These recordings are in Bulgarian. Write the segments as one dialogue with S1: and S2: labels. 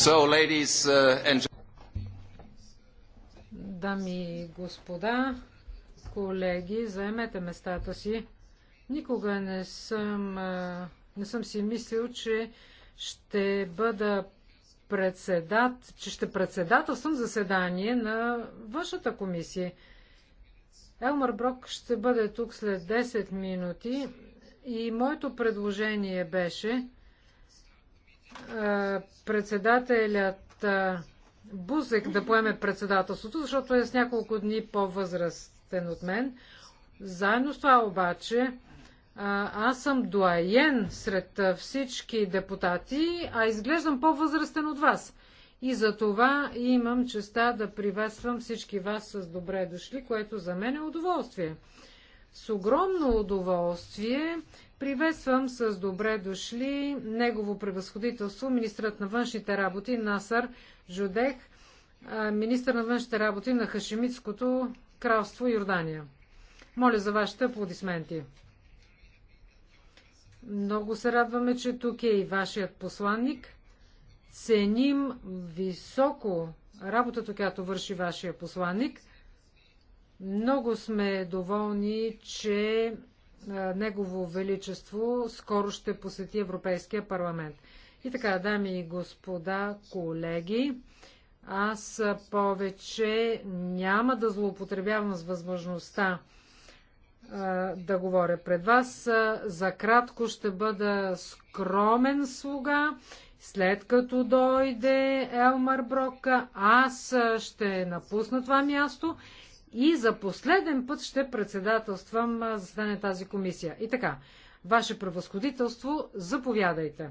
S1: Uh,
S2: Дами и господа, колеги, заемете местата си. Никога не съм, не съм си мислил, че ще бъда председат, че ще председателствам заседание на Вашата комисия. Елмар Брок ще бъде тук след 10 минути и моето предложение беше е, председателят е, Бузек да поеме председателството, защото е с няколко дни по-възрастен от мен. Заедно с това обаче, е, аз съм дуаен сред всички депутати, а изглеждам по-възрастен от вас. И за това имам честа да приветствам всички вас с добре дошли, което за мен е удоволствие. С огромно удоволствие приветствам с добре дошли негово превъзходителство, министрът на външните работи Насар Жудех, министър на външните работи на Хашемитското кралство Йордания. Моля за вашите аплодисменти. Много се радваме, че тук е и вашият посланник. Ценим високо работата, която върши вашия посланник. Много сме доволни, че Негово Величество скоро ще посети Европейския парламент. И така, дами и господа, колеги, аз повече няма да злоупотребявам с възможността да говоря пред вас. За кратко ще бъда скромен слуга. След като дойде Елмар Брок, аз ще напусна това място и за последен път ще председателствам стане тази комисия. И така, Ваше превъзходителство, заповядайте.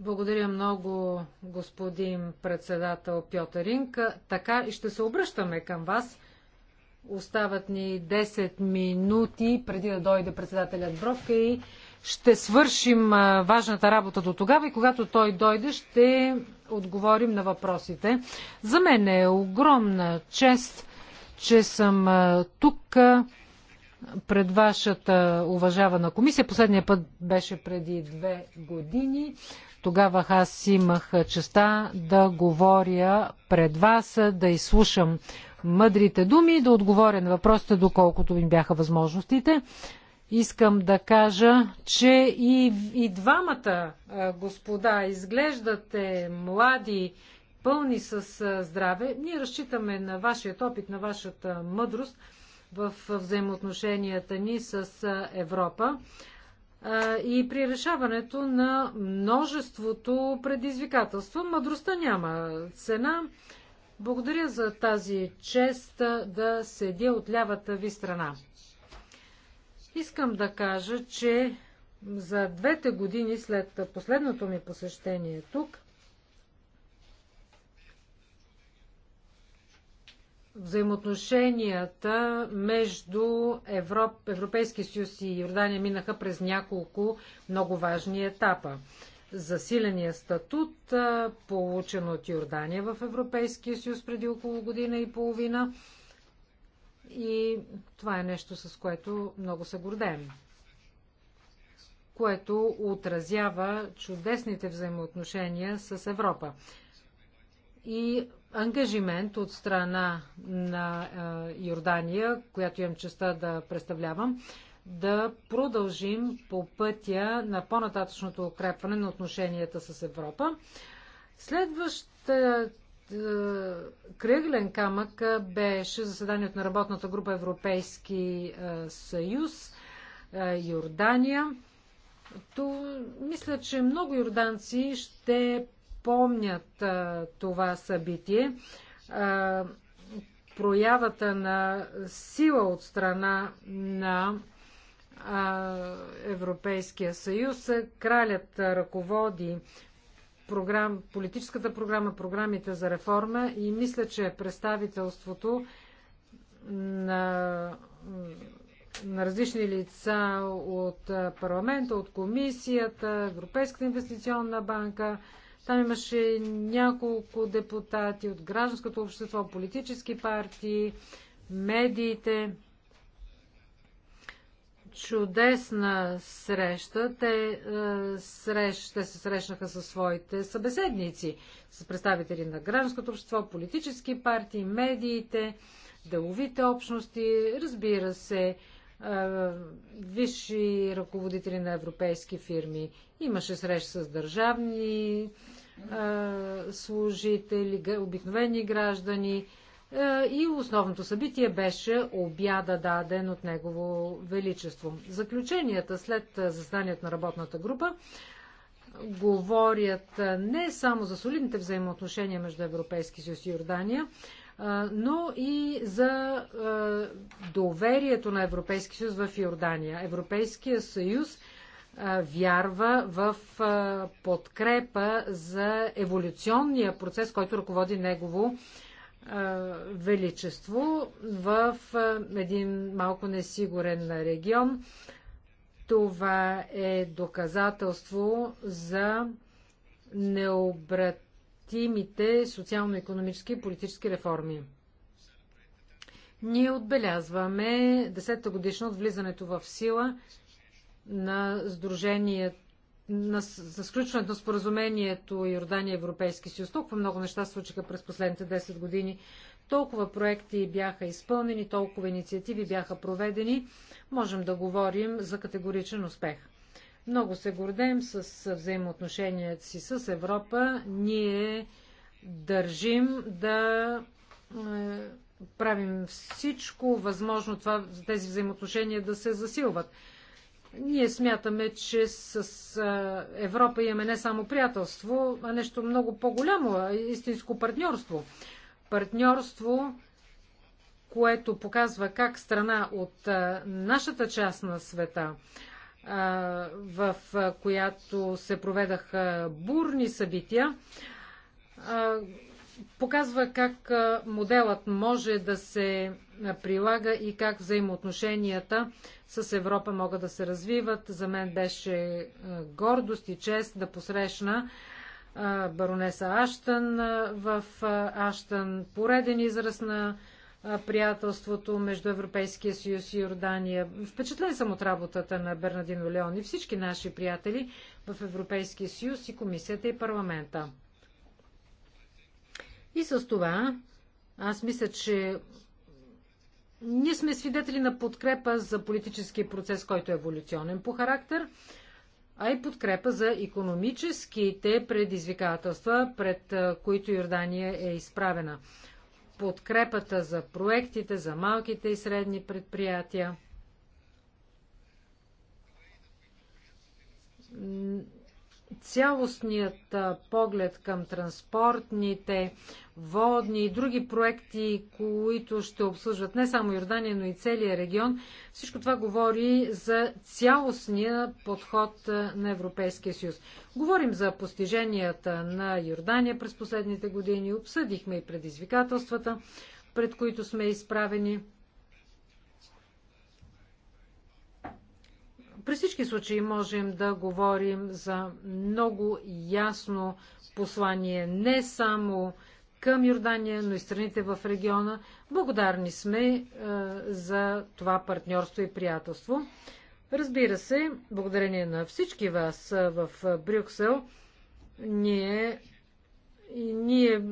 S2: Благодаря много, господин председател Пьотеринг. Така и ще се обръщаме към вас. Остават ни 10 минути преди да дойде председателят Бровка и ще свършим важната работа до тогава и когато той дойде, ще отговорим на въпросите. За мен е огромна чест, че съм тук пред вашата уважавана комисия. Последния път беше преди две години. Тогава аз имах честа да говоря пред вас, да изслушам мъдрите думи и да отговоря на въпросите, доколкото им бяха възможностите. Искам да кажа, че и, и двамата господа изглеждате млади, пълни с здраве. Ние разчитаме на вашият опит, на вашата мъдрост в взаимоотношенията ни с Европа и при решаването на множеството предизвикателства. Мъдростта няма цена. Благодаря за тази чест да седя от лявата ви страна. Искам да кажа, че за двете години след последното ми посещение тук, взаимоотношенията между Европ, Европейския съюз и Йордания минаха през няколко много важни етапа. Засиления статут, получен от Йордания в Европейския съюз преди около година и половина, и това е нещо, с което много се гордеем което отразява чудесните взаимоотношения с Европа. И ангажимент от страна на Йордания, която имам честа да представлявам, да продължим по пътя на по-нататъчното укрепване на отношенията с Европа. Следващата е, кръглен камък беше заседанието на работната група Европейски е, съюз, е, Йордания. То, мисля, че много йорданци ще помнят това събитие. проявата на сила от страна на Европейския съюз. Кралят ръководи програм, политическата програма, програмите за реформа и мисля, че представителството на, на различни лица от парламента, от комисията, Европейската инвестиционна банка. Там имаше няколко депутати от гражданското общество, политически партии, медиите чудесна среща. Те е, срещ, те се срещнаха със своите събеседници, с представители на гражданското общество, политически партии, медиите, деловите общности, разбира се, е, висши ръководители на европейски фирми. Имаше среща с държавни е, служители, обикновени граждани, е, и основното събитие беше обяда даден от Негово Величество. Заключенията след е, заседанието на работната група говорят е, не само за солидните взаимоотношения между Европейски съюз и Йордания, но и за доверието на Европейския съюз в Йордания. Европейския съюз вярва в подкрепа за еволюционния процес, който ръководи негово величество в един малко несигурен регион. Това е доказателство за необратимите социално-економически и политически реформи. Ние отбелязваме 10-та годишна от влизането в сила на Сдружението на, за сключването на споразумението Йордания Европейски съюз. Толкова много неща случиха през последните 10 години. Толкова проекти бяха изпълнени, толкова инициативи бяха проведени. Можем да говорим за категоричен успех. Много се гордеем с взаимоотношенията си с Европа. Ние държим да е, правим всичко възможно това, тези взаимоотношения да се засилват. Ние смятаме, че с Европа имаме не само приятелство, а нещо много по-голямо, истинско партньорство. Партньорство, което показва как страна от нашата част на света, в която се проведаха бурни събития, показва как моделът може да се прилага и как взаимоотношенията с Европа могат да се развиват. За мен беше гордост и чест да посрещна баронеса Аштън в Аштън. Пореден израз на приятелството между Европейския съюз и Йордания. Впечатлен съм от работата на Бернадино Леон и всички наши приятели в Европейския съюз и комисията и парламента. И с това аз мисля, че ние сме свидетели на подкрепа за политически процес, който е еволюционен по характер, а и подкрепа за економическите предизвикателства, пред които Йордания е изправена. Подкрепата за проектите, за малките и средни предприятия цялостният поглед към транспортните, водни и други проекти, които ще обслужват не само Йордания, но и целия регион. Всичко това говори за цялостния подход на Европейския съюз. Говорим за постиженията на Йордания през последните години, обсъдихме и предизвикателствата, пред които сме изправени. При всички случаи можем да говорим за много ясно послание не само към Йордания, но и страните в региона. Благодарни сме е, за това партньорство и приятелство. Разбира се, благодарение на всички вас е, в Брюксел, ние, ние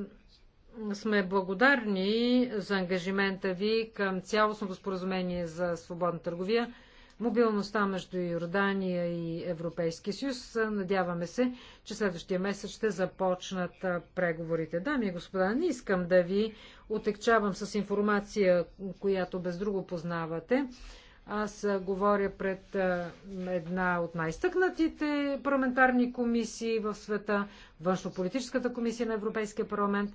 S2: сме благодарни за ангажимента ви към цялостното споразумение за свободна търговия мобилността между Йордания и Европейския съюз. Надяваме се, че следващия месец ще започнат преговорите. Дами и господа, не искам да ви отекчавам с информация, която без друго познавате. Аз говоря пред една от най-стъкнатите парламентарни комисии в света, външнополитическата комисия на Европейския парламент.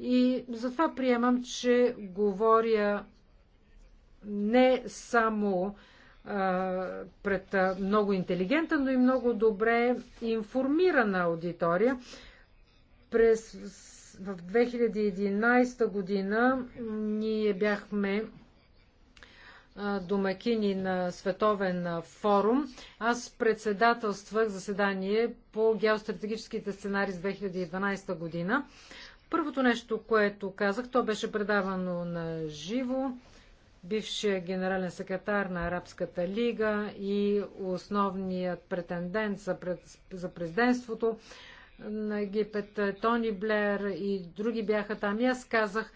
S2: И затова приемам, че говоря не само пред много интелигента, но и много добре информирана аудитория. През, в 2011 година ние бяхме домакини на световен форум. Аз председателствах заседание по геостратегическите сценари с 2012 година. Първото нещо, което казах, то беше предавано на живо бившия генерален секретар на Арабската лига и основният претендент за, пред, за президентството на Египет, Тони Блер и други бяха там. И аз казах,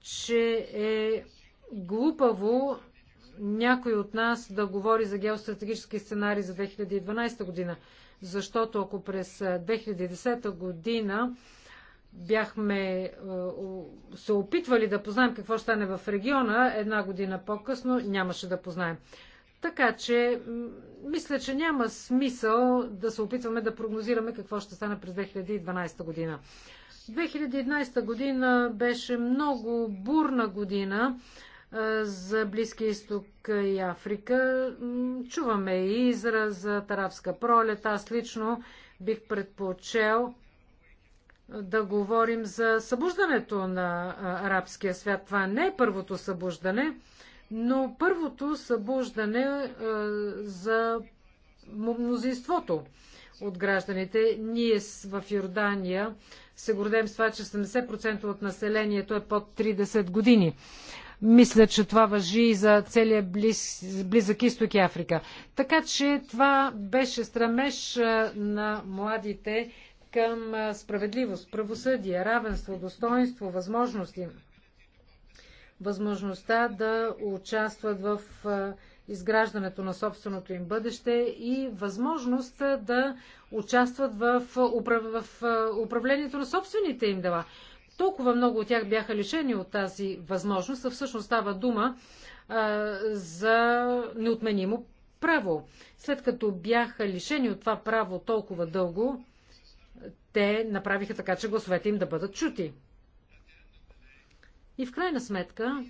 S2: че е глупаво някой от нас да говори за геостратегически сценарий за 2012 година, защото ако през 2010 е, година бяхме е, се опитвали да познаем какво ще стане в региона, една година по-късно нямаше да познаем. Така че, мисля, че няма смисъл да се опитваме да прогнозираме какво ще стане през 2012 година. 2011 година беше много бурна година е, за Близкия изток и Африка. Чуваме и израза, Тарабска пролет. Аз лично бих предпочел да говорим за събуждането на арабския свят. Това не е първото събуждане, но първото събуждане за мнозинството от гражданите. Ние в Йордания се гордеем с това, че 70% от населението е под 30 години. Мисля, че това въжи и за целия близ, близък изток и Африка. Така че това беше страмеж на младите към справедливост, правосъдие, равенство, достоинство, възможности, възможността да участват в изграждането на собственото им бъдеще и възможност да участват в, управлението на собствените им дела. Толкова много от тях бяха лишени от тази възможност, а всъщност става дума а, за неотменимо право. След като бяха лишени от това право толкова дълго, те направиха така, че гласовете им да бъдат чути. И в крайна сметка,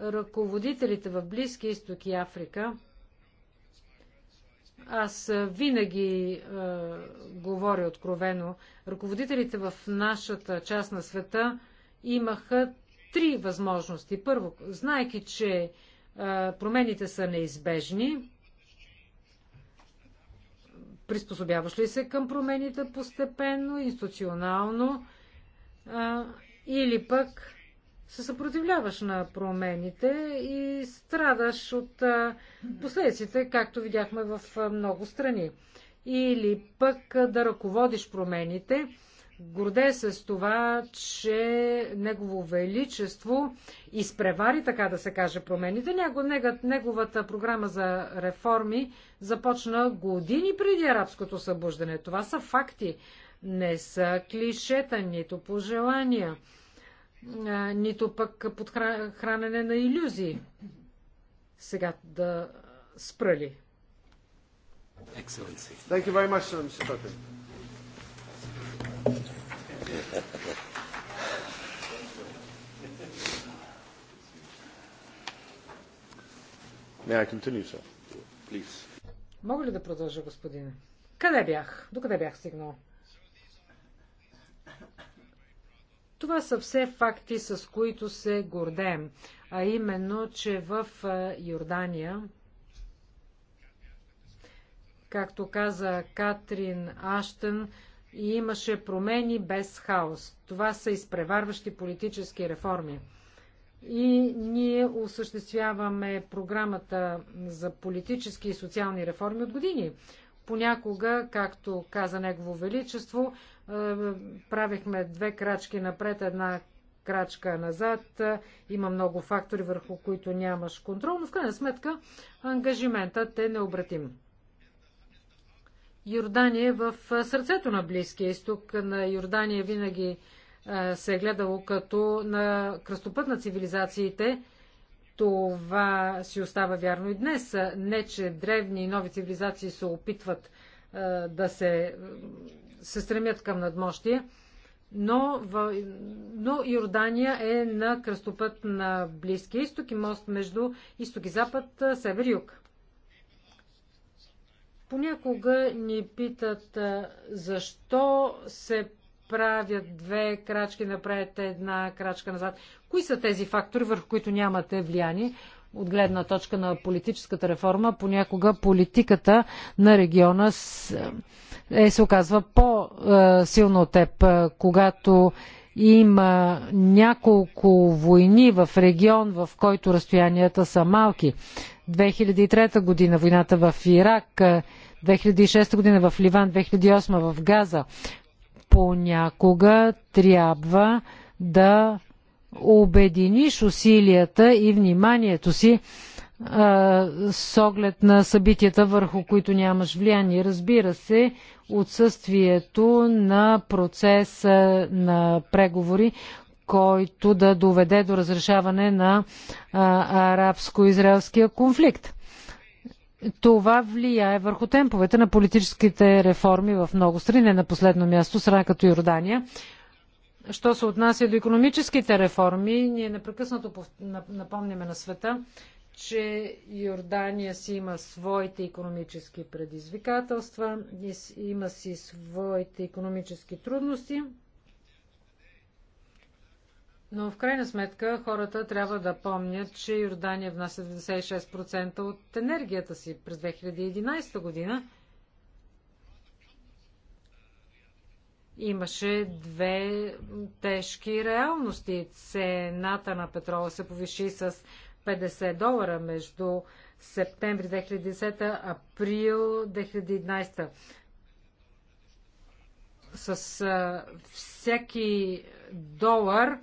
S2: ръководителите в Близки изток и Африка, аз винаги е, говоря откровено, ръководителите в нашата част на света имаха три възможности. Първо, знайки, че е, промените са неизбежни, приспособяваш ли се към промените постепенно, институционално а, или пък се съпротивляваш на промените и страдаш от а, последиците, както видяхме в а, много страни. Или пък а, да ръководиш промените се с това, че Негово Величество изпревари, така да се каже, промените. Неговата програма за реформи започна години преди арабското събуждане. Това са факти, не са клишета, нито пожелания, нито пък под хранене на иллюзии. Сега да спрали. Excellency. Thank you very much, Mr.
S3: May I continue, sir? Please.
S2: Мога ли да продължа, господин? Къде бях? До къде бях стигнал? Това са все факти, с които се гордеем, а именно, че в Йордания, както каза Катрин Аштен, и имаше промени без хаос. Това са изпреварващи политически реформи. И ние осъществяваме програмата за политически и социални реформи от години. Понякога, както каза Негово Величество, е, правихме две крачки напред, една крачка назад. Има много фактори, върху които нямаш контрол, но в крайна сметка ангажиментът е необратим. Йордания е в сърцето на Близкия изток. На Йордания винаги се е гледало като на кръстопът на цивилизациите. Това си остава вярно и днес. Не, че древни и нови цивилизации се опитват да се, се стремят към надмощие, но, в, но Йордания е на кръстопът на Близкия изток и мост между изток и запад, север и юг. Понякога ни питат защо се правят две крачки, направете една крачка назад. Кои са тези фактори, върху които нямате влияние? От гледна точка на политическата реформа, понякога политиката на региона е, се оказва по-силно от теб, когато има няколко войни в регион, в който разстоянията са малки. 2003 година войната в Ирак, 2006 година в Ливан, 2008 в Газа. Понякога трябва да обединиш усилията и вниманието си с оглед на събитията, върху които нямаш влияние. Разбира се, отсъствието на процес на преговори, който да доведе до разрешаване на арабско-израелския конфликт. Това влияе върху темповете на политическите реформи в много страни, не на последно място, страна като Йордания. Що се отнася до економическите реформи, ние непрекъснато напомняме на света, че Йордания си има своите економически предизвикателства, има си своите економически трудности, но в крайна сметка хората трябва да помнят, че Йордания внася 96% от енергията си през 2011 година. Имаше две тежки реалности. Цената на петрола се повиши с 50 долара между септември 2010, април 2011. С а, всеки долар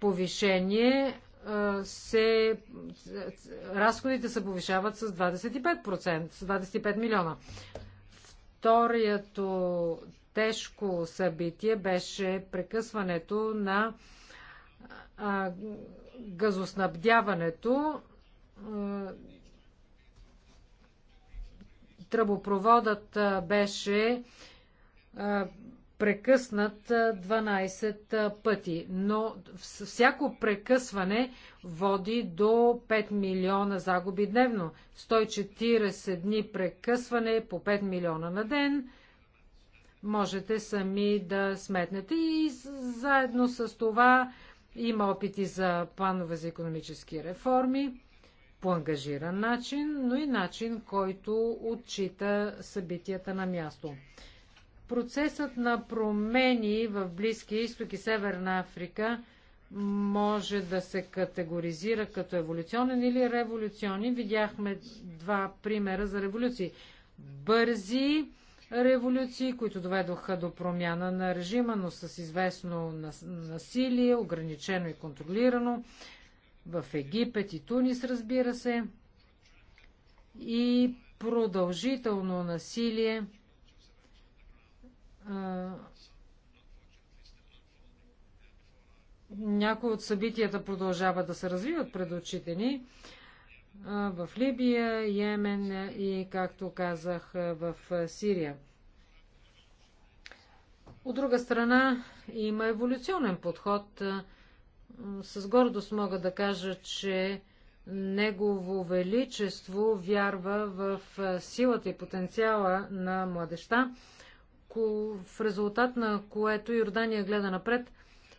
S2: повишение а, се, разходите се повишават с 25%, с 25 милиона. Вторието тежко събитие беше прекъсването на а, газоснабдяването, е, тръбопроводът е, беше е, прекъснат 12 пъти, но всяко прекъсване води до 5 милиона загуби дневно. 140 дни прекъсване по 5 милиона на ден. Можете сами да сметнете и заедно с това има опити за планове за економически реформи по ангажиран начин, но и начин, който отчита събитията на място. Процесът на промени в Близкия изток и Северна Африка може да се категоризира като еволюционен или революционен. Видяхме два примера за революции. Бързи революции, които доведоха до промяна на режима, но с известно насилие, ограничено и контролирано в Египет и Тунис, разбира се, и продължително насилие някои от събитията продължават да се развиват пред очите ни, в Либия, Йемен и, както казах, в Сирия. От друга страна, има еволюционен подход. С гордост мога да кажа, че Негово Величество вярва в силата и потенциала на младеща, в резултат на което Йордания гледа напред –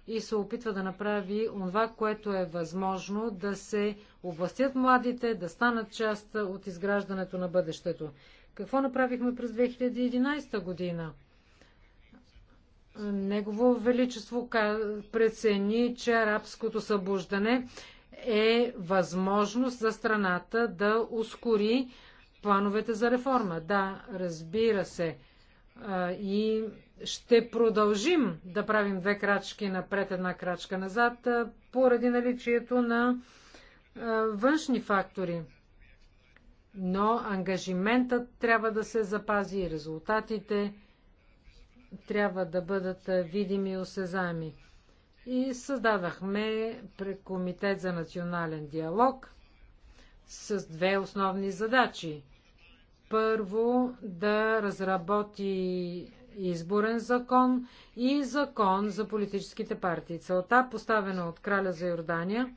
S2: и се опитва да направи това, което е възможно да се областят младите, да станат част от изграждането на бъдещето. Какво направихме през 2011 година? Негово Величество прецени, че арабското събуждане е възможност за страната да ускори плановете за реформа. Да, разбира се. И ще продължим да правим две крачки напред, една крачка назад, поради наличието на външни фактори. Но ангажиментът трябва да се запази и резултатите трябва да бъдат видими и осезаеми. И създадахме Комитет за национален диалог с две основни задачи. Първо, да разработи изборен закон и закон за политическите партии. Целта, поставена от краля за Йордания,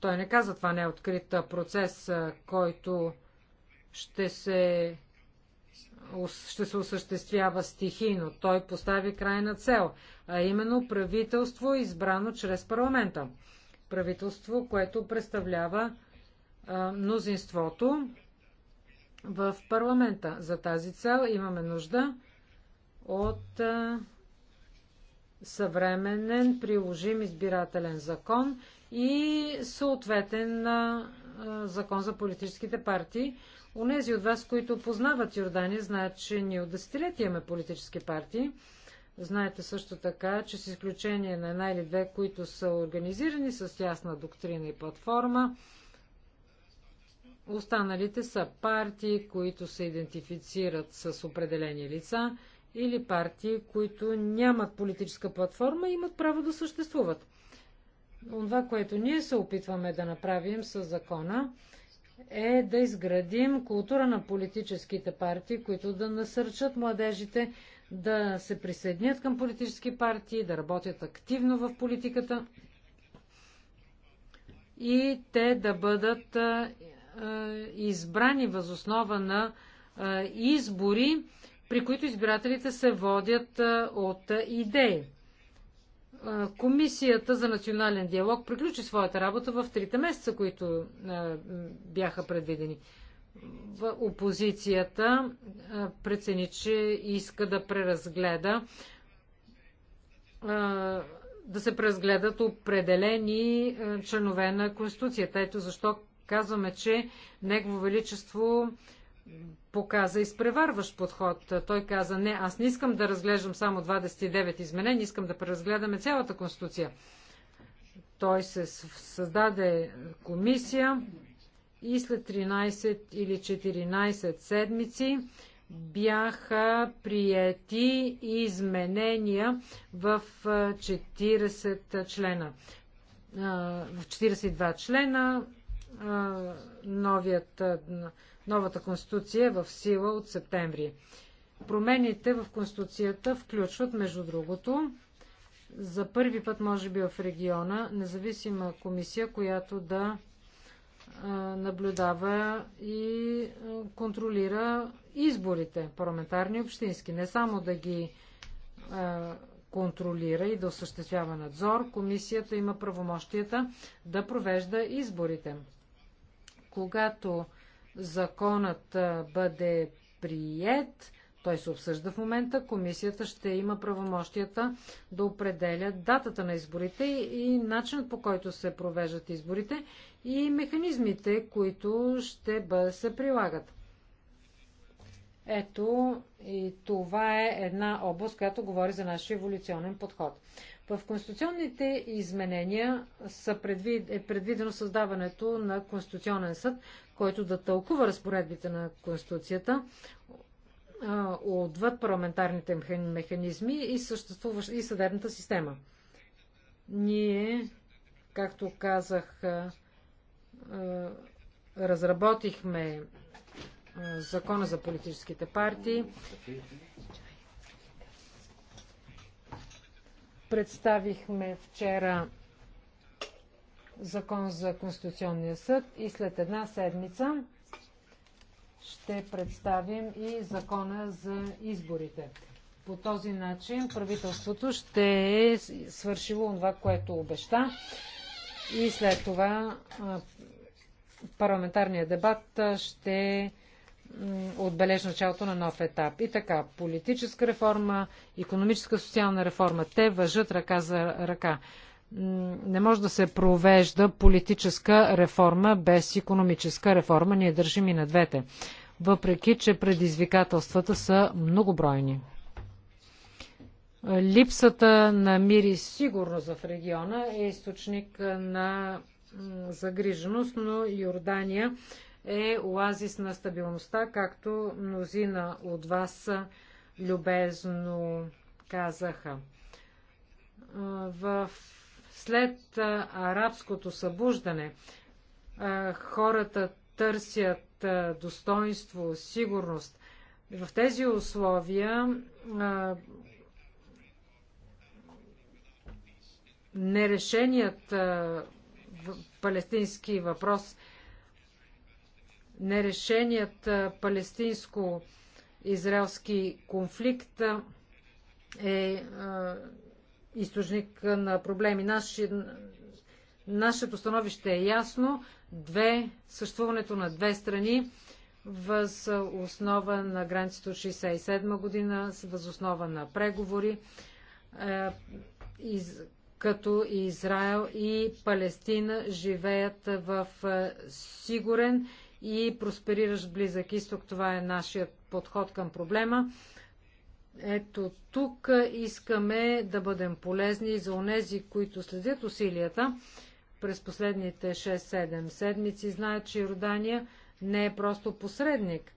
S2: той не каза, това не е открит процес, който ще се, ще се осъществява стихийно. Той постави крайна цел, а именно правителство, избрано чрез парламента. Правителство, което представлява а, мнозинството в парламента. За тази цел имаме нужда от съвременен приложим избирателен закон и съответен закон за политическите партии. Унези от вас, които познават Йордания, знаят, че ние от десетилетия имаме политически партии. Знаете също така, че с изключение на една или две, които са организирани с ясна доктрина и платформа, Останалите са партии, които се идентифицират с определени лица или партии, които нямат политическа платформа и имат право да съществуват. Това, което ние се опитваме да направим с закона, е да изградим култура на политическите партии, които да насърчат младежите да се присъединят към политически партии, да работят активно в политиката и те да бъдат е, избрани възоснова на е, избори, при които избирателите се водят е, от идеи. Комисията за национален диалог приключи своята работа в трите месеца, които бяха предвидени. Опозицията прецени, че иска да преразгледа да се преразгледат определени членове на Конституцията. Ето защо казваме, че Негово Величество показа изпреварващ подход. Той каза, не, аз не искам да разглеждам само 29 изменения, искам да преразгледаме цялата Конституция. Той се създаде комисия и след 13 или 14 седмици бяха приети изменения в 40 члена. В 42 члена новият, новата конституция е в сила от септември. Промените в конституцията включват, между другото, за първи път, може би, в региона, независима комисия, която да наблюдава и контролира изборите, парламентарни и общински. Не само да ги контролира и да осъществява надзор, комисията има правомощията да провежда изборите когато законът бъде прият, той се обсъжда в момента, комисията ще има правомощията да определя датата на изборите и начинът по който се провеждат изборите и механизмите, които ще бъде, се прилагат. Ето и това е една област, която говори за нашия еволюционен подход. В конституционните изменения предвид... е предвидено създаването на Конституционен съд, който да тълкува разпоредбите на Конституцията отвъд парламентарните механизми и, съществуващ... и съдебната система. Ние, както казах, разработихме закона за политическите партии Представихме вчера закон за Конституционния съд и след една седмица ще представим и закона за изборите. По този начин правителството ще е свършило това, което обеща и след това парламентарният дебат ще Отбележ началото на нов етап. И така, политическа реформа, економическа, социална реформа, те въжат ръка за ръка. Не може да се провежда политическа реформа без економическа реформа. Ние държим и на двете. Въпреки, че предизвикателствата са многобройни. Липсата на мир и сигурност в региона е източник на загриженост, но Йордания е оазис на стабилността, както мнозина от вас любезно казаха. В... След арабското събуждане хората търсят достоинство, сигурност. В тези условия нерешеният палестински въпрос – нерешеният палестинско-израелски конфликт е източник на проблеми. Наши, нашето становище е ясно. Две, съществуването на две страни въз основа на границата от 1967 година, въз основа на преговори, като Израел и Палестина живеят в сигурен и проспериращ близък изток. Това е нашият подход към проблема. Ето тук искаме да бъдем полезни за онези, които следят усилията през последните 6-7 седмици. Знаят, че Йордания не е просто посредник,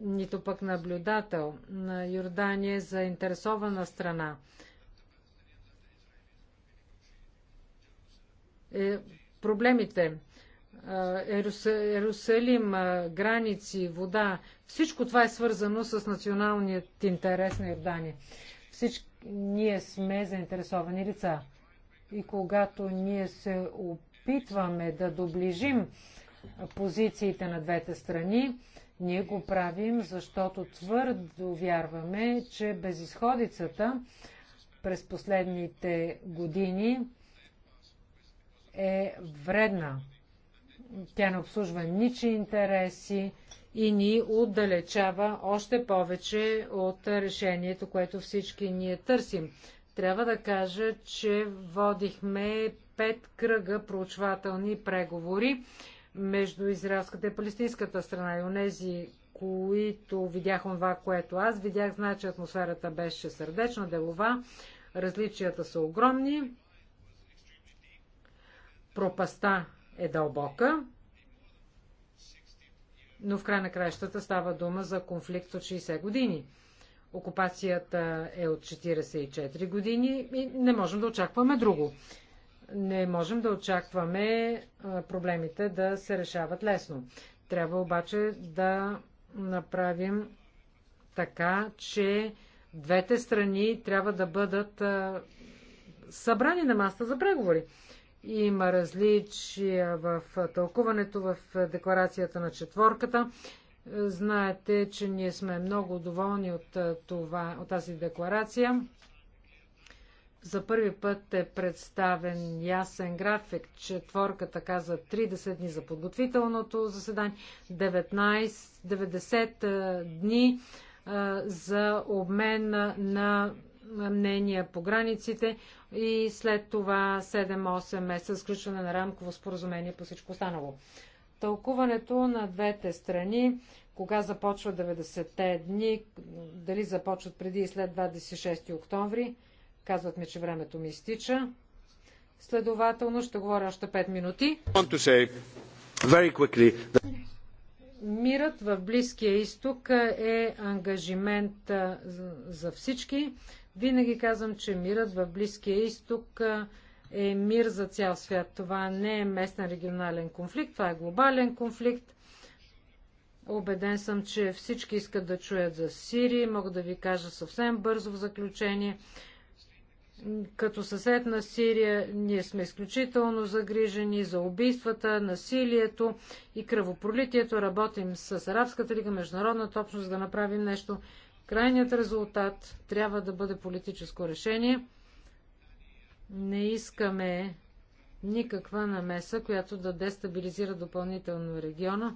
S2: нито пък наблюдател. На Йордания е заинтересована страна. Е, проблемите Ерусалим, граници, вода, всичко това е свързано с националният интерес на Йордания. Всички ние сме заинтересовани лица. И когато ние се опитваме да доближим позициите на двете страни, ние го правим, защото твърдо вярваме, че безисходицата през последните години е вредна тя не обслужва ничи интереси и ни отдалечава още повече от решението, което всички ние търсим. Трябва да кажа, че водихме пет кръга проучвателни преговори между израелската и палестинската страна и онези, които видях това, което аз видях, значи атмосферата беше сърдечна, делова, различията са огромни, пропаста е дълбока, но в край на краищата става дума за конфликт от 60 години. Окупацията е от 44 години и не можем да очакваме друго. Не можем да очакваме проблемите да се решават лесно. Трябва обаче да направим така, че двете страни трябва да бъдат събрани на маста за преговори. Има различия в тълкуването в декларацията на четворката. Знаете, че ние сме много доволни от, това, от тази декларация. За първи път е представен ясен график. Четворката каза 30 дни за подготвителното заседание, 19, 90 дни за обмен на мнения по границите и след това 7-8 месеца сключване на рамково споразумение по всичко останало. Тълкуването на двете страни, кога започва 90-те дни, дали започват преди и след 26 октомври, казват ми, че времето ми изтича. Следователно ще говоря още 5 минути. Мирът в Близкия изток е ангажимент за всички. Винаги казвам, че мирът в Близкия изток е мир за цял свят. Това не е местен регионален конфликт, това е глобален конфликт. Обеден съм, че всички искат да чуят за Сирия. Мога да ви кажа съвсем бързо в заключение. Като съсед на Сирия, ние сме изключително загрижени за убийствата, насилието и кръвопролитието. Работим с Арабската лига, международната общност, да направим нещо. Крайният резултат трябва да бъде политическо решение. Не искаме никаква намеса, която да дестабилизира допълнително региона.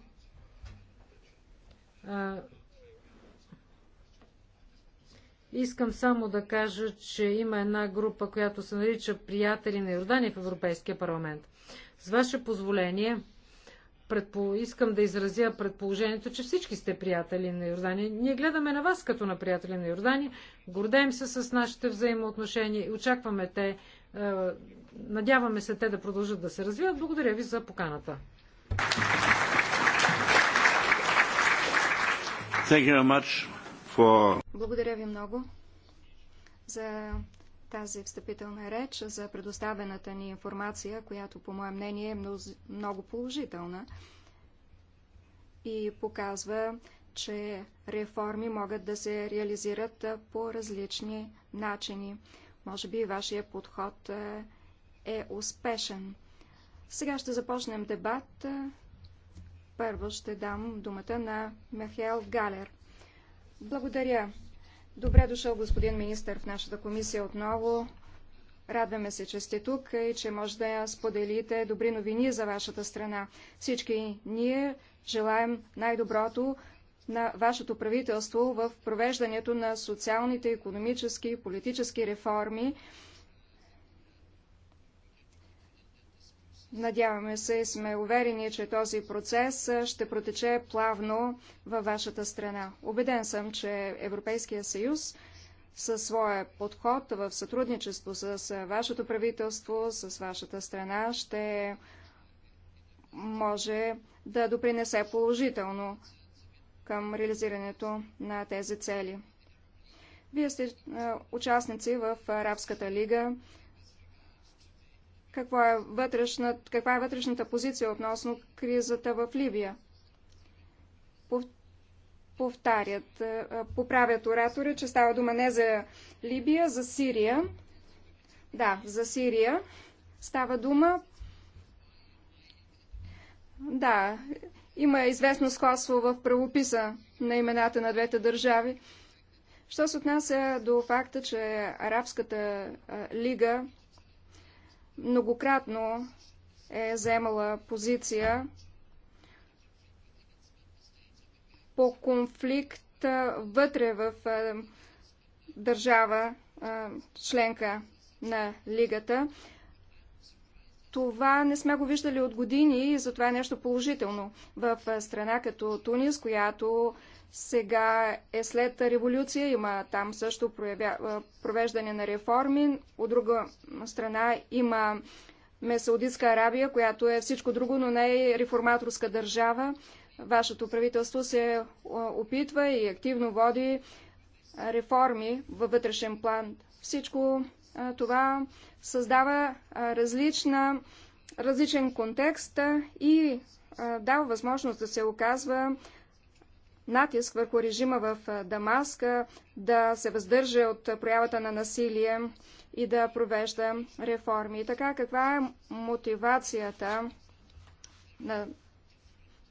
S2: Искам само да кажа, че има една група, която се нарича Приятели на Йордания в Европейския парламент. С ваше позволение, предпо... искам да изразя предположението, че всички сте приятели на Йордания. Ние гледаме на вас като на приятели на Йордания, гордеем се с нашите взаимоотношения и очакваме те, е, надяваме се те да продължат да се развиват. Благодаря ви за поканата. For...
S1: Благодаря ви много за тази встъпителна реч за предоставената ни информация, която по мое мнение е много положителна и показва, че реформи могат да се реализират по различни начини. Може би вашия подход е успешен. Сега ще започнем дебат. Първо ще дам думата на Михаил Галер. Благодаря, Добре дошъл, господин министър, в нашата комисия отново. Радваме се, че сте тук и че може да споделите добри новини за вашата страна. Всички ние желаем най-доброто на вашето правителство в провеждането на социалните, економически и политически реформи, Надяваме се и сме уверени, че този процес ще протече плавно във вашата страна. Обеден съм, че Европейския съюз със своя подход в сътрудничество с вашето правителство, с вашата страна, ще може да допринесе положително към реализирането на тези цели. Вие сте участници в Арабската лига, какво е вътрешна, каква е вътрешната позиция относно кризата в Ливия. Повтарят, е, е, поправят оратори, че става дума не за Либия, за Сирия. Да, за Сирия става дума. Да, има известно сходство в правописа на имената на двете държави. Що се отнася до факта, че Арабската е, лига многократно е заемала позиция по конфликт вътре в държава, членка на лигата. Това не сме го виждали от години и затова е нещо положително. В страна като Тунис, която сега е след революция, има там също проявя, провеждане на реформи. От друга страна има Саудитска Арабия, която е всичко друго, но не е реформаторска държава. Вашето правителство се опитва и активно води реформи във вътрешен план. Всичко това създава различна, различен контекст и дава възможност да се оказва натиск върху режима в Дамаска да се въздържа от проявата на насилие и да провежда реформи. И така, каква е мотивацията на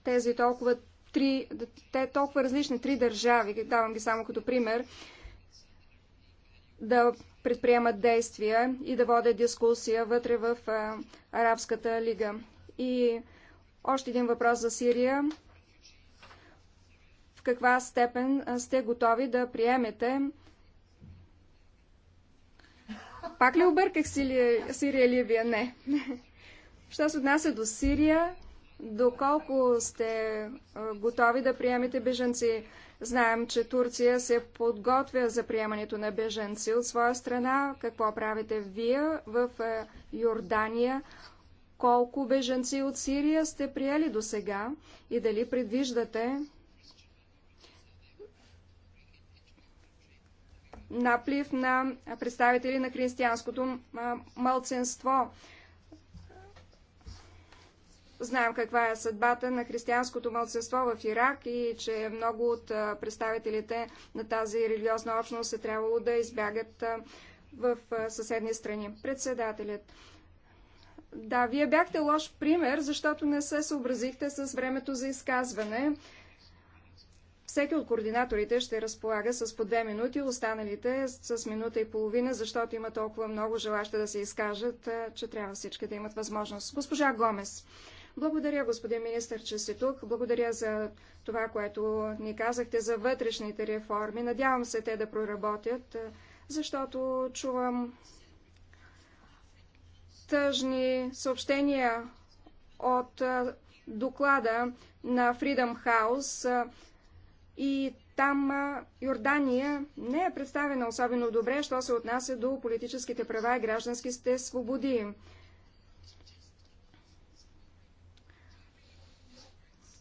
S1: тези толкова три, те толкова различни три държави, давам ги само като пример, да предприемат действия и да водят дискусия вътре в Арабската лига. И още един въпрос за Сирия в каква степен сте готови да приемете. Пак ли обърках Сирия, Ливия? Е? Не. Що се отнася до Сирия, доколко сте готови да приемете беженци? Знаем, че Турция се подготвя за приемането на беженци от своя страна. Какво правите вие в Йордания? Колко беженци от Сирия сте приели до сега и дали предвиждате наплив на представители на християнското мълценство. Знаем каква е съдбата на християнското мълценство в Ирак и че много от представителите на тази религиозна общност е трябвало да избягат в съседни страни. Председателят. Да, вие бяхте лош пример, защото не се съобразихте с времето за изказване. Всеки от координаторите ще разполага с по две минути, останалите с минута и половина, защото има толкова много желаща да се изкажат, че трябва всички да имат възможност. Госпожа Гомес. Благодаря, господин министр, че сте тук. Благодаря за това, което ни казахте за вътрешните реформи. Надявам се те да проработят, защото чувам тъжни съобщения от доклада на Freedom House и там Йордания не е представена особено добре, що се отнася до политическите права и гражданските свободи.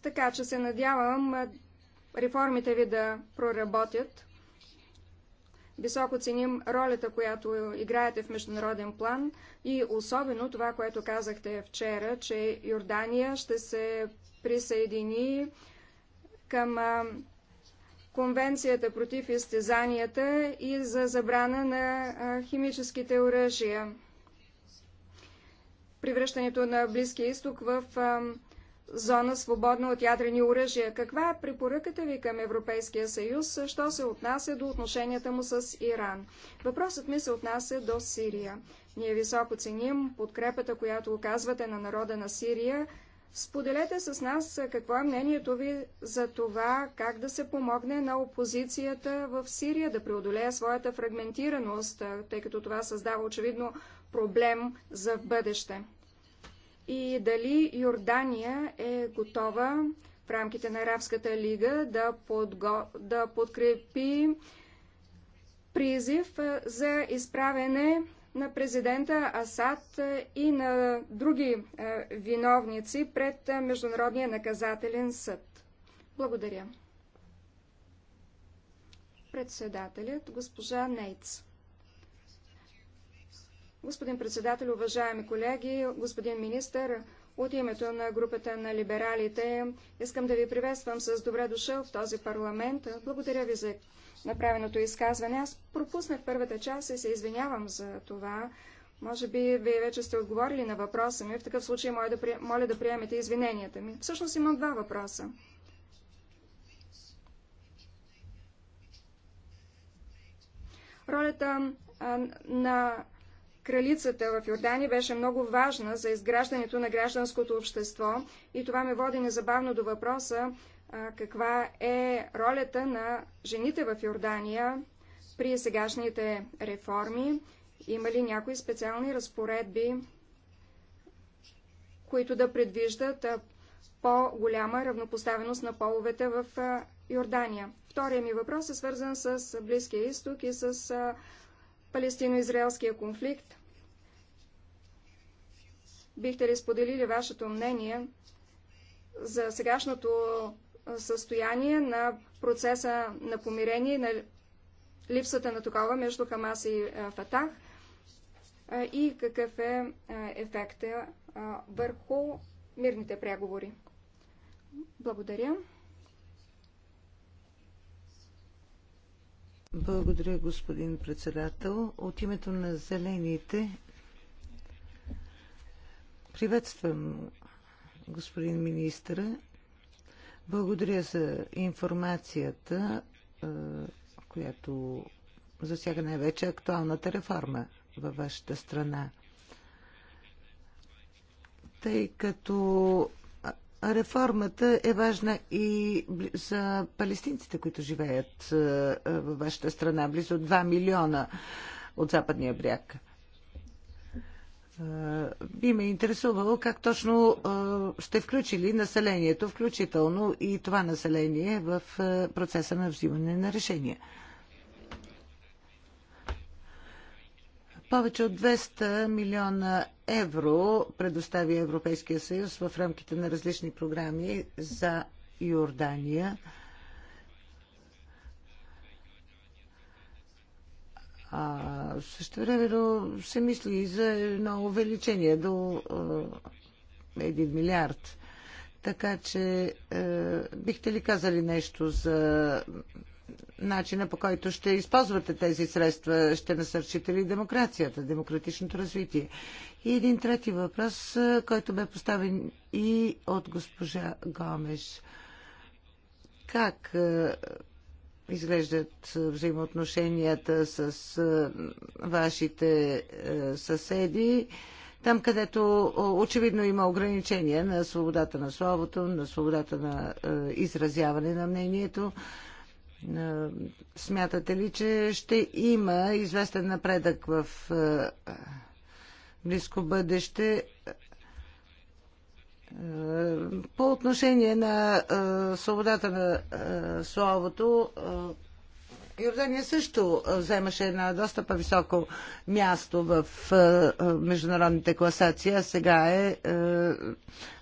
S1: Така че се надявам реформите ви да проработят. Високо ценим ролята, която играете в международен план и особено това, което казахте вчера, че Йордания ще се присъедини към Конвенцията против изтезанията и за забрана на химическите оръжия. Превръщането на Близкия изток в зона свободна от ядрени оръжия. Каква е препоръката ви към Европейския съюз, що се отнася до отношенията му с Иран? Въпросът ми се отнася до Сирия. Ние високо ценим подкрепата, която оказвате на народа на Сирия Споделете с нас какво е мнението ви за това, как да се помогне на опозицията в Сирия да преодолее своята фрагментираност, тъй като това създава очевидно проблем за бъдеще. И дали Йордания е готова в рамките на Арабската лига да, подго... да подкрепи призив за изправене на президента Асад и на други е, виновници пред е, Международния наказателен съд. Благодаря. Председателят госпожа Нейц. Господин председател, уважаеми колеги, господин министър, от името на групата на либералите искам да ви приветствам с добре дошъл в този парламент. Благодаря ви за направеното изказване. Аз пропуснах първата част и се извинявам за това. Може би вие вече сте отговорили на въпроса ми. В такъв случай моля да, при... моля да приемете извиненията ми. Всъщност имам два въпроса. Ролята на кралицата в Йордания беше много важна за изграждането на гражданското общество и това ме води незабавно до въпроса каква е ролята на жените в Йордания при сегашните реформи. Има ли някои специални разпоредби, които да предвиждат по-голяма равнопоставеност на половете в Йордания? Втория ми въпрос е свързан с Близкия изток и с палестино-израелския конфликт. Бихте ли споделили вашето мнение за сегашното състояние на процеса на помирение, на липсата на такова между Хамас и Фатах и какъв е ефекта върху мирните преговори. Благодаря.
S3: Благодаря, господин председател. От името на Зелените приветствам господин министра благодаря за информацията, която засяга най-вече актуалната реформа във вашата страна. Тъй като реформата е важна и за палестинците, които живеят във вашата страна, близо 2 милиона от западния бряг. Е, би ме интересувало как точно е, сте включили населението, включително и това население в е, процеса на взимане на решения. Повече от 200 милиона евро предостави Европейския съюз в рамките на различни програми за Йордания – А, също време се мисли и за едно увеличение до а, 1 милиард. Така че а, бихте ли казали нещо за начина по който ще използвате тези средства? Ще насърчите ли демокрацията, демократичното развитие? И един трети въпрос, който бе поставен и от госпожа Гомеш. Как изглеждат взаимоотношенията с вашите съседи, там където очевидно има ограничения на свободата на словото, на свободата на изразяване на мнението. Смятате ли, че ще има известен напредък в близко бъдеще по отношение на свободата на словото, Йордания също вземаше на доста по-високо място в международните класации, а сега е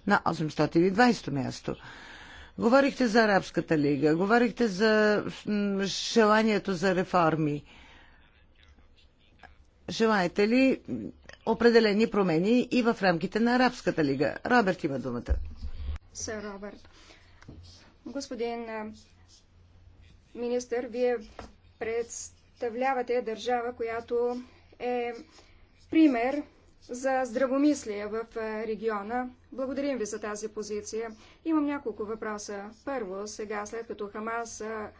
S3: на 820 място. Говорихте за Арабската лига, говорихте за желанието за реформи. Желаете ли определени промени и в рамките на Арабската лига. Роберт има думата.
S1: Сър Роберт. Господин министър, вие представлявате държава, която е пример за здравомислие в региона. Благодарим ви за тази позиция. Имам няколко въпроса. Първо, сега, след като Хамас а,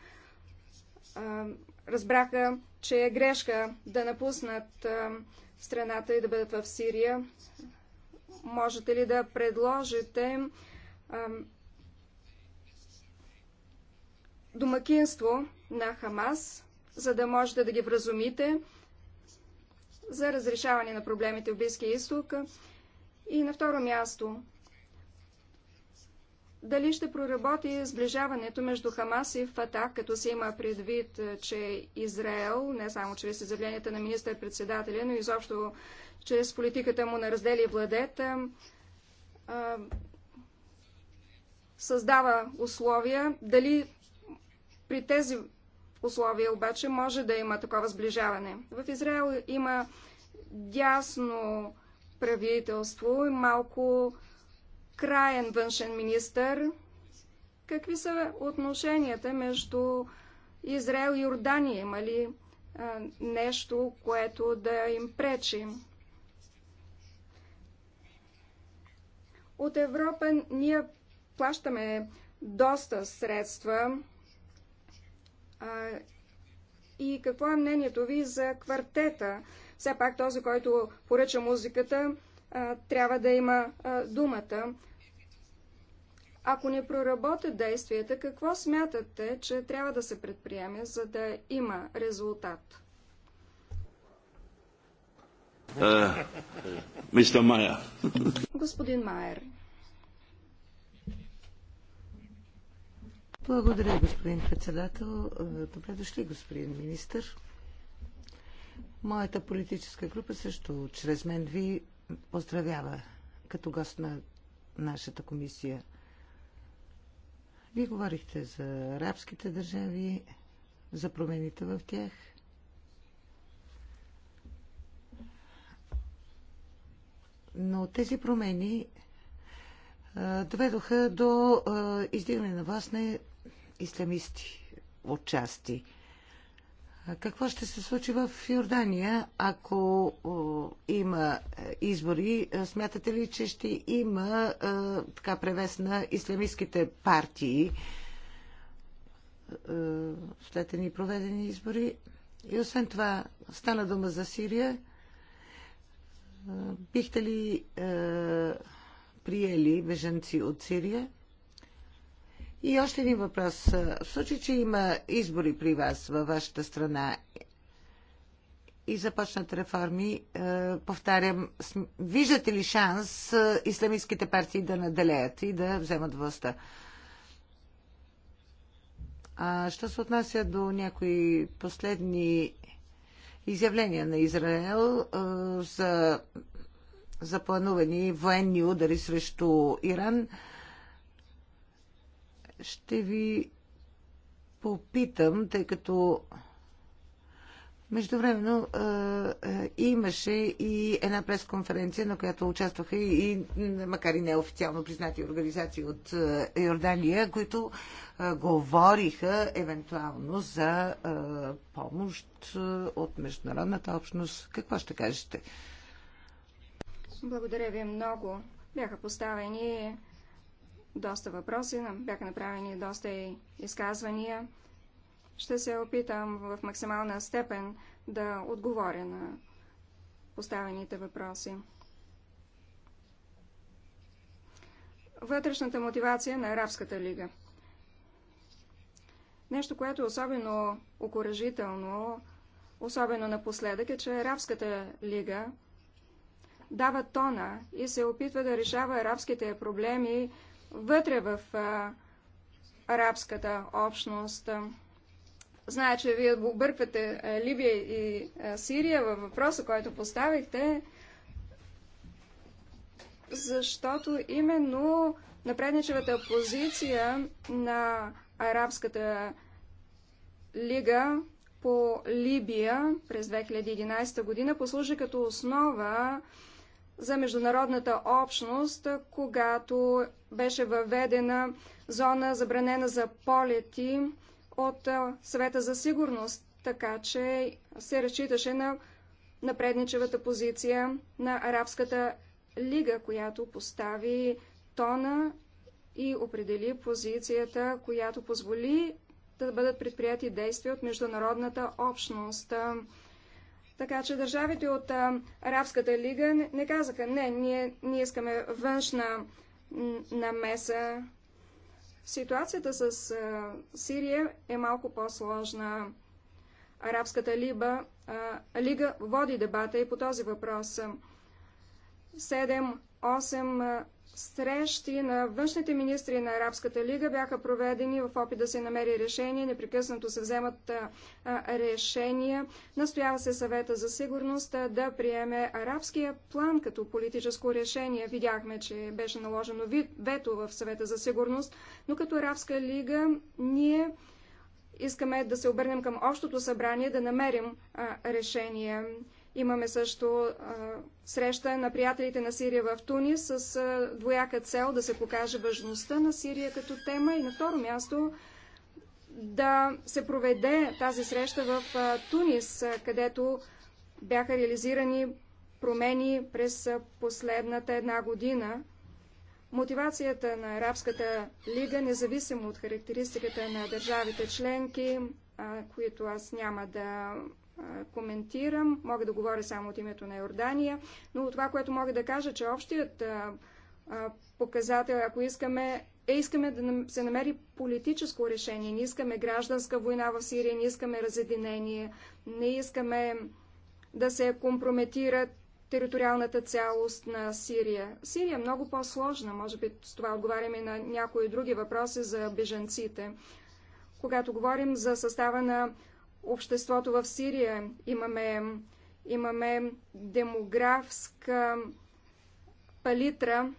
S1: а, разбраха, че е грешка да напуснат а, страната и да бъдат в Сирия. Можете ли да предложите домакинство на Хамас, за да можете да ги вразумите за разрешаване на проблемите в Близкия изток? И на второ място, дали ще проработи сближаването между Хамас и Фатах, като се има предвид, е, че Израел, не само чрез изявленията на министър-председателя, но изобщо чрез политиката му на раздели и владет, е, е, създава условия. Дали при тези условия обаче може да има такова сближаване? В Израел има дясно правителство и малко краен външен министр, какви са отношенията между Израел и Йордания? Има ли а, нещо, което да им пречи? От Европа ние плащаме доста средства. А, и какво е мнението ви за квартета? Все пак този, който поръча музиката, а, трябва да има а, думата. Ако не проработят действията, какво смятате, че трябва да се предприеме, за да има резултат?
S2: Е,
S3: мистер Майер.
S1: Господин Майер.
S3: Благодаря, господин председател. Е, добре дошли, господин министр. Моята политическа група също чрез мен ви поздравява като гост на нашата комисия – вие говорихте за арабските държави, за промените в тях. Но тези промени доведоха до издигане на вас на исламисти отчасти. части какво ще се случи в Йордания, ако има е, избори? Е, смятате ли, че ще има е, така превес на исламистските партии след ни проведени избори? И освен това, стана дума за Сирия. Бихте ли приели беженци от Сирия? И още един въпрос. В случай, че има избори при вас, във вашата страна, и започнат реформи, е, повтарям, виждате ли шанс е, исламистските партии да наделеят и да вземат властта? А що се отнася до някои последни изявления на Израел е, за запланувани военни удари срещу Иран, ще ви попитам, тъй като Междувременно е, имаше и една пресконференция, на която участваха и, макар и неофициално признати организации от е, Йордания, които е, говориха евентуално за помощ от международната общност. Какво ще кажете?
S1: Благодаря ви много. Бяха поставени доста въпроси, бяха направени доста изказвания. Ще се опитам в максимална степен да отговоря на поставените въпроси. Вътрешната мотивация на Арабската лига. Нещо, което е особено окоръжително, особено напоследък, е, че Арабската лига дава тона и се опитва да решава арабските проблеми вътре в а, арабската общност. Знае, че вие обърквате Либия и Сирия във въпроса, който поставихте, защото именно напредничевата позиция на арабската лига по Либия през 2011 година послужи като основа за международната общност, когато беше въведена зона забранена за полети от Съвета за сигурност, така че се разчиташе на напредничевата позиция на Арабската лига, която постави тона и определи позицията, която позволи да бъдат предприяти действия от международната общност. Така че държавите от Арабската лига не, не казаха, не, ние, ние искаме външна намеса. Ситуацията с а, Сирия е малко по-сложна. Арабската либа, а, лига води дебата и по този въпрос. 7-8 срещи на външните министри на Арабската лига бяха проведени в опит да се намери решение. Непрекъснато се вземат решения. Настоява се съвета за сигурност да приеме арабския план като политическо решение. Видяхме, че беше наложено вето в съвета за сигурност, но като Арабска лига ние искаме да се обърнем към Общото събрание, да намерим решение. Имаме също а, среща на приятелите на Сирия в Тунис с а, двояка цел да се покаже важността на Сирия като тема и на второ място да се проведе тази среща в а, Тунис, а, където бяха реализирани промени през а, последната една година. Мотивацията на Арабската лига, независимо от характеристиката на държавите членки, а, които аз няма да коментирам. Мога да говоря само от името на Йордания, но това, което мога да кажа, че общият показател, ако искаме, е искаме да се намери политическо решение. Не искаме гражданска война в Сирия, не искаме разединение, не искаме да се компрометира териториалната цялост на Сирия. Сирия е много по-сложна. Може би с това отговаряме на някои други въпроси за беженците. Когато говорим за състава на обществото в Сирия. Имаме, имаме демографска палитра,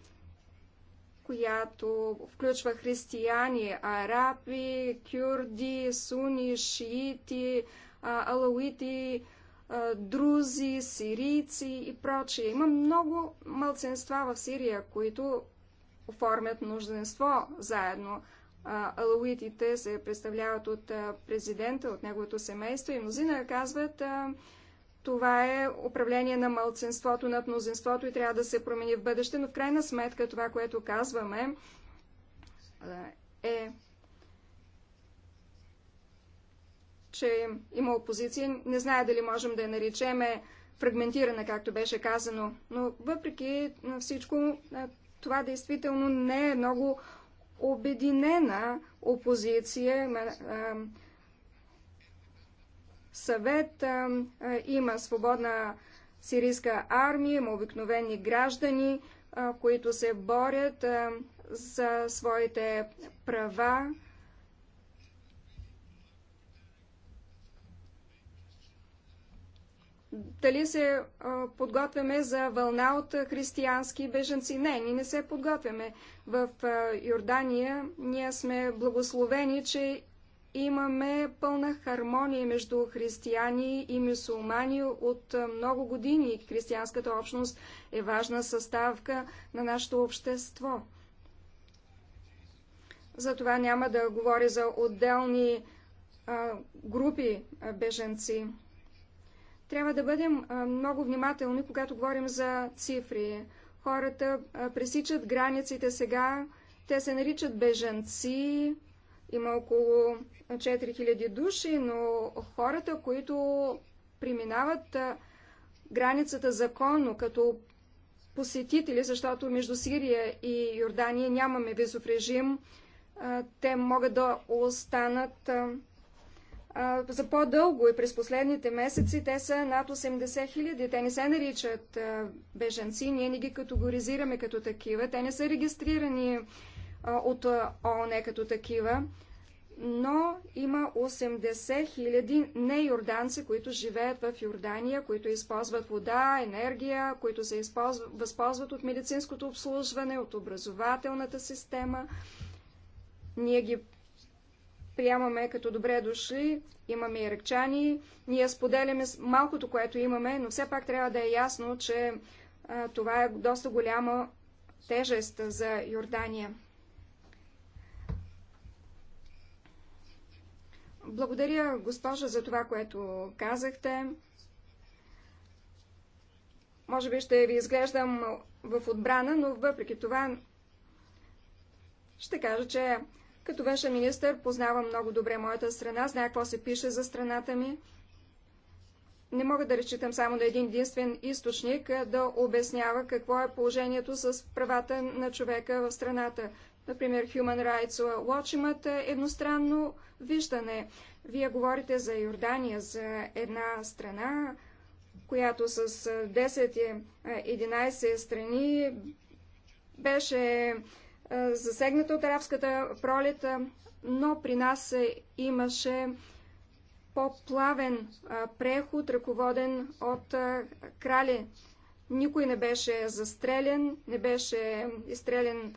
S1: която включва християни, араби, кюрди, суни, шиити, алауити, друзи, сирийци и прочие. Има много мълценства в Сирия, които оформят нужденство заедно алауитите се представляват от президента, от неговото семейство и мнозина казват, това е управление на мълценството над мнозинството и трябва да се промени в бъдеще, но в крайна сметка това, което казваме е, че има опозиция. Не знае дали можем да я наричеме фрагментирана, както беше казано, но въпреки всичко това действително не е много обединена опозиция, съвет, има свободна сирийска армия, има обикновени граждани, които се борят за своите права, дали се подготвяме за вълна от християнски беженци. Не, ние не се подготвяме. В Йордания ние сме благословени, че имаме пълна хармония между християни и мюсулмани от много години. Християнската общност е важна съставка на нашето общество. Затова няма да говоря за отделни а, групи беженци. Трябва да бъдем много внимателни, когато говорим за цифри. Хората пресичат границите сега, те се наричат бежанци, има около 4000 души, но хората, които преминават границата законно, като посетители, защото между Сирия и Йордания нямаме визов режим, те могат да останат за по-дълго и през последните месеци те са над 80 хиляди. Те не се наричат беженци, ние не ги категоризираме като такива, те не са регистрирани от ООН като такива, но има 80 хиляди неюрданци, които живеят в Йордания, които използват вода, енергия, които се използва, възползват от медицинското обслужване, от образователната система. Ние ги приемаме като добре дошли, имаме ръкчани, ние споделяме малкото, което имаме, но все пак трябва да е ясно, че а, това е доста голяма тежест за Йордания. Благодаря, госпожа, за това, което казахте. Може би ще ви изглеждам в отбрана, но въпреки това ще кажа, че като външен министр познавам много добре моята страна, знае какво се пише за страната ми. Не мога да разчитам само на един единствен източник да обяснява какво е положението с правата на човека в страната. Например, Human Rights Watch имат едностранно виждане. Вие говорите за Йордания, за една страна, която с 10-11 страни беше е, засегната от арабската пролет, е, но при нас е, имаше по-плавен преход, ръководен от крали. Никой не беше застрелен, не беше изстрелен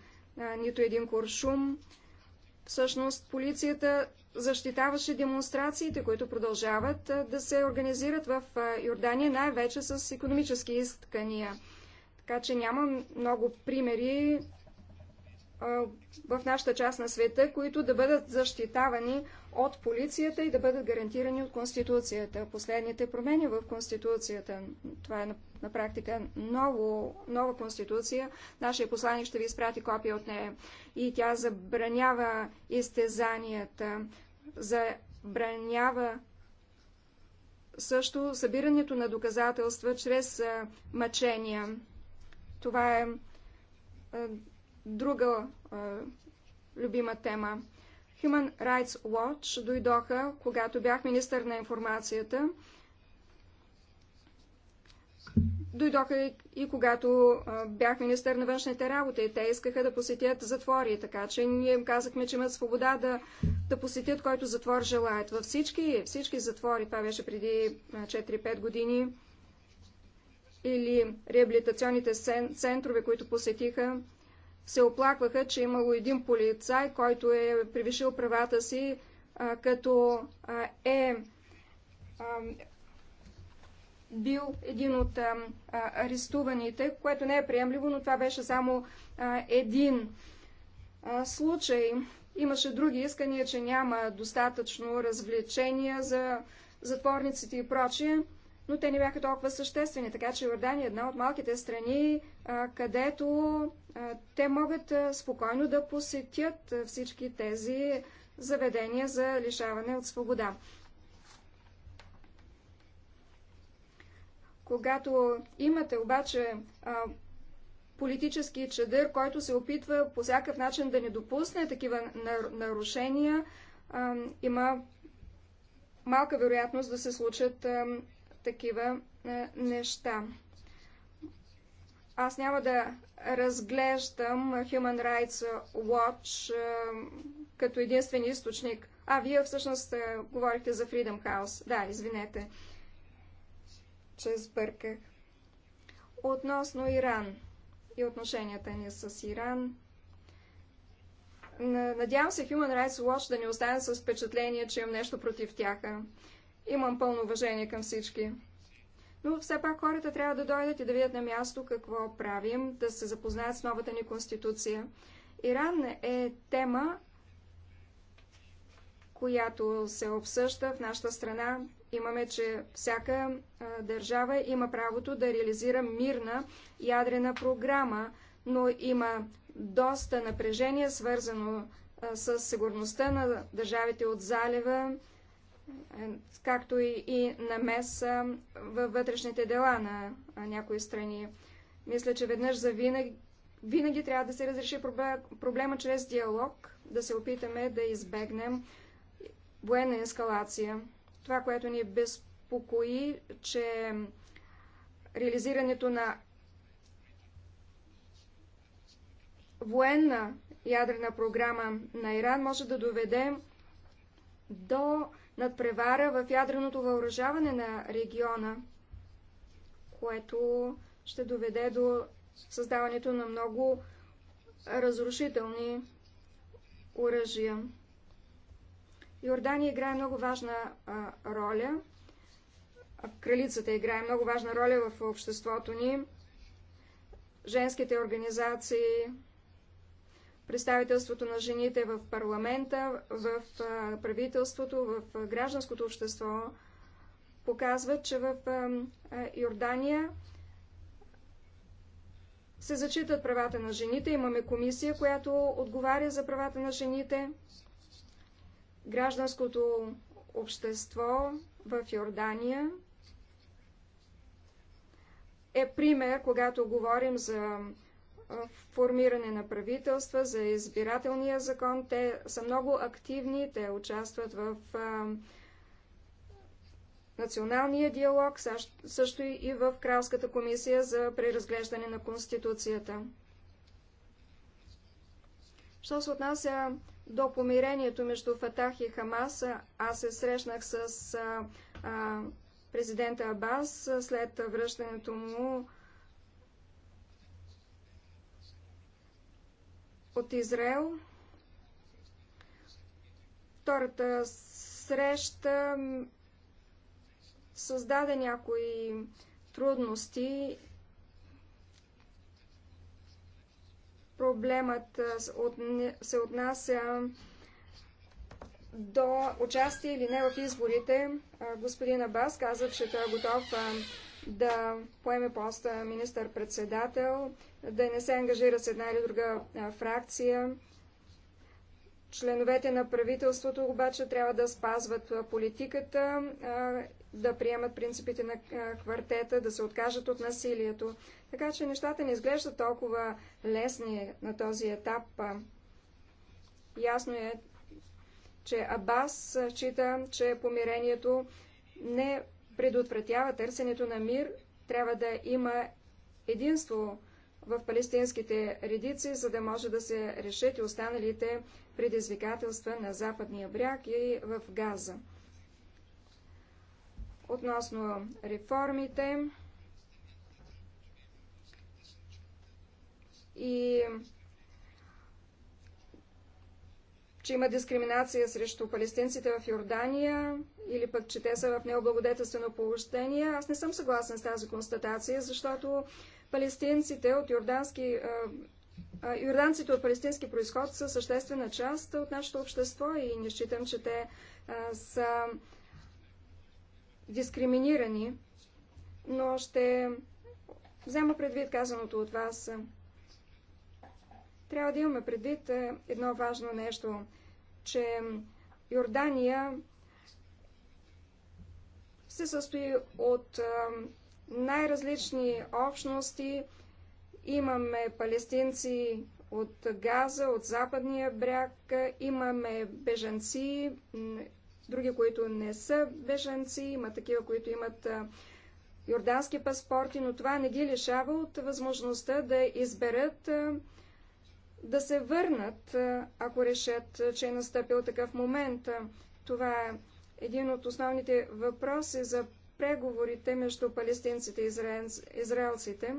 S1: нито един куршум. Всъщност полицията защитаваше демонстрациите, които продължават да се организират в Йордания, най-вече с економически искания. Така че няма много примери в нашата част на света, които да бъдат защитавани от полицията и да бъдат гарантирани от Конституцията. Последните промени в Конституцията, това е на, практика ново, нова Конституция, нашия посланник ще ви изпрати копия от нея и тя забранява изтезанията, забранява също събирането на доказателства чрез мъчения. Това е друга а, любима тема. Human Rights Watch дойдоха, когато бях министър на информацията. Дойдоха и когато бях министър на външните работи и те искаха да посетят затвори, така че ние им казахме, че имат свобода да, да посетят който затвор желаят. Във всички, всички затвори, това беше преди 4-5 години, или реабилитационните центрове, които посетиха, се оплакваха, че имало един полицай, който е превишил правата си, а, като а, е а, бил един от а, арестуваните, което не е приемливо, но това беше само а, един а, случай. Имаше други искания, че няма достатъчно развлечения за затворниците и прочие но те не бяха толкова съществени, така че Йордания е една от малките страни, където те могат спокойно да посетят всички тези заведения за лишаване от свобода. Когато имате обаче политически чадър, който се опитва по всякакъв начин да не допусне такива нарушения, има малка вероятност да се случат такива е, неща. Аз няма да разглеждам Human Rights Watch е, като единствен източник. А, вие всъщност е, говорихте за Freedom House. Да, извинете, че сбърках. Относно Иран и отношенията ни с Иран. Надявам се Human Rights Watch да не остане с впечатление, че имам нещо против тяха. Имам пълно уважение към всички. Но все пак хората трябва да дойдат и да видят на място какво правим, да се запознаят с новата ни конституция. Иран е тема, която се обсъжда в нашата страна. Имаме, че всяка държава има правото да реализира мирна ядрена програма, но има доста напрежение, свързано с сигурността на държавите от залива, както и намеса във вътрешните дела на някои страни. Мисля, че веднъж за винаги, винаги трябва да се разреши проблема чрез диалог, да се опитаме да избегнем военна ескалация. Това, което ни безпокои, че реализирането на военна ядрена програма на Иран може да доведе до надпревара в ядреното въоръжаване на региона, което ще доведе до създаването на много разрушителни оръжия. Йордания играе много важна а, роля. Кралицата играе много важна роля в обществото ни. Женските организации, представителството на жените в парламента, в правителството, в гражданското общество показват, че в Йордания се зачитат правата на жените. Имаме комисия, която отговаря за правата на жените. Гражданското общество в Йордания е пример, когато говорим за формиране на правителства, за избирателния закон. Те са много активни, те участват в националния диалог, също и в Кралската комисия за преразглеждане на Конституцията. Що се отнася до помирението между Фатах и Хамас, аз се срещнах с президента Абас след връщането му от Израел. Втората среща създаде някои трудности. Проблемът се отнася до участие или не в изборите. Господин Абас каза, че той е готов да поеме поста министър-председател да не се ангажира с една или друга фракция. Членовете на правителството обаче трябва да спазват политиката, да приемат принципите на квартета, да се откажат от насилието. Така че нещата не изглеждат толкова лесни на този етап. Ясно е, че Абас счита, че помирението не предотвратява търсенето на мир. Трябва да има единство в палестинските редици, за да може да се решат и останалите предизвикателства на Западния бряг и в Газа. Относно реформите и че има дискриминация срещу палестинците в Йордания или пък, че те са в необлагодетелствено положение. Аз не съм съгласен с тази констатация, защото Палестинците от йордански, юрданците йорданците от палестински происход са съществена част от нашето общество и не считам, че те а, са дискриминирани, но ще взема предвид казаното от вас. Трябва да имаме предвид едно важно нещо, че Йордания се състои от най-различни общности. Имаме палестинци от Газа, от западния бряг, имаме бежанци, други, които не са бежанци, има такива, които имат йордански паспорти, но това не ги лишава от възможността да изберат да се върнат, ако решат, че е настъпил такъв момент. Това е един от основните въпроси за преговорите между палестинците и израелците,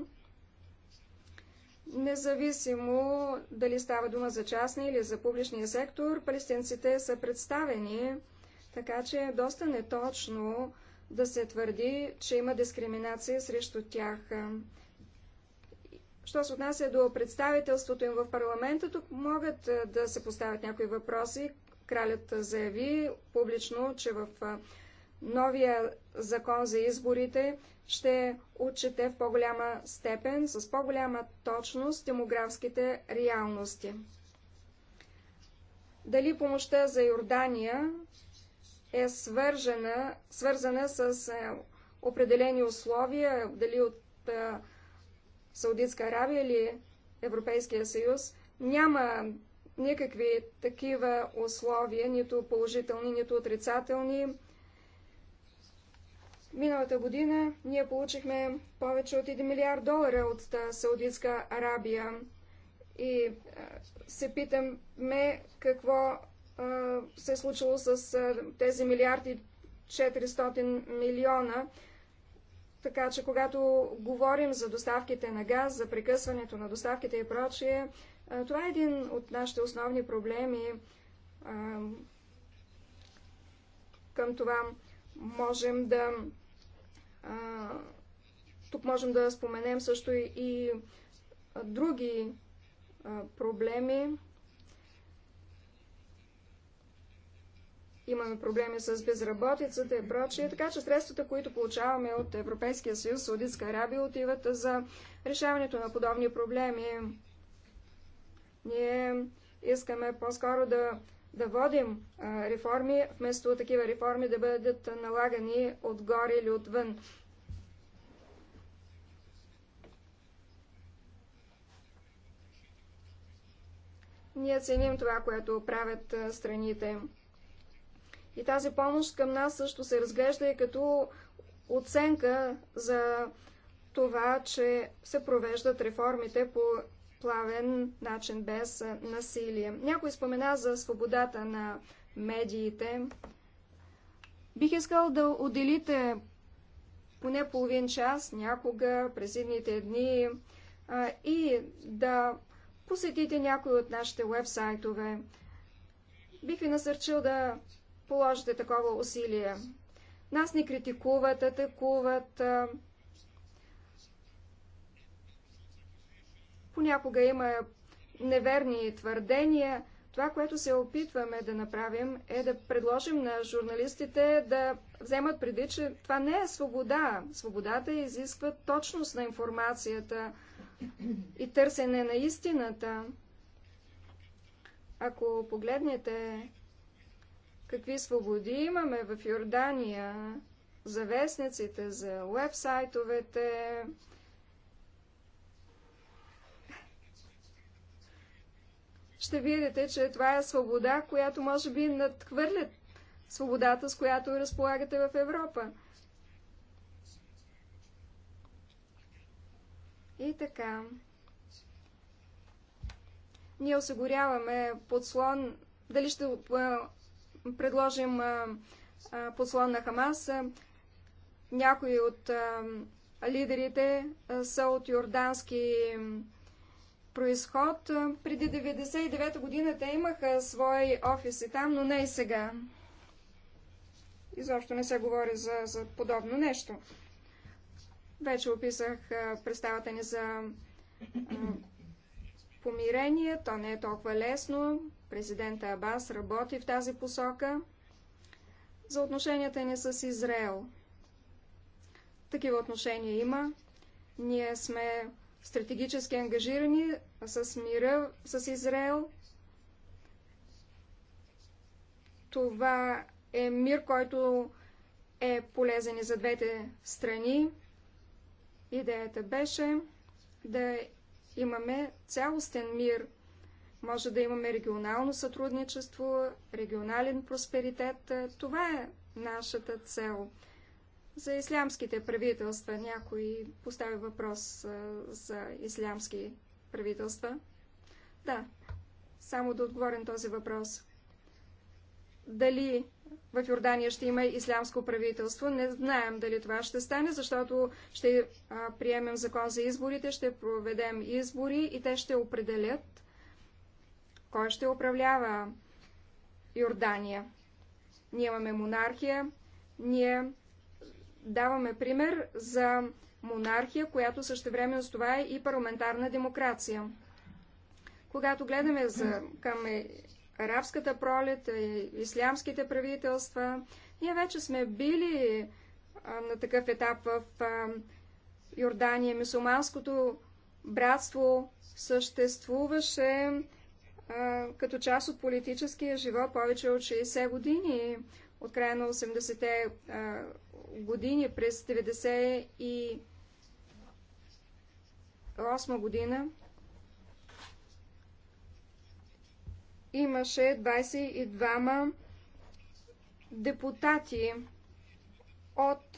S1: независимо дали става дума за частния или за публичния сектор, палестинците са представени, така че е доста неточно да се твърди, че има дискриминация срещу тях. Що се отнася до представителството им в парламента, тук могат е, да се поставят някои въпроси. Кралят заяви публично, че в е, новия закон за изборите ще отчете в по-голяма степен, с по-голяма точност демографските реалности. Дали помощта за Йордания е свържена, свързана с е, определени условия, дали от е, Саудитска Аравия или Европейския съюз, няма никакви такива условия, нито положителни, нито отрицателни. Миналата година ние получихме повече от 1 милиард долара от Саудитска Арабия и се питаме какво се е случило с тези милиарди 400 милиона. Така че, когато говорим за доставките на газ, за прекъсването на доставките и прочие, това е един от нашите основни проблеми. Към това можем да тук можем да споменем също и други проблеми. Имаме проблеми с безработицата и прочие, така че средствата, които получаваме от Европейския съюз, Саудитска Арабия, отиват за решаването на подобни проблеми. Ние искаме по-скоро да да водим реформи, вместо такива реформи да бъдат налагани отгоре или отвън. Ние ценим това, което правят страните. И тази помощ към нас също се разглежда и като оценка за това, че се провеждат реформите по плавен начин, без насилие. Някой спомена за свободата на медиите. Бих искал да отделите поне половин час някога през едните дни а, и да посетите някой от нашите вебсайтове. Бих ви насърчил да положите такова усилие. Нас ни критикуват, атакуват, Понякога има неверни твърдения. Това, което се опитваме да направим, е да предложим на журналистите да вземат предвид, че това не е свобода. Свободата изисква точност на информацията и търсене на истината. Ако погледнете какви свободи имаме в Йордания, за вестниците, за вебсайтовете, ще видите, че това е свобода, която може би надхвърля свободата, с която разполагате в Европа. И така. Ние осигуряваме подслон. Дали ще предложим подслон на Хамас? Някои от лидерите са от йордански происход. Преди 1999 година те имаха свои офиси там, но не и сега. Изобщо не се говори за, за подобно нещо. Вече описах представата ни за помирение. То не е толкова лесно. Президента Абас работи в тази посока. За отношенията ни с Израел. Такива отношения има. Ние сме стратегически ангажирани с мира, с Израел. Това е мир, който е полезен и за двете страни. Идеята беше да имаме цялостен мир. Може да имаме регионално сътрудничество, регионален просперитет. Това е нашата цел за ислямските правителства. Някой постави въпрос за ислямски правителства. Да, само да отговоря на този въпрос. Дали в Йордания ще има ислямско правителство, не знаем дали това ще стане, защото ще приемем закон за изборите, ще проведем избори и те ще определят кой ще управлява Йордания. Ние имаме монархия, ние даваме пример за монархия, която време с това е и парламентарна демокрация. Когато гледаме за, към е, арабската пролет, и е, ислямските правителства, ние вече сме били а, на такъв етап в а, Йордания. Мисулманското братство съществуваше а, като част от политическия живот повече от 60 години, от края на 80-те години, през 98 година, имаше 22 депутати от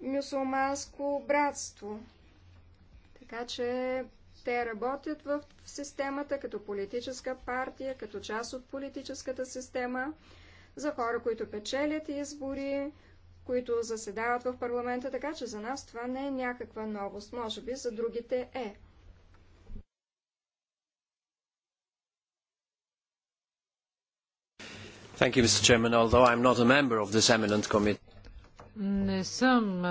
S1: мюсулманско братство. Така че те работят в системата като политическа партия, като част от политическата система за хора, които печелят избори, които заседават в парламента, така че за нас това не е някаква новост. Може би за другите е. Thank you, Mr. Chairman. Although I'm not a member of this eminent committee.
S2: Не съм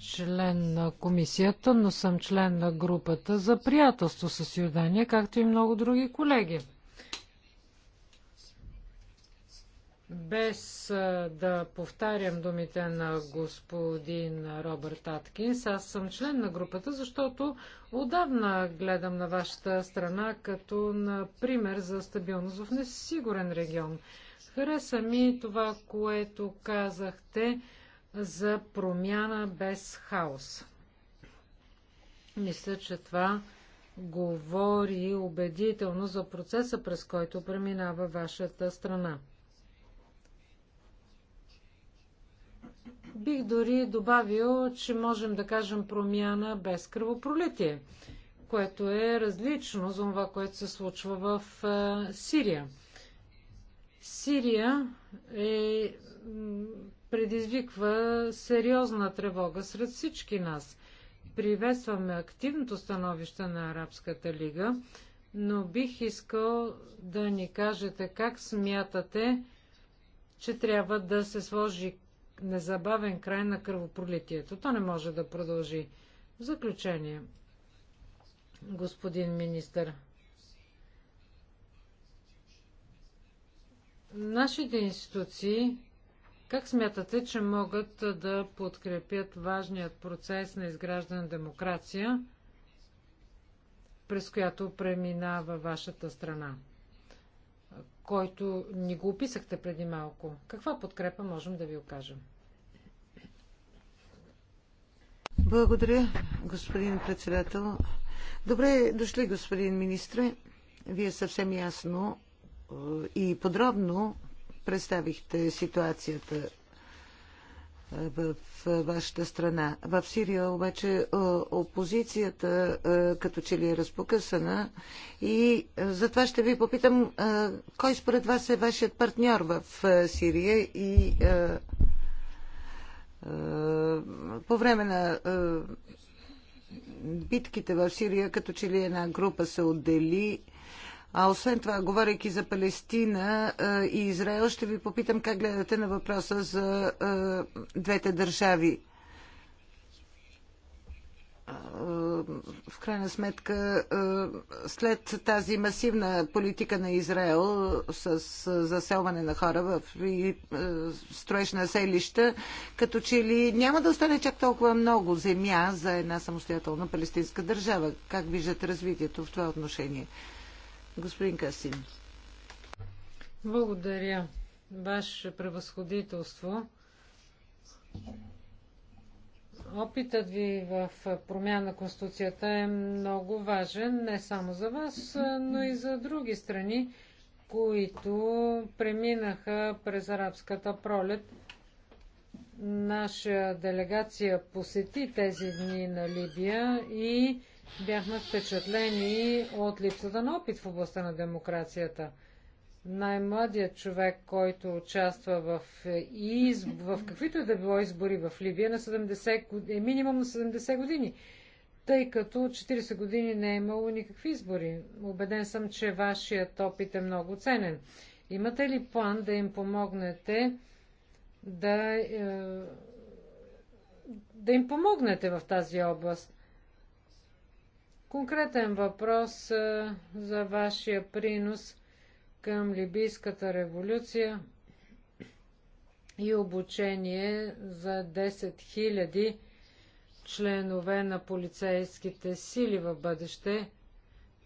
S2: член на комисията, но съм член на групата за приятелство с Йордания, както и много други колеги. Без да повтарям думите на господин Робърт Аткинс, аз съм член на групата, защото отдавна гледам на вашата страна като на пример за стабилност в несигурен регион. Хареса ми това, което казахте за промяна без хаос. Мисля, че това говори убедително за процеса, през който преминава вашата страна. Бих дори добавил, че можем да кажем промяна без кръвопролитие, което е различно за това, което се случва в Сирия. Сирия е, предизвиква сериозна тревога сред всички нас. Приветстваме активното становище на Арабската лига, но бих искал да ни кажете как смятате, че трябва да се сложи незабавен край на кръвопролитието. То не може да продължи. В заключение, господин министър, нашите институции как смятате, че могат да подкрепят важният процес на изграждане на демокрация, през която преминава вашата страна? който ни го описахте преди малко. Каква подкрепа можем да ви окажем?
S3: Благодаря, господин председател. Добре дошли, господин министре. Вие съвсем ясно е, и подробно представихте ситуацията в вашата страна. В Сирия обаче опозицията като че ли е разпокъсана и затова ще ви попитам кой според вас е вашият партньор в Сирия и по време на битките в Сирия като че ли една група се отдели а освен това, говорейки за Палестина и Израел, ще ви попитам как гледате на въпроса за двете държави. В крайна сметка, след тази масивна политика на Израел с заселване на хора в строеж на селища, като че ли няма да остане чак толкова много земя за една самостоятелна палестинска държава. Как виждате развитието в това отношение? Господин Касин.
S2: Благодаря, Ваше превъзходителство. Опитът ви в промяна на Конституцията е много важен не само за вас, но и за други страни, които преминаха през арабската пролет. Наша делегация посети тези дни на Либия и бяхме впечатлени от липсата на опит в областта на демокрацията. Най-младият човек, който участва в, е, изб... в каквито и е да било избори в Ливия, на 70... е минимум на 70 години, тъй като 40 години не е имало никакви избори. Обеден съм, че вашият опит е много ценен. Имате ли план да им помогнете да, е, да им помогнете в тази област? Конкретен въпрос е, за вашия принос към Либийската революция и обучение за 10 000 членове на полицейските сили в бъдеще.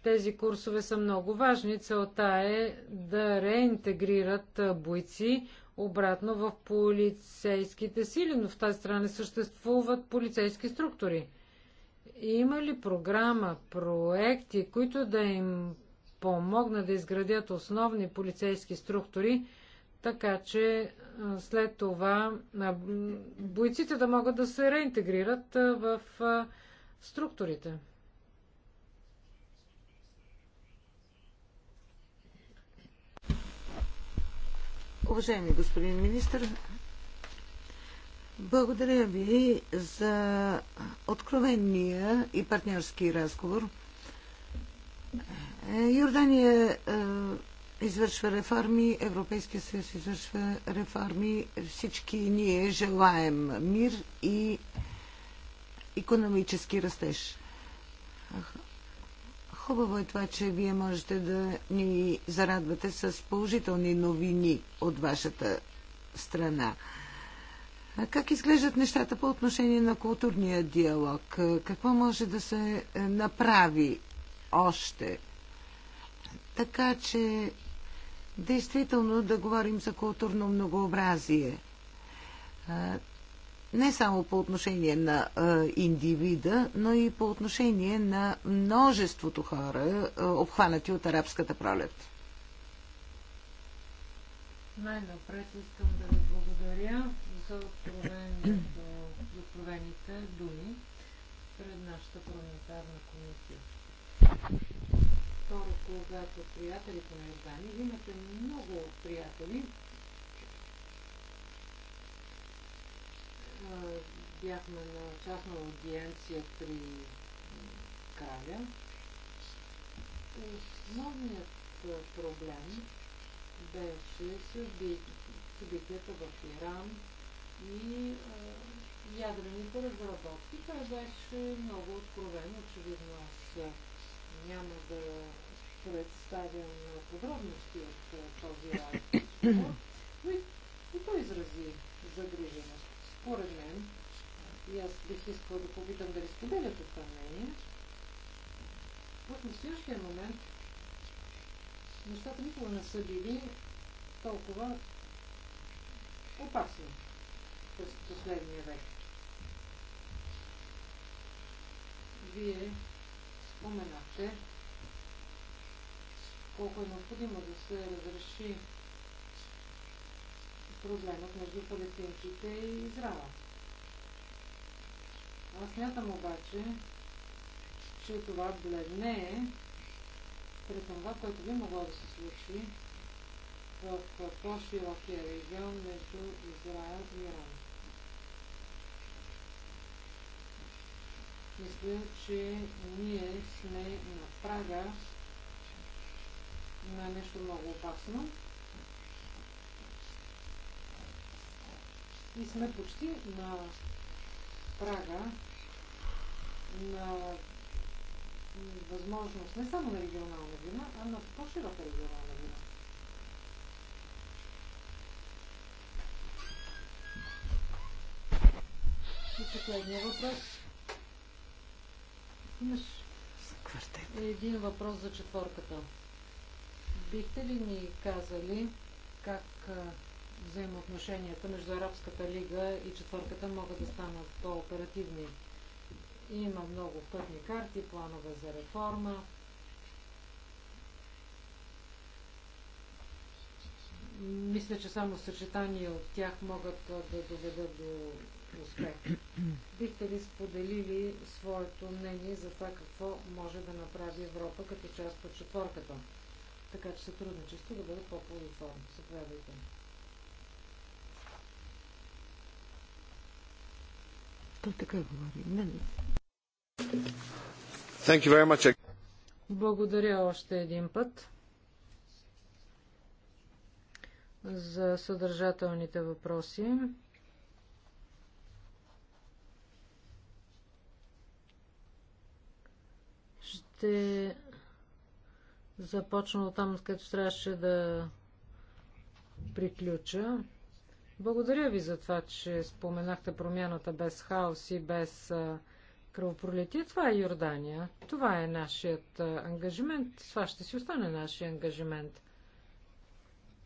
S2: Тези курсове са много важни. Целта е да реинтегрират бойци обратно в полицейските сили, но в тази страна не съществуват полицейски структури. Има ли програма, проекти, които да им помогнат да изградят основни полицейски структури, така че след това бойците да могат да се реинтегрират в структурите?
S3: Уважаеми господин министр, благодаря ви за откровения и партньорски разговор. Е, Йордания е, извършва реформи, Европейския съюз извършва реформи. Всички ние желаем мир и економически растеж. Хубаво е това, че вие можете да ни зарадвате с положителни новини от вашата страна. Как изглеждат нещата по отношение на културния диалог? Какво може да се направи още? Така че действително да говорим за културно многообразие. Не само по отношение на индивида, но и по отношение на множеството хора, обхванати от арабската пролет.
S2: Най-напред искам да ви благодаря са откровението, откровените думи пред нашата парламентарна комисия. Второ, когато приятелите на Йордания, ви имате много приятели, бяхме на частна аудиенция при краля. Основният проблем беше събитията в Иран, и а, е, ядрените разработки. Това беше много откровено, Очевидно аз е, няма да представям подробности от е, този разговор, но и, и той изрази загриженост. Според мен, и аз бих искал да попитам дали споделяте това мнение, в настоящия момент нещата никога не са били толкова опасни през последния век. Вие споменахте колко е необходимо да се разреши проблемът между палестинците и Израела. Аз смятам обаче, че това бледне е пред това, което би могло да се случи в по-широкия регион между Израел и Иран. мисля, че ние сме на прага на нещо много опасно. И сме почти на прага на възможност не само на регионална вина, а на по-широка регионална вина. И последния въпрос. Имаш квартет. един въпрос за четворката. Бихте ли ни казали как взаимоотношенията между Арабската лига и четвърката могат да станат по-оперативни. Има много пътни карти, планове за реформа. Мисля, че само съчетания от тях могат да доведат до успех. Бихте ли споделили своето мнение за това какво може да направи Европа като част от четворката, така че сътрудничество да бъде по-плодотворно? Съправяйте. То така говори.
S3: Thank you
S1: very much.
S2: Благодаря още един път за съдържателните въпроси. ще започна от там, където трябваше да приключа. Благодаря ви за това, че споменахте промяната без хаос и без кръвопролитие. Това е Йордания. Това е нашият ангажимент. Това ще си остане нашия ангажимент.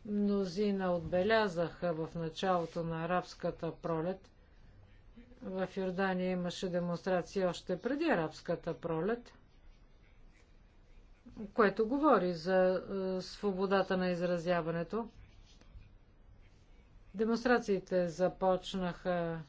S2: Мнозина отбелязаха в началото на арабската пролет. В Йордания имаше демонстрации още преди арабската пролет – което говори за е, свободата на изразяването. Демонстрациите започнаха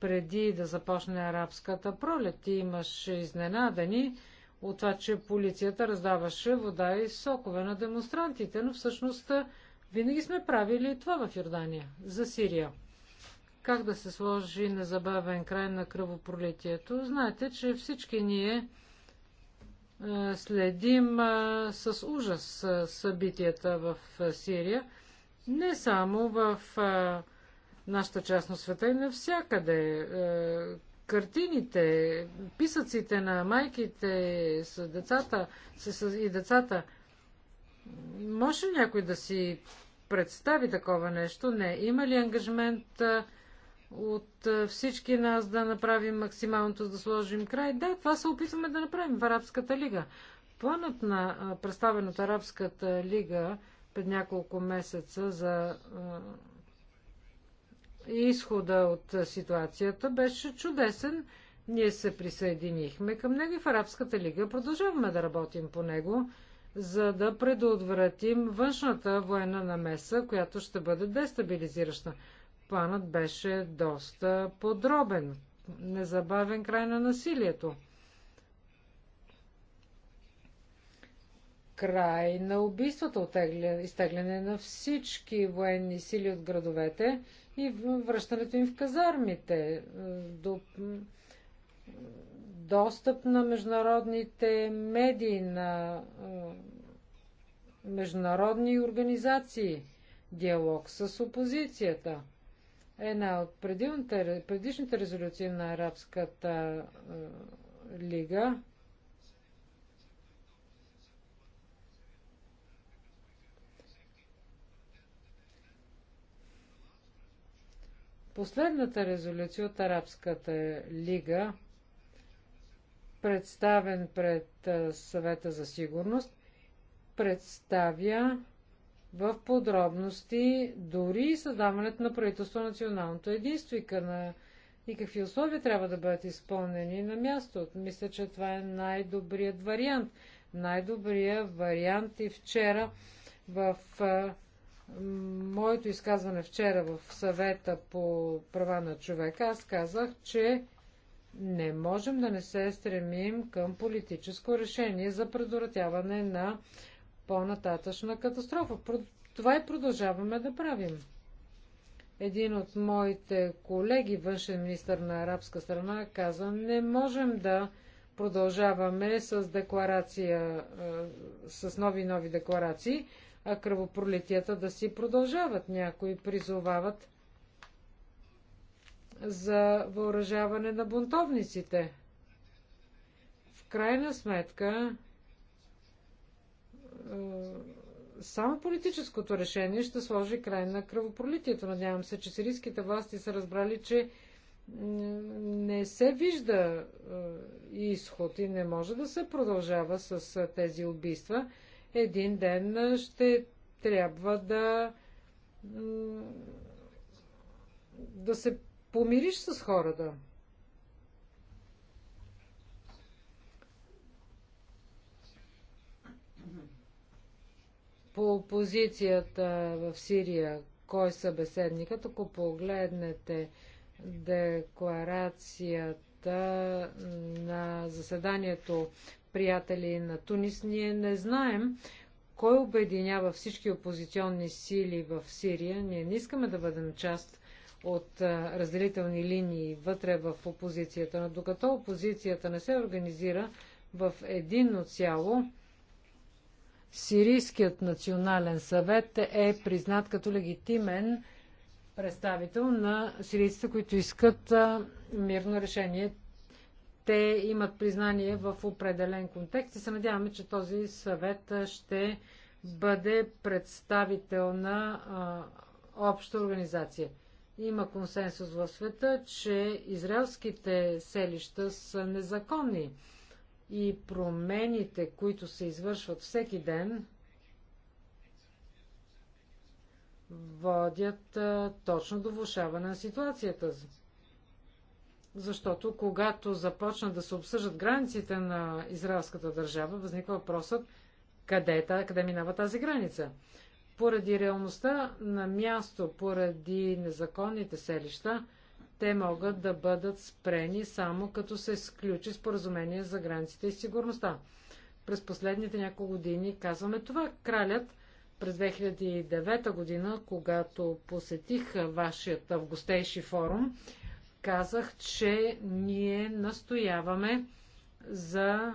S2: преди да започне арабската пролет и имаше изненадани от това, че полицията раздаваше вода и сокове на демонстрантите, но всъщност е, винаги сме правили това в Йордания, за Сирия. Как да се сложи незабавен край на кръвопролитието? Знаете, че всички ние е, следим е, с ужас е, събитията в Сирия, не само в нашата част на света и навсякъде. Картините, писъците на майките с децата с, и децата. Може ли някой да си представи такова нещо? Не. Има ли ангажмент от е, всички нас да направим максималното, да сложим край. Да, това се опитваме да направим в Арабската лига. Планът на е, представен от Арабската лига пред няколко месеца за е, изхода от ситуацията беше чудесен. Ние се присъединихме към него и в Арабската лига продължаваме да работим по него, за да предотвратим външната военна намеса, която ще бъде дестабилизираща планът беше доста подробен. Незабавен край на насилието. Край на убийствата, изтегляне на всички военни сили от градовете и връщането им в казармите. До достъп на международните медии, на международни организации, диалог с опозицията – Една от предишните резолюции на Арабската е, лига Последната резолюция от Арабската лига, представен пред е, съвета за сигурност, представя в подробности дори създаването на правителство на националното единство и, на, и какви условия трябва да бъдат изпълнени на място. Мисля, че това е най-добрият вариант. Най-добрият вариант и вчера в моето изказване вчера в съвета по права на човека, аз казах, че не можем да не се стремим към политическо решение за предотвратяване на по-нататъчна катастрофа. Това и продължаваме да правим. Един от моите колеги, външен министр на арабска страна, каза, не можем да продължаваме с декларация, с нови нови декларации, а кръвопролитията да си продължават. Някои призовават за въоръжаване на бунтовниците. В крайна сметка, е, само политическото решение ще сложи край на кръвопролитието. Надявам се, че сирийските власти са разбрали, че не се вижда е, изход и не може да се продължава с е, тези убийства. Един ден ще трябва да да се помириш с хората. По позицията в Сирия, кой е събеседникът, ако погледнете декларацията на заседанието приятели на Тунис, ние не знаем кой обединява всички опозиционни сили в Сирия. Ние не искаме да бъдем част от разделителни линии вътре в опозицията, но докато опозицията не се организира в единно цяло, Сирийският национален съвет е признат като легитимен представител на сирийците, които искат мирно решение. Те имат признание в определен контекст и се надяваме, че този съвет ще бъде представител на обща организация. Има консенсус в света, че израелските селища са незаконни и промените, които се извършват всеки ден, водят а, точно до влушаване на ситуацията. Защото когато започнат да се обсъждат границите на израелската държава, възниква въпросът къде, е, къде минава тази граница. Поради реалността на място, поради незаконните селища, те могат да бъдат спрени само като се сключи споразумение за границите и сигурността. През последните няколко години казваме това. Кралят през 2009 година, когато посетих вашият августейши форум, казах, че ние настояваме за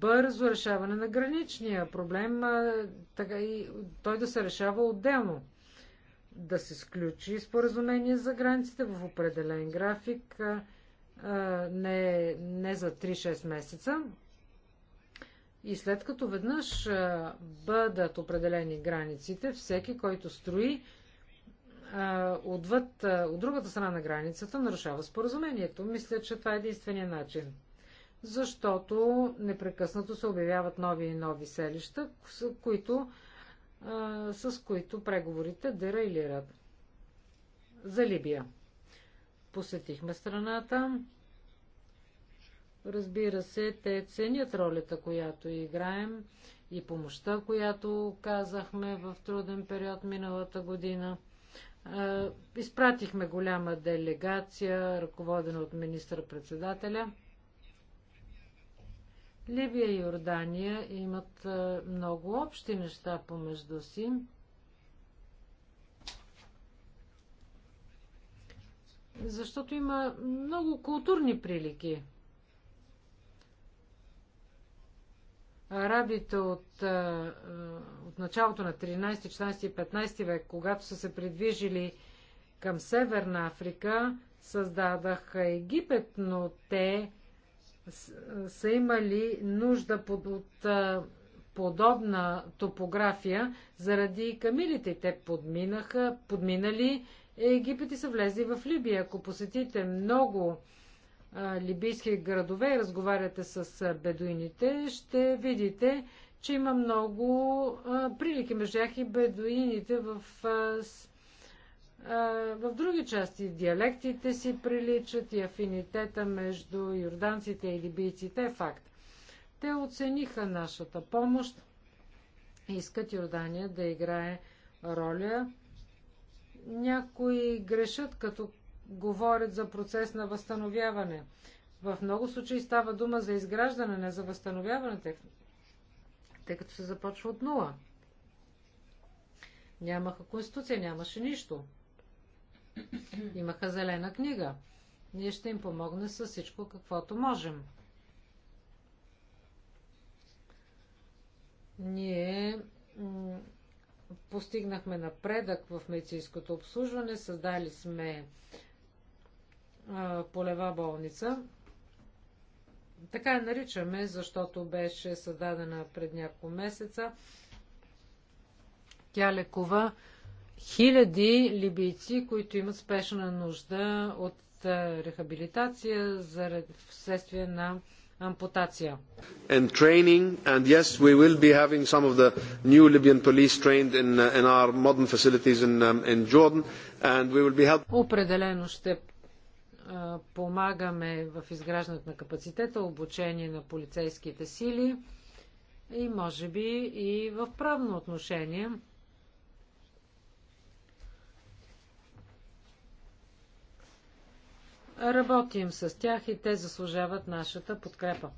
S2: бързо решаване на граничния проблем, така и той да се решава отделно да се сключи споразумение за границите в определен график, не, не за 3-6 месеца. И след като веднъж бъдат определени границите, всеки, който строи отвъд, от другата страна на границата, нарушава споразумението. Мисля, че това е единствения начин. Защото непрекъснато се обявяват нови и нови селища, които а, с които преговорите дерайлират. За Либия. Посетихме страната. Разбира се, те ценят ролята, която играем и помощта, която казахме в труден период миналата година. Изпратихме голяма делегация, ръководена от министър-председателя. Ливия и Йордания имат е, много общи неща помежду си. Защото има много културни прилики. арабите от, е, е, от началото на 13, 14 и 15 век, когато са се придвижили към Северна Африка, създадаха Египет, но те са имали нужда под, от подобна топография заради камилите. Те подминаха, подминали Египет и са влезли в Либия. Ако посетите много а, либийски градове и разговаряте с бедуините, ще видите, че има много а, прилики между тях и бедуините в а, в други части диалектите си приличат и афинитета между юрданците и либийците е факт. Те оцениха нашата помощ и искат Йордания да играе роля. Някои грешат, като говорят за процес на възстановяване. В много случаи става дума за изграждане, не за възстановяване, тъй като се започва от нула. Нямаха конституция, нямаше нищо имаха зелена книга. Ние ще им помогнем с всичко, каквото можем. Ние постигнахме напредък в медицинското обслужване, създали сме полева болница. Така я наричаме, защото беше създадена пред няколко месеца. Тя лекува хиляди либийци, които имат спешна нужда от е, рехабилитация заради вследствие на ампутация.
S3: And training, and yes, we will be having some of the new Libyan police trained in, uh, in our modern facilities in, um, in Jordan, and we will be help...
S2: Определено ще е, помагаме в изграждането на капацитета, обучение на полицейските сили и може би и в правно отношение Работим с тях и те заслужават нашата подкрепа.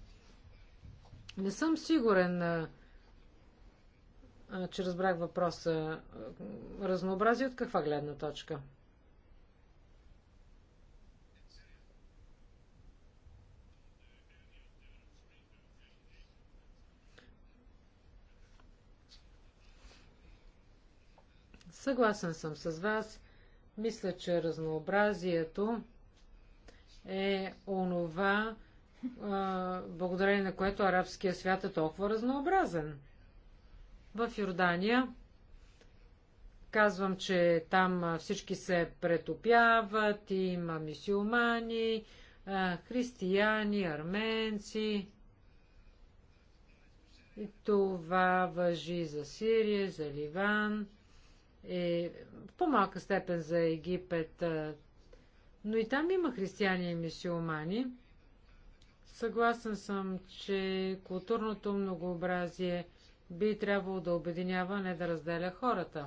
S2: Не съм сигурен, че разбрах въпроса. Разнообразие от каква гледна точка? Съгласен съм с вас. Мисля, че разнообразието е онова, благодарение на което арабския свят е толкова разнообразен. В Йордания казвам, че там всички се претопяват, има мисиомани, християни, арменци. И това въжи за Сирия, за Ливан, и е, в по-малка степен за Египет. Но и там има християни и мисиомани. Съгласен съм, че културното многообразие би трябвало да обединява, не да разделя хората.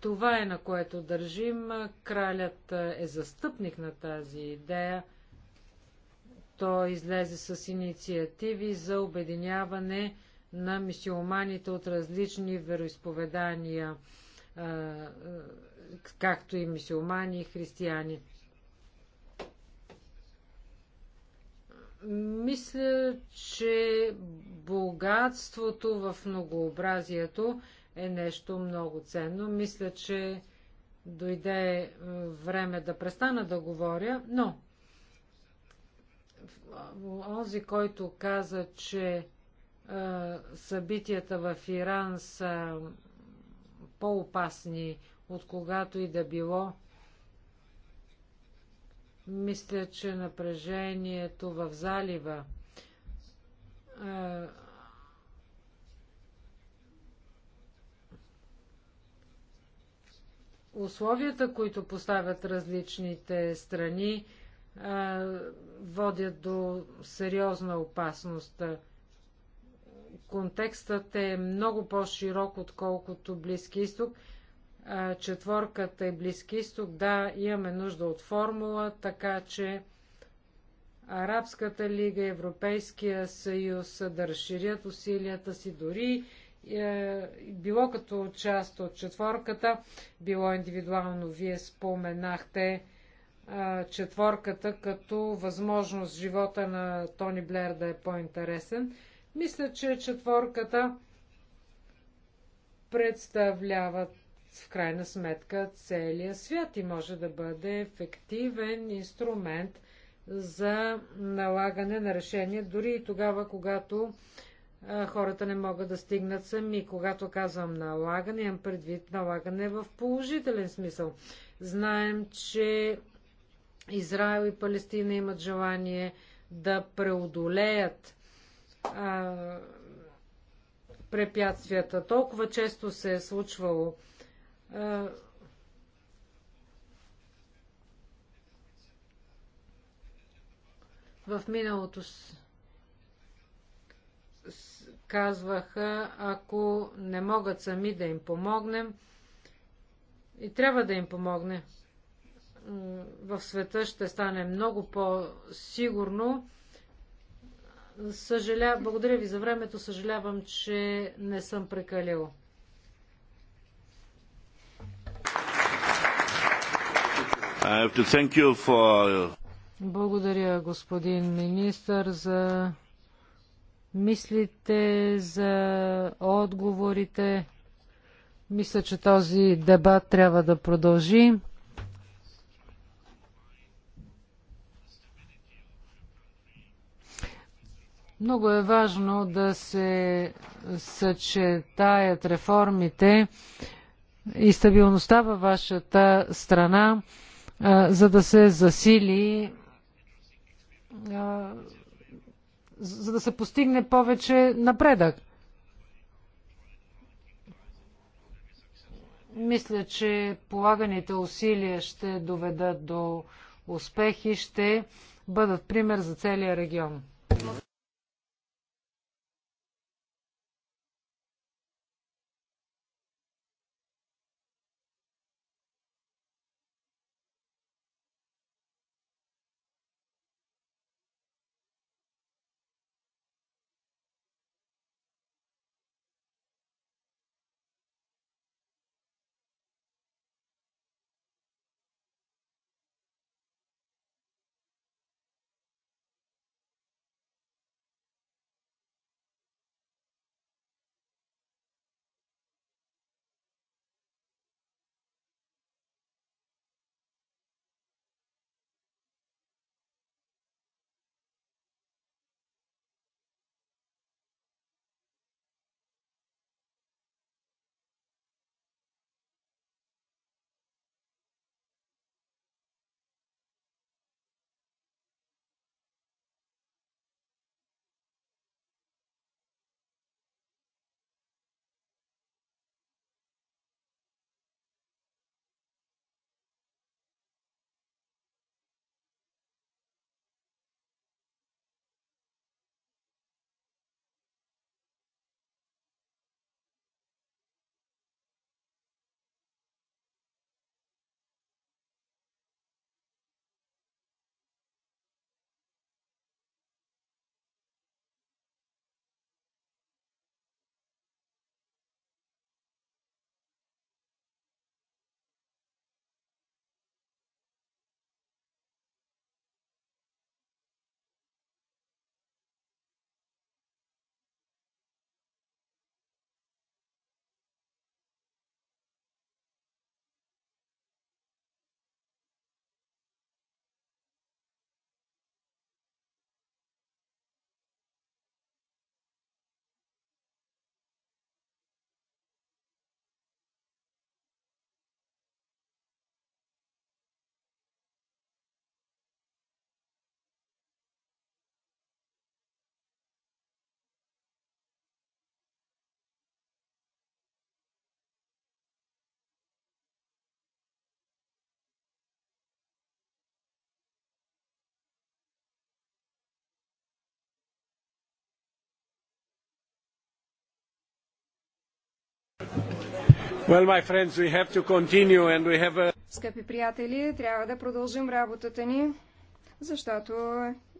S2: Това е на което държим. Кралят е застъпник на тази идея. Той излезе с инициативи за обединяване на мисиоманите от различни вероисповедания както и мисиомани и християни. Мисля, че богатството в многообразието е нещо много ценно. Мисля, че дойде е, време да престана да говоря, но онзи, който каза, че е, събитията в Иран са по-опасни от когато и да било. Мисля, че напрежението в залива условията, които поставят различните страни, водят до сериозна опасност. Контекстът е много по-широк, отколкото Близки изток четворката и е Близки изток. Да, имаме нужда от формула, така че Арабската лига, Европейския съюз да разширят усилията си дори е, било като част от четворката, било индивидуално. Вие споменахте е, четворката като възможност живота на Тони Блер да е по-интересен. Мисля, че четворката представляват в крайна сметка целия свят и може да бъде ефективен инструмент за налагане на решение, дори и тогава, когато а, хората не могат да стигнат сами. Когато казвам налагане, имам предвид налагане в положителен смисъл. Знаем, че Израел и Палестина имат желание да преодолеят а, препятствията. Толкова често се е случвало е, в миналото казваха, ако не могат сами да им помогнем, и трябва да им помогне. В света ще стане много по-сигурно. Съжаля... Благодаря ви за времето. Съжалявам, че не съм прекалил. Благодаря, господин министър, за мислите, за отговорите. Мисля, че този дебат трябва да продължи. Много е важно да се съчетаят реформите и стабилността във вашата страна за да се засили за да се постигне повече напредък. Мисля, че полаганите усилия ще доведат до успехи, ще бъдат пример за целия регион.
S3: Well, my friends, we have to continue and we have a...
S1: Скъпи приятели, трябва да продължим работата ни, защото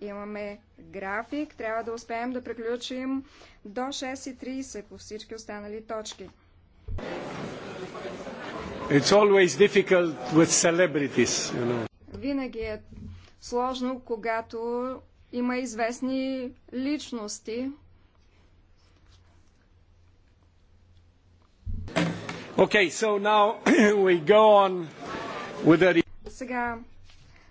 S1: имаме график. Трябва да успеем да приключим до 6.30 по всички останали точки.
S3: It's always difficult with celebrities,
S1: you know. Винаги е сложно, когато има известни личности,
S2: Okay, so now we go on with the...
S1: Сега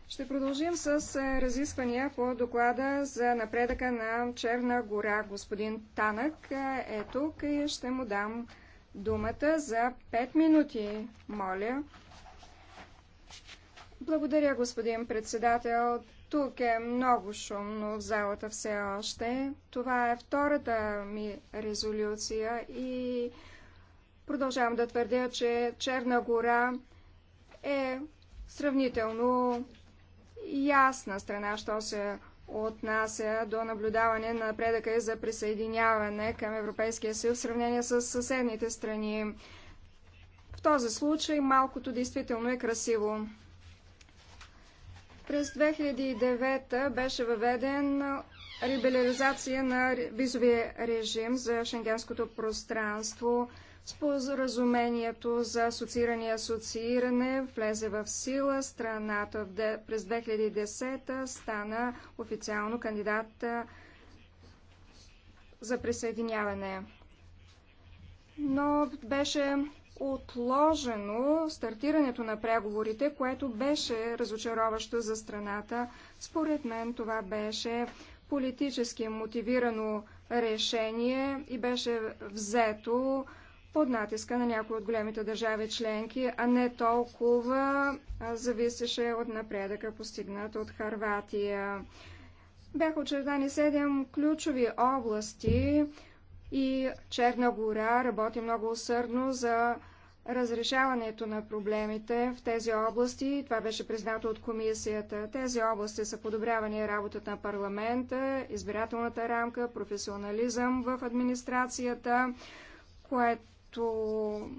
S1: ще продължим с е, разисквания по доклада за напредъка на Черна гора. Господин Танък е, е тук и ще му дам думата за 5 минути, моля. Благодаря, господин председател. Тук е много шумно в залата все още. Това е втората ми резолюция и Продължавам да твърдя, че Черна гора е сравнително ясна страна, що се отнася до наблюдаване на предъка и за присъединяване към Европейския съюз в сравнение с съседните страни. В този случай малкото действително е красиво. През 2009 беше въведен либерализация на визовия режим за шенгенското пространство. Споразумението за асоцииране и асоцииране влезе в сила. Страната през 2010 стана официално кандидат за присъединяване. Но беше отложено стартирането на преговорите, което беше разочароващо за страната. Според мен това беше политически мотивирано решение и беше взето под натиска на някои от големите държави членки, а не толкова зависеше от напредъка, постигнат от Харватия. Бяха очертани 7 ключови области и Черна гора работи много усърдно за разрешаването на проблемите в тези области. Това беше признато от комисията. Тези области са подобряване работата на парламента, избирателната рамка, професионализъм в администрацията, което което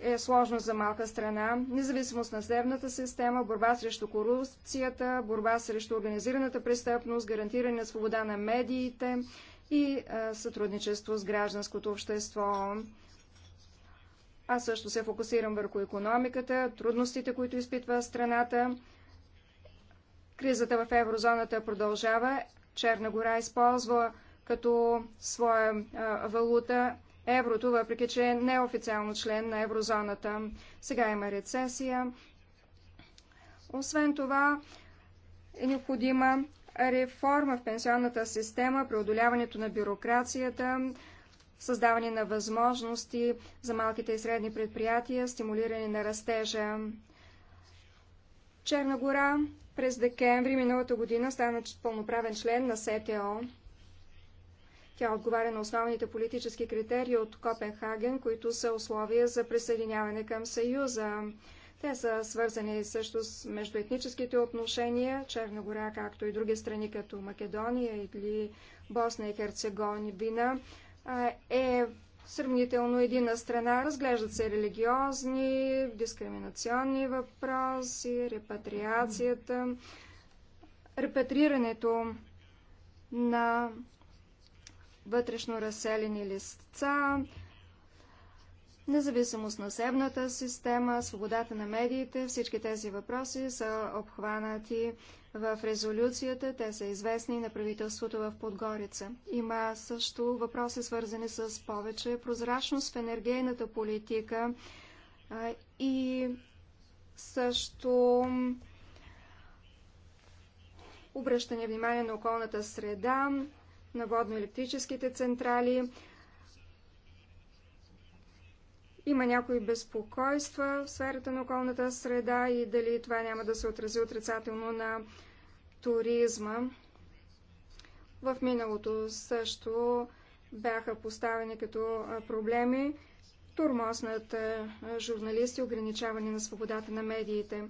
S1: е сложно за малка страна. Независимост на съдебната система, борба срещу корупцията, борба срещу организираната престъпност, гарантиране на свобода на медиите и а, сътрудничество с гражданското общество. Аз също се фокусирам върху економиката, трудностите, които изпитва страната. Кризата в еврозоната продължава. Черна гора използва като своя а, валута еврото, въпреки че е неофициално член на еврозоната. Сега има рецесия. Освен това е необходима реформа в пенсионната система, преодоляването на бюрокрацията, създаване на възможности за малките и средни предприятия, стимулиране на растежа. Черна гора през декември миналата година стана пълноправен член на СТО. Тя отговаря на основните политически критерии от Копенхаген, които са условия за присъединяване към Съюза. Те са свързани също с междуетническите отношения, Черна гора, както и други страни, като Македония или Босна и Херцеговина, е сравнително едина страна. Разглеждат се религиозни, дискриминационни въпроси, репатриацията, репатрирането на вътрешно разселени лица, независимост на съдебната система, свободата на медиите, всички тези въпроси са обхванати в резолюцията, те са известни на правителството в Подгорица. Има също въпроси свързани с повече прозрачност в енергийната политика и също обръщане внимание на околната среда, на водно-електрическите централи. Има някои безпокойства в сферата на околната среда и дали това няма да се отрази отрицателно на туризма. В миналото също бяха поставени като проблеми турмоз над журналисти, ограничаване на свободата на медиите.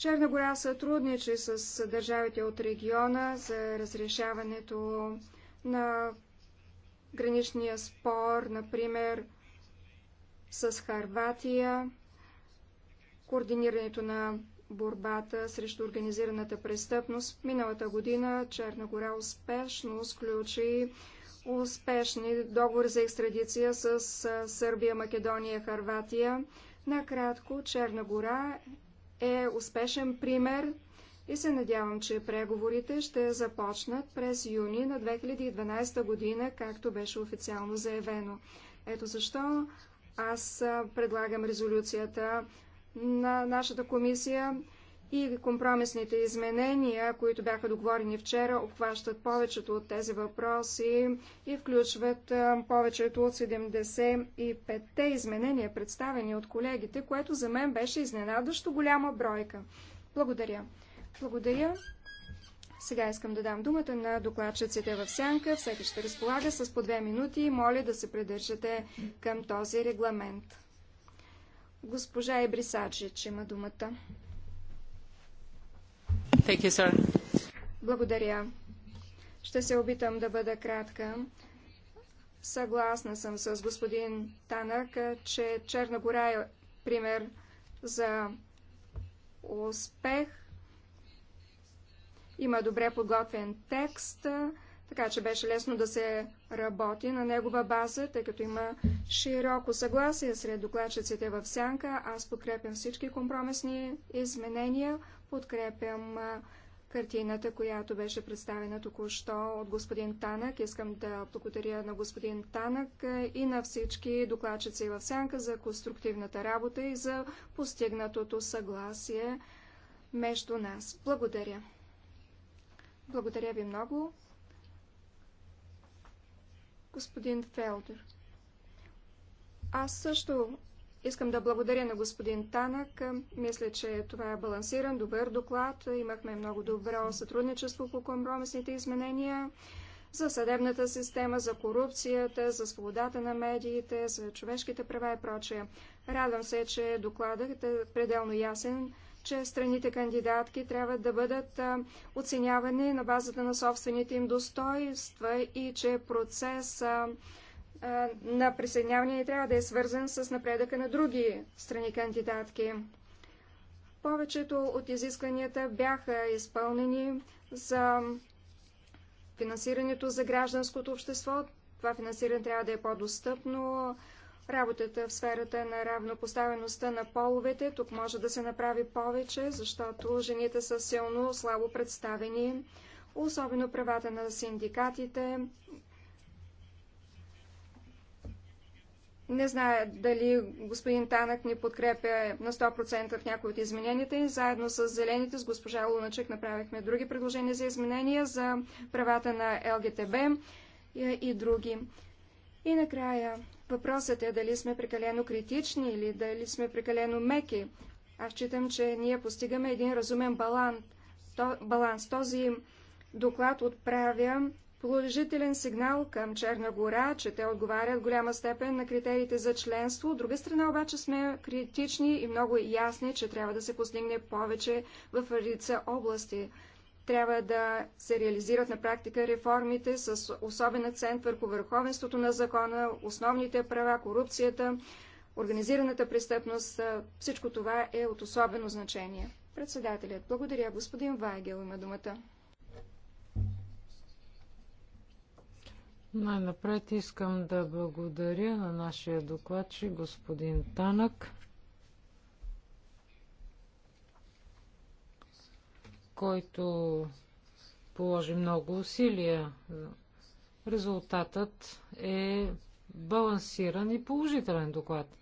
S1: Черна гора сътрудничи с държавите от региона за разрешаването на граничния спор, например с Харватия, координирането на борбата срещу организираната престъпност. Миналата година Черна гора успешно сключи успешни договори за екстрадиция с Сърбия, Македония, Харватия. Накратко, Черна гора е успешен пример и се надявам, че преговорите ще започнат през юни на 2012 година, както беше официално заявено. Ето защо аз предлагам резолюцията на нашата комисия и компромисните изменения, които бяха договорени вчера, обхващат повечето от тези въпроси и включват повечето от 75-те изменения, представени от колегите, което за мен беше изненадащо голяма бройка. Благодаря. Благодаря. Сега искам да дам думата на докладчиците в сянка. Всеки ще разполага с по две минути и моля да се придържате към този регламент. Госпожа Ебрисаджич има думата. Thank you, sir. Благодаря. Ще се опитам да бъда кратка. Съгласна съм с господин Танък, че Черна гора е пример за успех. Има добре подготвен текст, така че беше лесно да се работи на негова база, тъй като има широко съгласие сред докладчиците в Сянка. Аз подкрепям всички компромисни изменения. Подкрепям картината, която беше представена току-що от господин Танък. Искам да благодаря на господин Танък и на всички докладчици в Сянка за конструктивната работа и за постигнатото съгласие между нас. Благодаря. Благодаря ви много. Господин Фелдер. Аз също Искам да благодаря на господин Танък. Мисля, че това е балансиран, добър доклад. Имахме много добро сътрудничество по компромисните изменения за съдебната система, за корупцията, за свободата на медиите, за човешките права и прочее. Радвам се, че докладът е пределно ясен, че страните кандидатки трябва да бъдат оценявани на базата на собствените им достоинства и че процеса на присъединяване трябва да е свързан с напредъка на други страни кандидатки. Повечето от изискванията бяха изпълнени за финансирането за гражданското общество. Това финансиране трябва да е по-достъпно. Работата в сферата на равнопоставеността на половете. Тук може да се направи повече, защото жените са силно слабо представени. Особено правата на синдикатите, Не знае дали господин Танък ни подкрепя на 100% в някои от измененията и заедно с зелените с госпожа Луначек направихме други предложения за изменения за правата на ЛГТБ и, и други. И накрая, въпросът е дали сме прекалено критични или дали сме прекалено меки. Аз считам, че ние постигаме един разумен баланс. То, баланс. Този доклад отправя положителен сигнал към Черна гора, че те отговарят в голяма степен на критериите за членство. От друга страна обаче сме критични и много ясни, че трябва да се постигне повече в редица области. Трябва да се реализират на практика реформите с особен акцент върху върховенството на закона, основните права, корупцията, организираната престъпност. Всичко това е от особено значение. Председателят, благодаря господин Вайгел, има думата.
S2: Най-напред искам да благодаря на нашия докладчик господин Танък, който положи много усилия. Резултатът е балансиран и положителен доклад.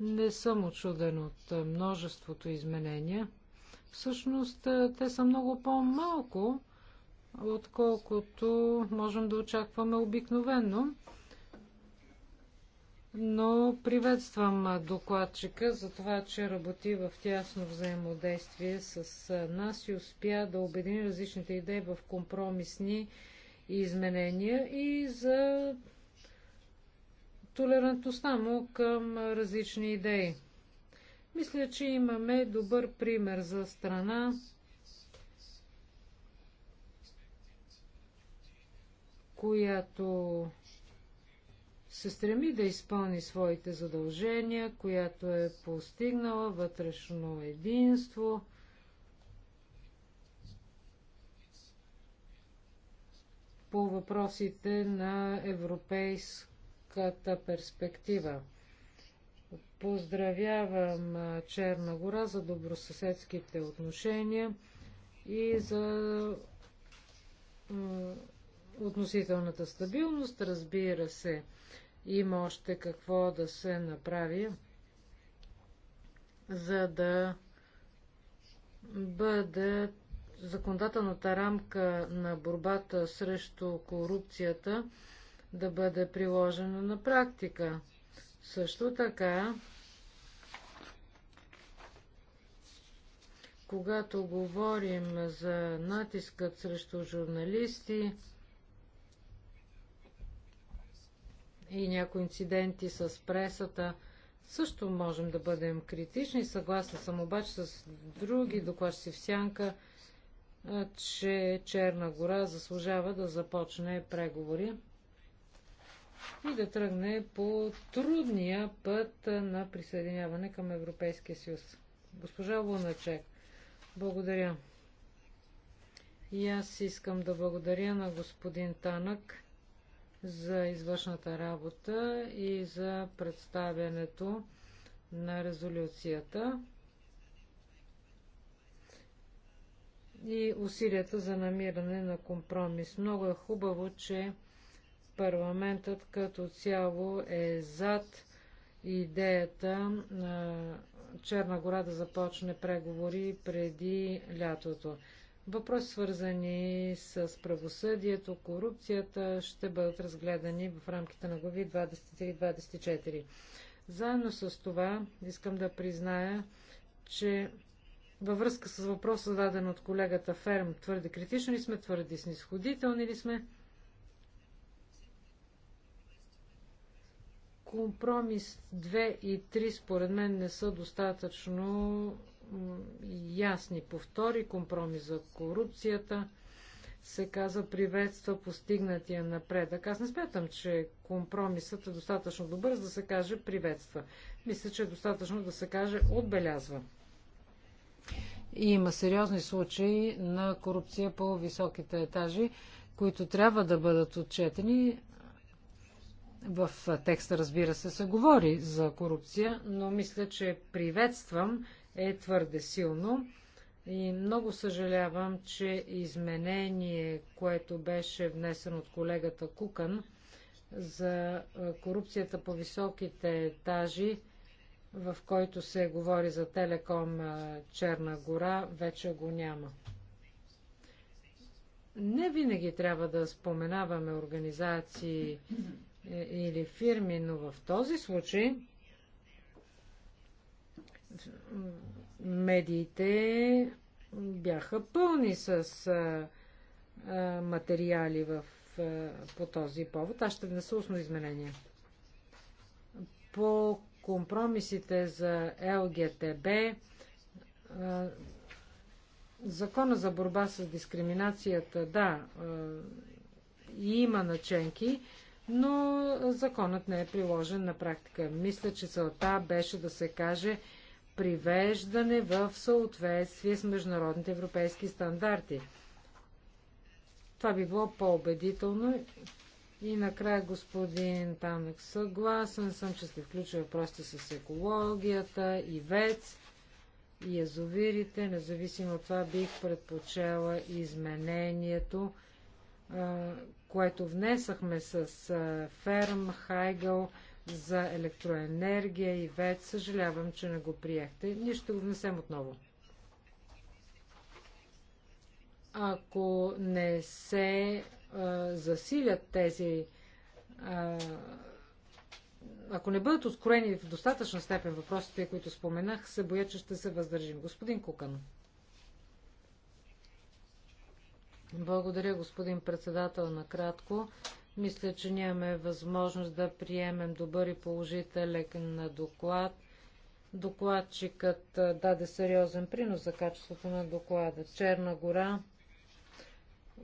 S2: Не съм очуден от множеството изменения. Всъщност те са много по-малко, отколкото можем да очакваме обикновенно. Но приветствам докладчика за това, че работи в тясно взаимодействие с нас и успя да обедини различните идеи в компромисни изменения и за толерантността му към различни идеи. Мисля, че имаме добър пример за страна, която се стреми да изпълни своите задължения, която е постигнала вътрешно единство. по въпросите на европейската перспектива. Поздравявам Черна гора за добросъседските отношения и за относителната стабилност, разбира се, има още какво да се направи, за да бъде законодателната рамка на борбата срещу корупцията да бъде приложена на практика. Също така, когато говорим за натискът срещу журналисти, и някои инциденти с пресата, също можем да бъдем критични. Съгласна съм обаче с други докладчици в сянка, че Черна гора заслужава да започне преговори и да тръгне по трудния път на присъединяване към Европейския съюз. Госпожа Луначек, благодаря. И аз искам да благодаря на господин Танък за извършната работа и за представянето на резолюцията и усилията за намиране на компромис. Много е хубаво, че парламентът като цяло е зад идеята на Черна гора да започне преговори преди лятото. Въпроси свързани с правосъдието, корупцията ще бъдат разгледани в рамките на глави 23-24. Заедно с това искам да призная, че във връзка с въпроса, зададен от колегата Ферм, твърде критично ли сме, твърде снисходителни ли сме? Компромис 2 и 3 според мен не са достатъчно ясни повтори, компромис за корупцията, се каза приветства постигнатия напредък. Аз не смятам, че компромисът е достатъчно добър, за да се каже приветства. Мисля, че е достатъчно да се каже отбелязва. И има сериозни случаи на корупция по високите етажи, които трябва да бъдат отчетени. В текста, разбира се, се говори за корупция, но мисля, че приветствам е твърде силно. И много съжалявам, че изменение, което беше внесено от колегата Кукан за корупцията по високите етажи, в който се говори за Телеком Черна гора, вече го няма. Не винаги трябва да споменаваме организации е, или фирми, но в този случай медиите бяха пълни с материали в, по този повод. Аз ще внеса устно изменение. По компромисите за ЛГТБ, Закона за борба с дискриминацията, да, има наченки, но законът не е приложен на практика. Мисля, че целта беше да се каже, привеждане в съответствие с международните европейски стандарти. Това би било по-убедително. И накрая, господин Танък, съгласен съм, че сте включили въпросите с екологията и ВЕЦ и язовирите. Независимо от това, бих предпочела изменението, което внесахме с Ферм, Хайгъл, за електроенергия и ВЕД. Съжалявам, че не го приехте. Ние ще го внесем отново. Ако не се а, засилят тези а, ако не бъдат ускорени в достатъчна степен въпросите, които споменах, се боя, че ще се въздържим. Господин Кукан. Благодаря, господин председател, накратко. Мисля, че нямаме възможност да приемем добър и положителен на доклад. Докладчикът даде сериозен принос за качеството на доклада. Черна гора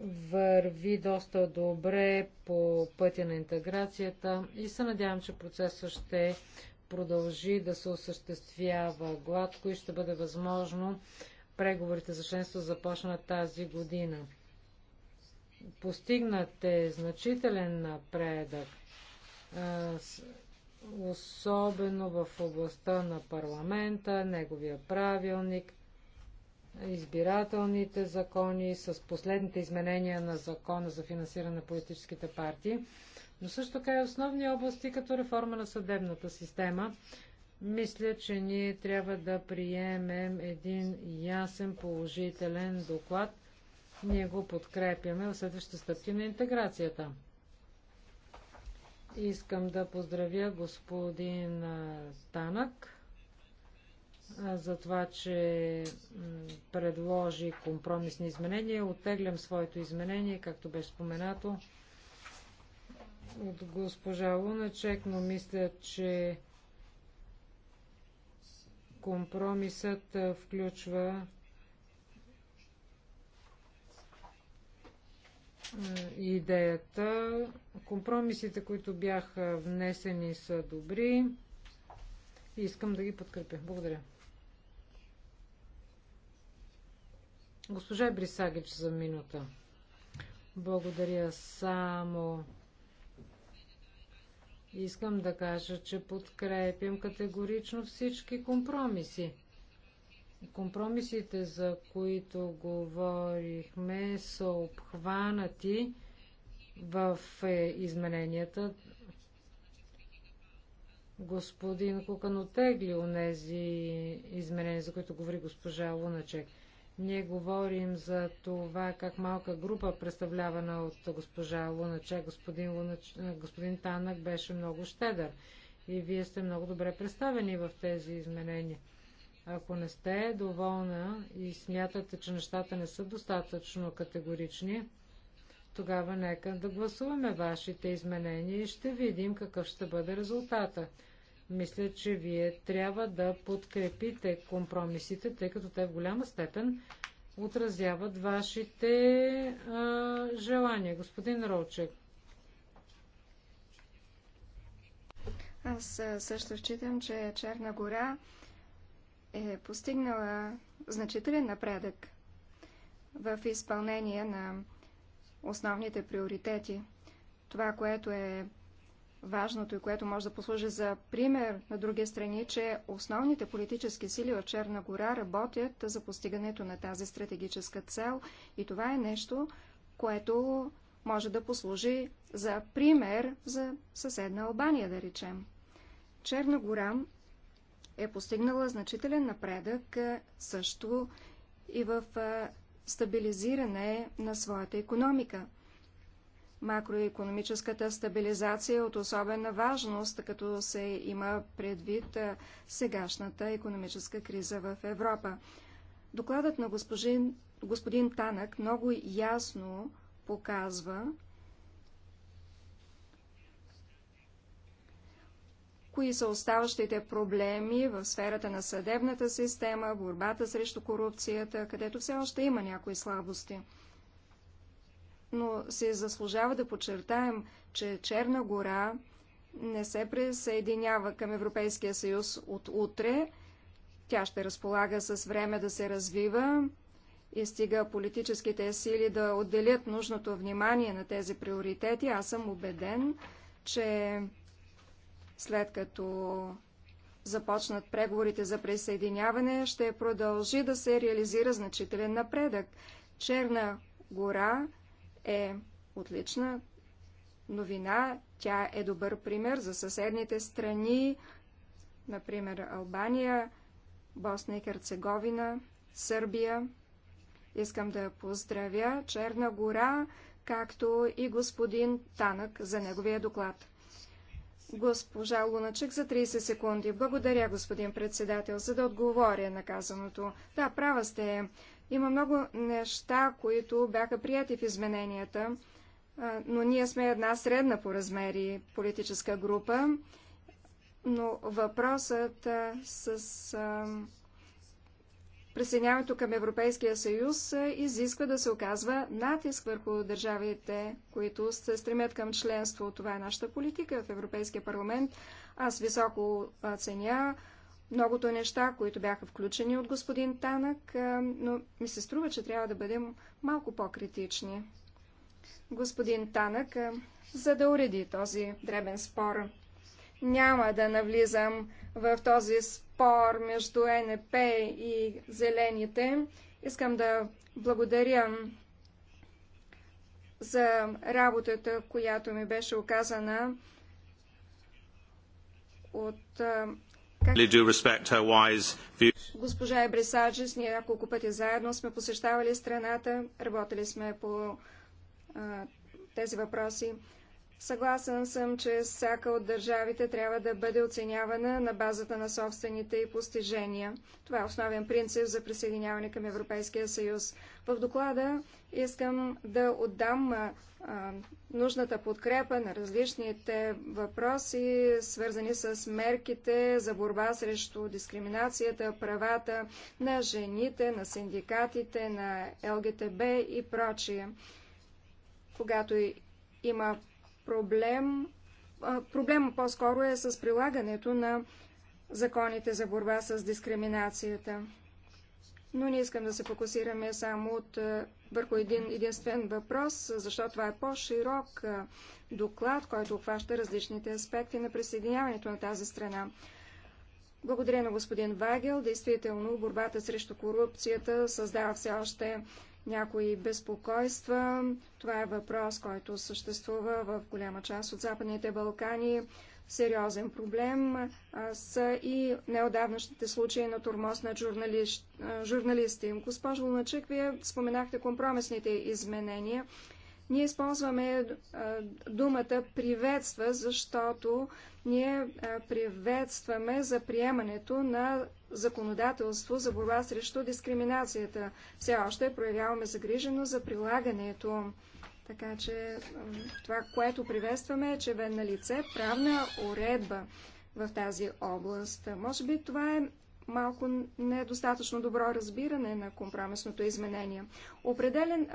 S2: върви доста добре по пътя на интеграцията и се надявам, че процесът ще продължи да се осъществява гладко и ще бъде възможно преговорите за членство започнат тази година постигнат е значителен напредък, особено в областта на парламента, неговия правилник, избирателните закони с последните изменения на закона за финансиране на политическите партии, но също така и основни области като реформа на съдебната система. Мисля, че ние трябва да приемем един ясен положителен доклад, ние го подкрепяме в следващите стъпки на интеграцията. Искам да поздравя господин Танък за това, че предложи компромисни изменения. Оттеглям своето изменение, както беше споменато от госпожа Луначек, но мисля, че компромисът включва идеята. Компромисите, които бяха внесени, са добри и искам да ги подкрепя. Благодаря. Госпожа Брисагич за минута. Благодаря само. Искам да кажа, че подкрепям категорично всички компромиси. Компромисите, за които говорихме, са обхванати в е, измененията. Господин Кукан отегли онези изменения, за които говори госпожа Луначек. Ние говорим за това как малка група, представлявана от госпожа Луначек, господин, Лунач... Е, господин Танък беше много щедър. И вие сте много добре представени в тези изменения. Ако не сте доволна и смятате, че нещата не са достатъчно категорични, тогава нека да гласуваме вашите изменения и ще видим какъв ще бъде резултата. Мисля, че вие трябва да подкрепите компромисите, тъй като те в голяма степен отразяват вашите а, желания. Господин Ролчек.
S1: Аз също считам, че Черна гора е постигнала значителен напредък в изпълнение на основните приоритети. Това, което е важното и което може да послужи за пример на други страни, е, че основните политически сили в Черна гора работят за постигането на тази стратегическа цел и това е нещо, което може да послужи за пример за съседна Албания, да речем. Черна гора е постигнала значителен напредък е, също и в е, стабилизиране на своята економика. Макроекономическата стабилизация е от особена важност, като се има предвид е, сегашната економическа криза в Европа. Докладът на господин, господин Танък много ясно показва, кои са оставащите проблеми в сферата на съдебната система, борбата срещу корупцията, където все още има някои слабости. Но се заслужава да подчертаем, че Черна гора не се присъединява към Европейския съюз от утре. Тя ще разполага с време да се развива и стига политическите сили да отделят нужното внимание на тези приоритети. Аз съм убеден, че след като започнат преговорите за присъединяване, ще продължи да се реализира значителен напредък. Черна гора е отлична новина. Тя е добър пример за съседните страни, например Албания, Босна и Херцеговина, Сърбия. Искам да поздравя Черна гора, както и господин Танък за неговия доклад. Госпожа Луначек за 30 секунди. Благодаря, господин председател, за да отговоря на казаното. Да, права сте. Има много неща, които бяха прияти в измененията, но ние сме една средна по размери политическа група. Но въпросът с присъединяването към Европейския съюз е, изисква да се оказва натиск върху държавите, които се стремят към членство. Това е нашата политика в Европейския парламент. Аз високо ценя многото неща, които бяха включени от господин Танък, е, но ми се струва, че трябва да бъдем малко по-критични. Господин Танък, е, за да уреди този дребен спор. Няма да навлизам в този спор спор между НП и зелените. Искам да благодаря за работата, която ми беше оказана от как... госпожа Ебресаджис. Ние няколко пъти заедно сме посещавали страната, работили сме по а, тези въпроси. Съгласен съм, че всяка от държавите трябва да бъде оценявана на базата на собствените и постижения. Това е основен принцип за присъединяване към Европейския съюз. В доклада искам да отдам а, нужната подкрепа на различните въпроси, свързани с мерките за борба срещу дискриминацията, правата на жените, на синдикатите, на ЛГТБ и прочие. Когато има проблем, проблема по-скоро е с прилагането на законите за борба с дискриминацията. Но не искам да се фокусираме само от, върху един единствен въпрос, защото това е по-широк доклад, който обхваща различните аспекти на присъединяването на тази страна. Благодаря на господин Вагел. Действително, борбата срещу корупцията създава все още някои безпокойства. Това е въпрос, който съществува в голяма част от Западните Балкани. Сериозен проблем са и неодавнашните случаи на турмоз на журналисти. Госпожо Луначик, вие споменахте компромисните изменения. Ние използваме думата приветства, защото ние приветстваме за приемането на законодателство за борба срещу дискриминацията. Все още проявяваме загрижено за прилагането. Така че това, което приветстваме е, че бе на лице е правна уредба в тази област. Може би това е малко недостатъчно добро разбиране на компромисното изменение. Определен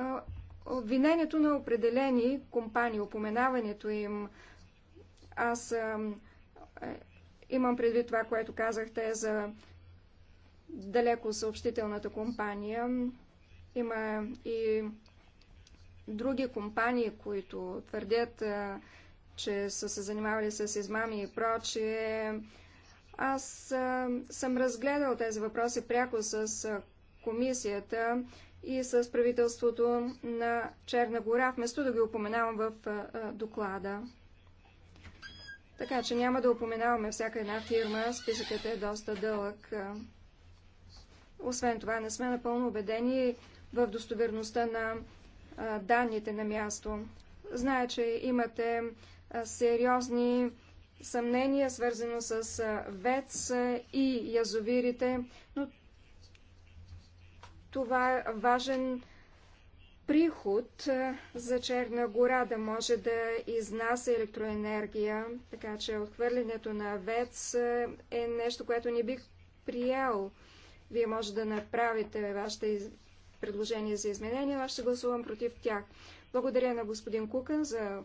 S1: обвинението на определени компании, упоменаването им. Аз а, е, имам предвид това, което казахте за далеко съобщителната компания. Има и други компании, които твърдят, а, че са се занимавали с измами и прочие. Аз а, съм разгледал тези въпроси пряко с а, комисията и с правителството на Черна гора, вместо да ги упоменавам в доклада. Така че няма да упоменаваме всяка една фирма, списъкът е доста дълъг. Освен това, не сме напълно убедени в достоверността на данните на място. Зная, че имате сериозни съмнения, свързано с ВЕЦ и язовирите, но това е важен приход за Черна гора да може да изнася електроенергия, така че отхвърлянето на ВЕЦ е нещо, което не бих приел. Вие може да направите вашите предложения за изменения, аз ще гласувам против тях. Благодаря на господин Кукан за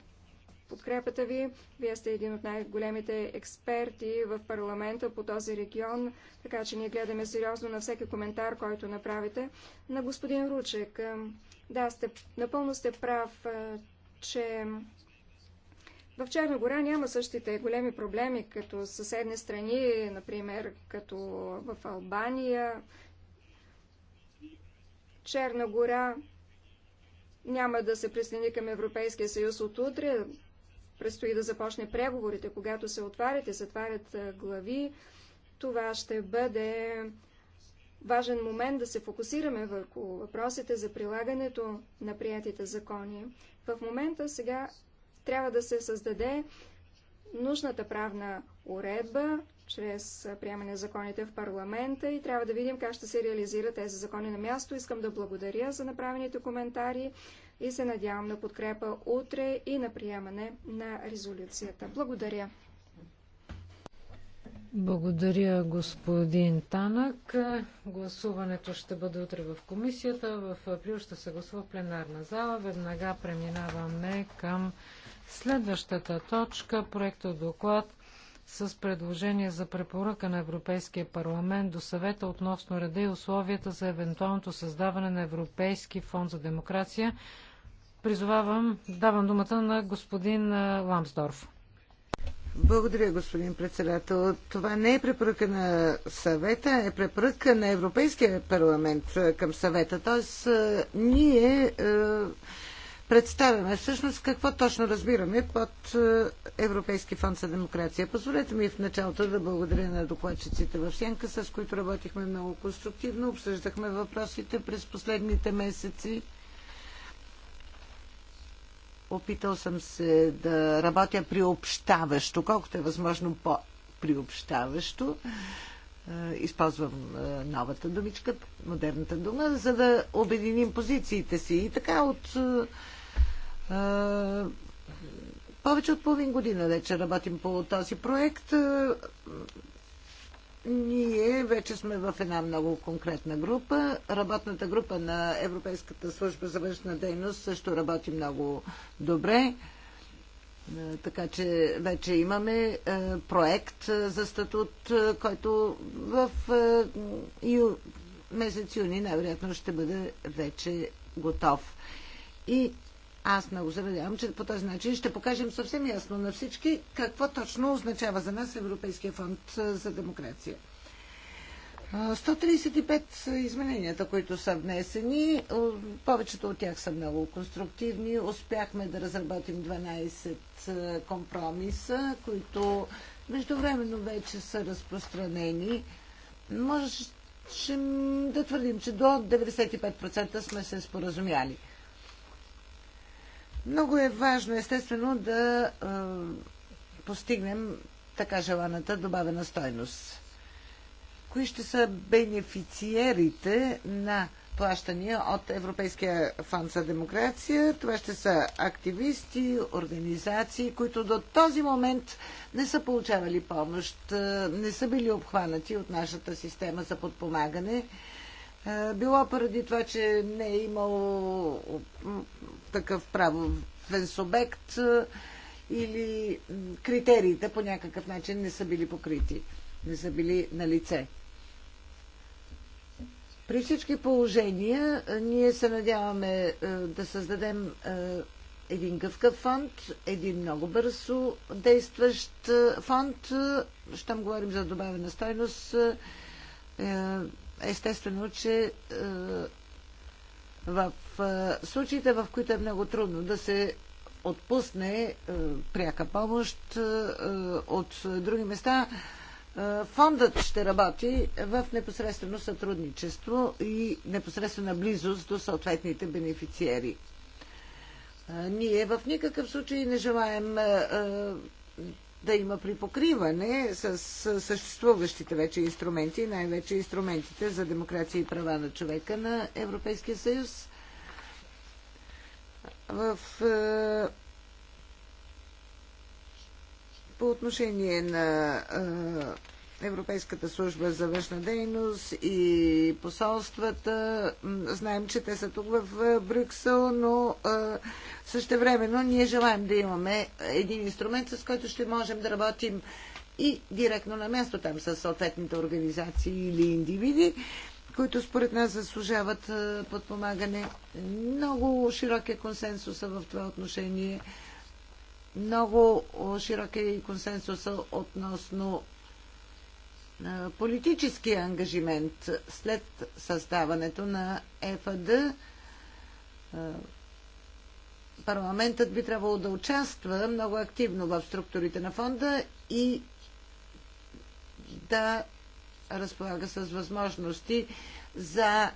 S1: подкрепата ви. Вие сте един от най-големите експерти в парламента по този регион, така че ние гледаме сериозно на всеки коментар, който направите. На господин Ручек, да, сте, напълно сте прав, че в Черна гора няма същите големи проблеми, като съседни страни, например, като в Албания. Черна гора няма да се присъедини към Европейския съюз от утре, предстои да започне преговорите. Когато се отварят и затварят глави, това ще бъде важен момент да се фокусираме върху въпросите за прилагането на приятите закони. В момента сега трябва да се създаде нужната правна уредба чрез приемане на законите в парламента и трябва да видим как ще се реализират тези закони на място. Искам да благодаря за направените коментари и се надявам на подкрепа утре и на приемане на резолюцията. Благодаря.
S2: Благодаря, господин Танък.
S1: Гласуването ще бъде утре в
S2: комисията. В април ще се гласува в пленарна зала. Веднага преминаваме към следващата точка. от доклад с предложение за препоръка на Европейския парламент до съвета относно реда и условията за евентуалното създаване на Европейски фонд за демокрация Призовавам, давам думата на господин Ламсдорф.
S3: Благодаря, господин председател. Това не е препоръка на съвета, е препоръка на Европейския парламент към съвета. Тоест, ние представяме всъщност какво точно разбираме под Европейски фонд за демокрация. Позволете ми в началото да благодаря на докладчиците в Сянка, с които работихме много конструктивно, обсъждахме въпросите през последните месеци. Опитал съм се да работя приобщаващо, колкото е възможно по-приобщаващо. Е, използвам е, новата думичка, модерната дума, за да обединим позициите си. И така от е, повече от половин година вече работим по този проект. Ние вече сме в една много конкретна група. Работната група на Европейската служба за външна дейност също работи много добре. Е, така че вече имаме е, проект е, за статут, който в ю... месец юни най-вероятно ще бъде вече готов. И аз много заведявам, че по този начин ще покажем съвсем ясно на всички какво точно означава за нас Европейския фонд за демокрация. 135 са измененията, които са внесени. Повечето от тях са много конструктивни. Успяхме да разработим 12 компромиса, които междувременно вече са разпространени. Може да твърдим, че до 95% сме се споразумяли. Много е важно, естествено, да постигнем така желаната добавена стойност. Кои ще са бенефициерите на плащания от Европейския фонд за демокрация. Това ще са активисти, организации, които до този момент не са получавали помощ, не са били обхванати от нашата система за подпомагане. Е, било поради това, че не е имал такъв правовен субект или критериите по някакъв начин не са били покрити, не са били на лице. При всички положения е, ние се надяваме е, да създадем един гъвкав фонд, един много бързо действащ фонд. Щом говорим за добавена стойност, Естествено, че е, в е, случаите, в които е много трудно да се отпусне е, пряка помощ от други места, Фондът ще работи в непосредствено сътрудничество и непосредствена близост до съответните бенефициери. Ние в никакъв случай не желаем да има припокриване с съществуващите вече инструменти, най-вече инструментите за демокрация и права на човека на Европейския съюз. В, е, по отношение на е, Европейската служба за външна дейност и посолствата. Знаем, че те са тук в Брюксел, но също времено ние желаем да имаме един инструмент, с който ще можем да работим и директно на място там с съответните организации или индивиди, които според нас заслужават подпомагане. Много широкия консенсус консенсуса в това отношение. Много широк е консенсуса относно политически ангажимент след създаването на ЕФАД. Парламентът би трябвало да участва много активно в структурите на фонда и да разполага с възможности за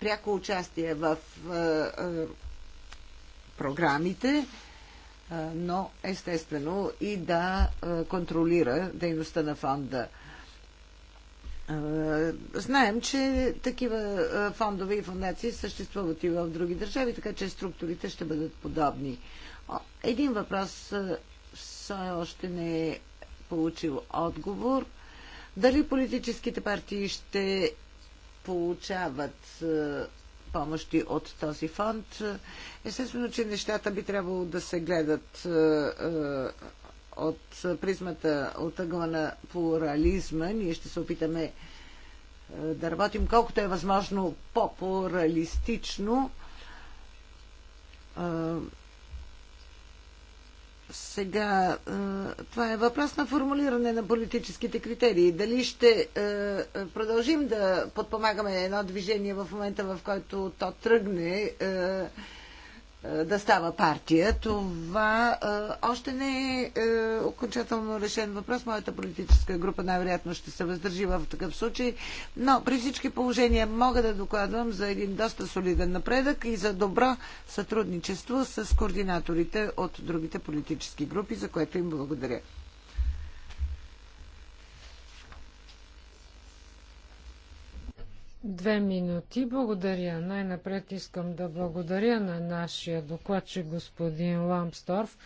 S3: пряко участие в програмите но естествено и да контролира дейността на фонда. Знаем, че такива фондове и фундации съществуват и в други държави, така че структурите ще бъдат подобни. Един въпрос все още не е получил отговор. Дали политическите партии ще получават помощи от този фонд. Естествено, че нещата би трябвало да се гледат е, е, от призмата, от ъгла на плурализма. Ние ще се опитаме е, да работим колкото е възможно по-плуралистично сега, е, това е въпрос на формулиране на политическите критерии. Дали ще е, продължим да подпомагаме едно движение в момента, в който то тръгне е, е, да става партия. Това е, още не е, е окончателно решен въпрос. Моята политическа група най-вероятно ще се въздържи в такъв случай. Но при всички положения мога да докладвам за един доста солиден напредък и за добро сътрудничество с координаторите от другите политически групи, за което им благодаря.
S2: Две минути. Благодаря. Най-напред искам да благодаря на нашия докладчик господин Ламсторф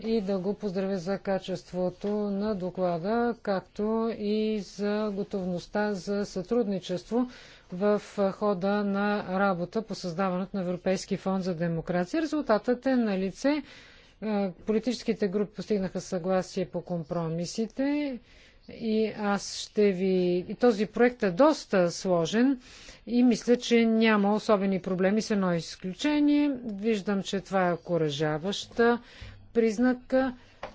S2: и да го поздравя за качеството на доклада, както и за готовността за сътрудничество в хода на работа по създаването на Европейски фонд за демокрация. Резултатът е на лице. Е, политическите групи постигнаха съгласие по компромисите. И аз ще ви... И този проект е доста сложен и мисля, че няма особени проблеми с едно изключение. Виждам, че това е окоръжаваща признак.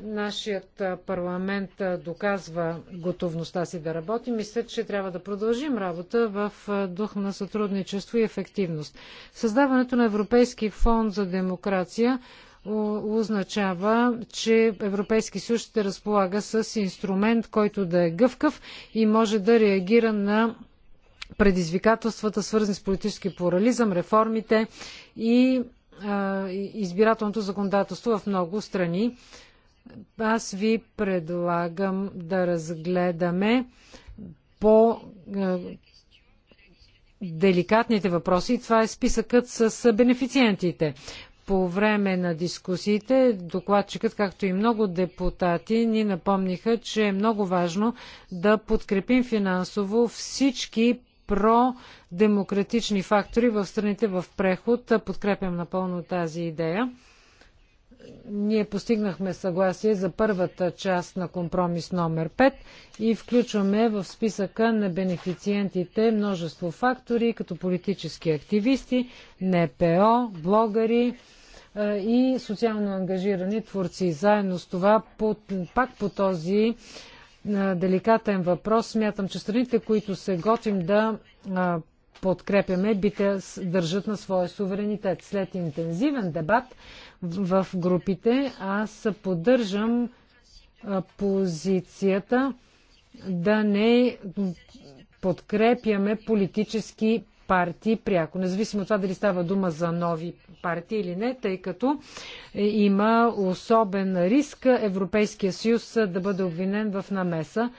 S2: Нашият парламент доказва готовността си да работи. Мисля, че трябва да продължим работа в дух на сътрудничество и ефективност. Създаването на Европейски фонд за демокрация означава, че Европейски съюз ще разполага с инструмент, който да е гъвкав и може да реагира на предизвикателствата, свързани с политически плурализъм, реформите и избирателното законодателство в много страни. Аз ви предлагам да разгледаме по деликатните въпроси и това е списъкът с бенефициентите по време на дискусиите докладчикът, както и много депутати, ни напомниха, че е много важно да подкрепим финансово всички продемократични фактори в страните в преход. Подкрепям напълно тази идея. Ние постигнахме съгласие за първата част на компромис номер 5 и включваме в списъка на бенефициентите множество фактори, като политически активисти, НПО, блогъри, и социално ангажирани творци. Заедно с това, по, пак по този деликатен въпрос, смятам, че страните, които се готвим да подкрепяме, би те държат на своя суверенитет. След интензивен дебат в групите, аз поддържам позицията да не подкрепяме политически партии пряко, независимо от това дали става дума за нови партии или не, тъй като има особен риск Европейския съюз да бъде обвинен в намеса.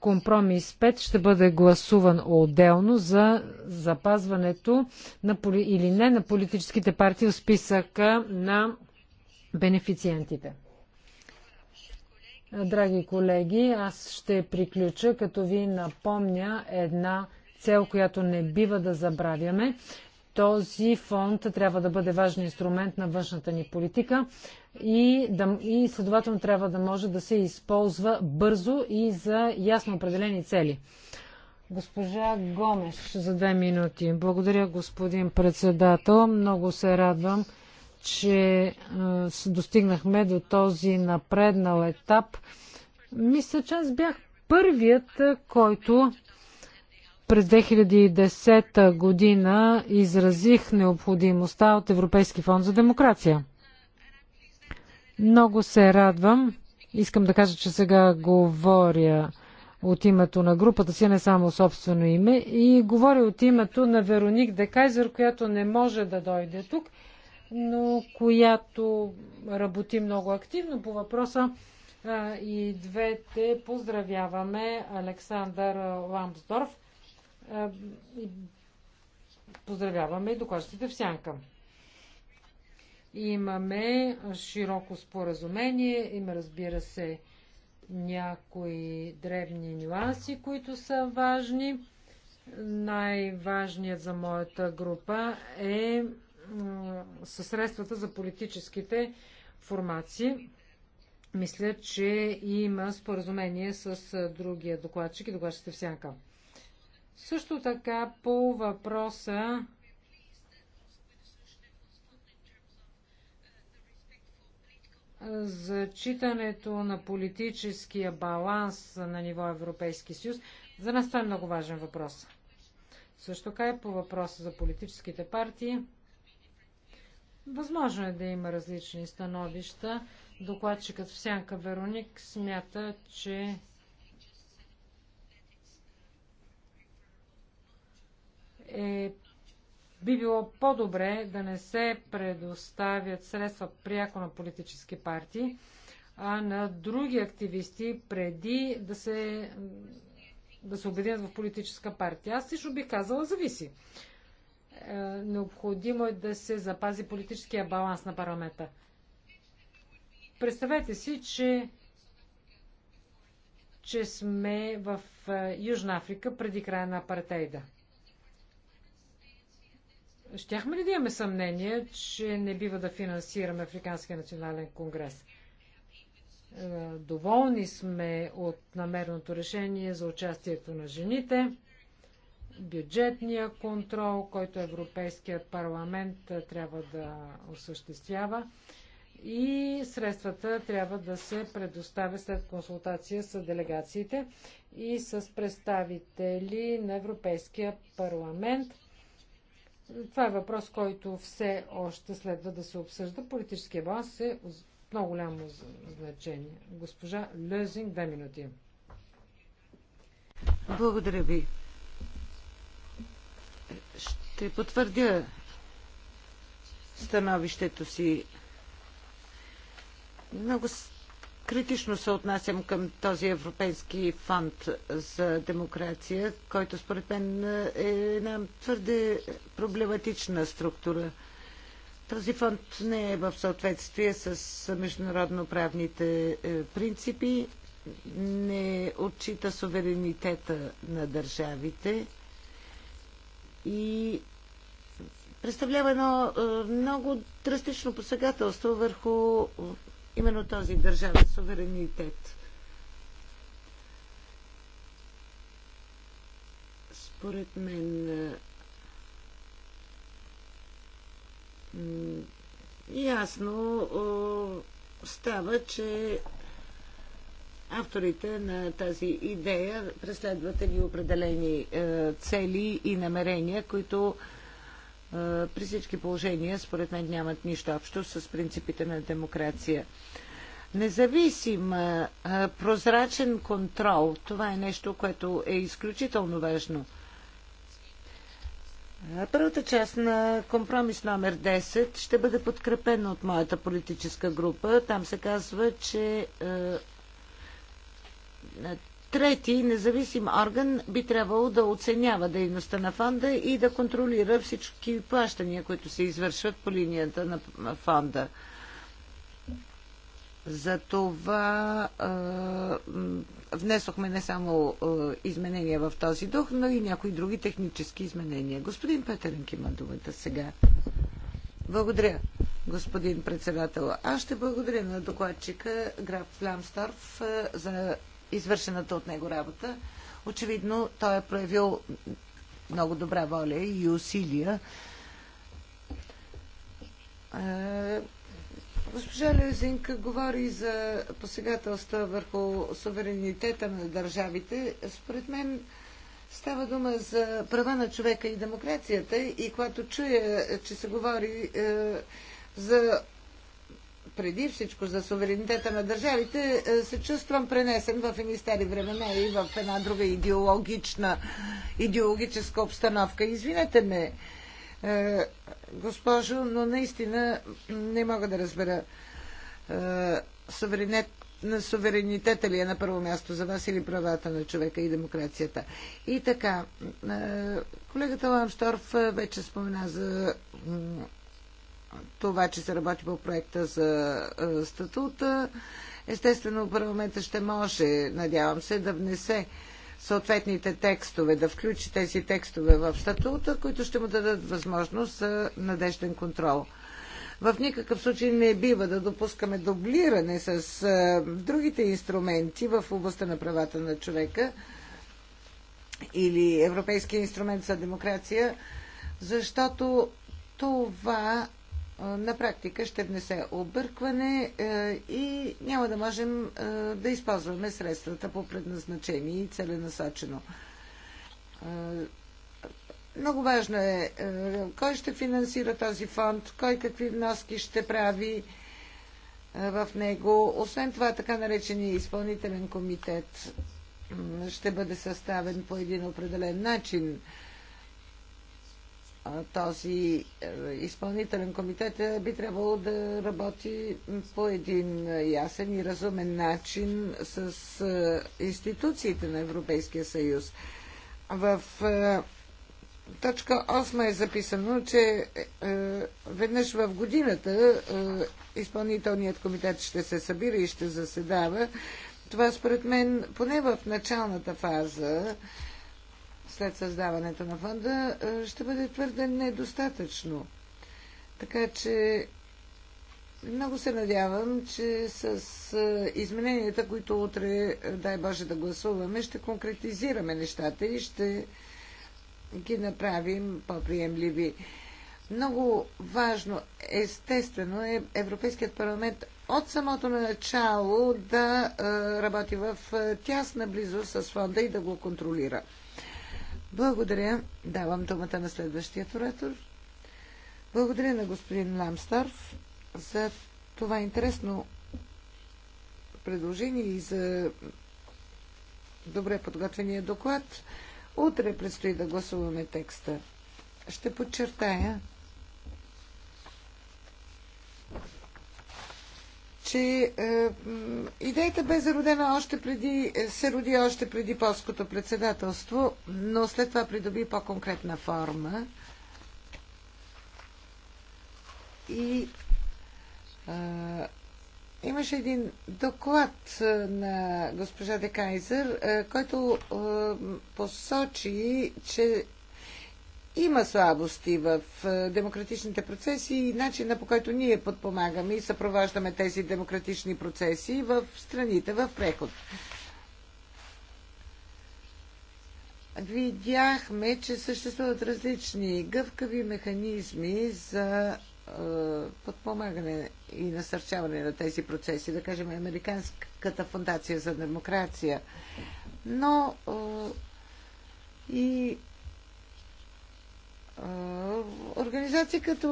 S2: Компромис 5 ще бъде гласуван отделно за запазването на, или не на политическите партии в списъка на бенефициентите. Драги колеги, аз ще приключа, като ви напомня една цел, която не бива да забравяме. Този фонд трябва да бъде важен инструмент на външната ни политика и, да, и следователно трябва да може да се използва бързо и за ясно определени цели. Госпожа Гомеш за две минути. Благодаря, господин председател. Много се радвам, че е, достигнахме до този напреднал етап. Мисля, че аз бях първият, който през 2010 година изразих необходимостта от Европейски фонд за демокрация. Много се радвам. Искам да кажа, че сега говоря от името на групата си, не само собствено име, и говоря от името на Вероник Декайзер, която не може да дойде тук, но която работи много активно по въпроса. И двете поздравяваме Александър Ламсдорф Поздравяваме и докладчиците в сянка. Имаме широко споразумение, има разбира се някои древни нюанси, които са важни. Най-важният за моята група е със средствата за политическите формации. Мисля, че има споразумение с другия докладчик и докладчите в сянка. Също така по въпроса за читането на политическия баланс на ниво Европейски съюз. За нас това е много важен въпрос. Също така и по въпроса за политическите партии. Възможно е да има различни становища. Докладчикът в Сянка Вероник смята, че е, би било по-добре да не се предоставят средства пряко на политически партии, а на други активисти преди да се, да се обединят в политическа партия. Аз лично би казала, зависи. Е, необходимо е да се запази политическия баланс на парламента. Представете си, че че сме в е, Южна Африка преди края на апартейда. Щяхме ли да имаме съмнение, че не бива да финансираме Африканския национален конгрес? Е, доволни сме от намерното решение за участието на жените, бюджетния контрол, който Европейският парламент е, трябва да осъществява и средствата трябва да се предоставя след консултация с делегациите и с представители на Европейския парламент – това е въпрос, който все още следва да се обсъжда. Политическия баланс е много голямо значение. Госпожа Лезинг, две минути.
S3: Благодаря ви.
S2: Ще потвърдя
S3: становището си. Много критично се отнасям към този Европейски фонд за демокрация, който според мен е една твърде проблематична структура. Този фонд не е в съответствие с международно-правните е, принципи, не отчита суверенитета на държавите и представлява едно е, много драстично посегателство върху именно този държавен суверенитет. Според мен ясно става, че авторите на тази идея преследват и определени е, цели и намерения, които при всички положения, според мен, нямат нищо общо с принципите на демокрация. Независим прозрачен контрол, това е нещо, което е изключително важно. Първата част на компромис номер 10 ще бъде подкрепена от моята политическа група. Там се казва, че трети независим орган би трябвало да оценява дейността на фонда и да контролира всички плащания, които се извършват по линията на фонда. Затова е, внесохме не само е, изменения в този дух, но и някои други технически изменения. Господин Петеренк има думата сега. Благодаря, господин председател. Аз ще благодаря на докладчика граф Фламсторф за извършената от него работа. Очевидно, той е проявил много добра воля и усилия. Е, госпожа Лезинка говори за посегателства върху суверенитета на държавите. Според мен става дума за права на човека и демокрацията и когато чуя, че се говори е, за преди всичко за суверенитета на държавите, е, се чувствам пренесен в едни стари времена и в една друга идеологична, идеологическа обстановка. Извинете ме, е, госпожо, но наистина не мога да разбера е, суверенитет на суверенитета ли е на първо място за вас или правата на човека и демокрацията. И така, колегата Ламсторф вече спомена за това, че се работи по проекта за е, статута. Естествено, парламента ще може, надявам се, да внесе съответните текстове, да включи тези текстове в статута, които ще му дадат възможност за надежден контрол. В никакъв случай не бива да допускаме дублиране с е, другите инструменти в областта на правата на човека или Европейския инструмент за демокрация, защото това на практика ще внесе объркване е, и няма да можем е, да използваме средствата по предназначение и целенасочено. Е, много важно е кой ще финансира този фонд, кой какви вноски ще прави в него. Освен това, така наречения изпълнителен комитет ще бъде съставен по един определен начин този е, изпълнителен комитет е, би трябвало да работи по един ясен и разумен начин с е, институциите на Европейския съюз. В точка 8 е записано, че веднъж в годината изпълнителният комитет ще се събира и ще заседава. Това според мен, поне в началната фаза, след създаването на фонда е, ще бъде твърде недостатъчно. Така че много се надявам, че с е, измененията, които утре, е, дай Боже да гласуваме, ще конкретизираме нещата и ще ги направим по-приемливи. Много важно, естествено, е Европейският парламент от самото начало да работи в тясна близост с фонда и да го контролира. Благодаря. Давам думата на следващия оратор. Благодаря на господин Ламстарф за това интересно предложение и за добре подготвения доклад. Утре предстои да гласуваме текста. Ще подчертая, че е, идеята бе зародена още преди, е, се роди още преди полското председателство, но след това придоби по-конкретна форма. И е, имаше един доклад е, на госпожа Декайзер, е, който е, посочи, че има слабости в е, демократичните процеси и начина по който ние подпомагаме и съпровождаме тези демократични процеси в страните в преход. Видяхме, че съществуват различни гъвкави механизми за е, подпомагане и насърчаване на тези процеси, да кажем Американската фундация за демокрация. Но е, и организации, като,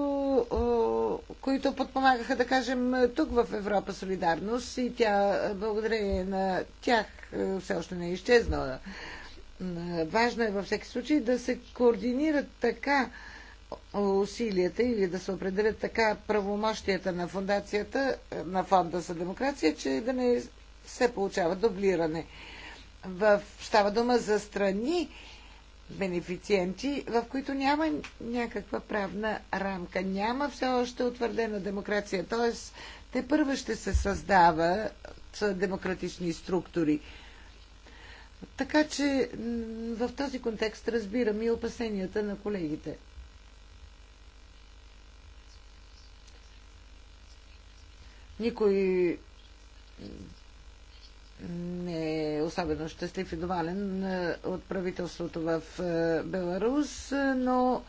S3: които подпомагаха, да кажем, тук в Европа Солидарност и тя, благодарение на тях, все още не е изчезнала. Важно е във всеки случай да се координират така усилията или да се определят така правомощията на фундацията, на фонда за демокрация, че да не се получава дублиране. В, става дума за страни, бенефициенти, в които няма някаква правна рамка. Няма все още утвърдена демокрация. Т.е. те първо ще се с демократични структури. Така че в този контекст разбирам и опасенията на колегите. Никой не е особено щастлив и доволен е, от правителството в е, Беларус, е, но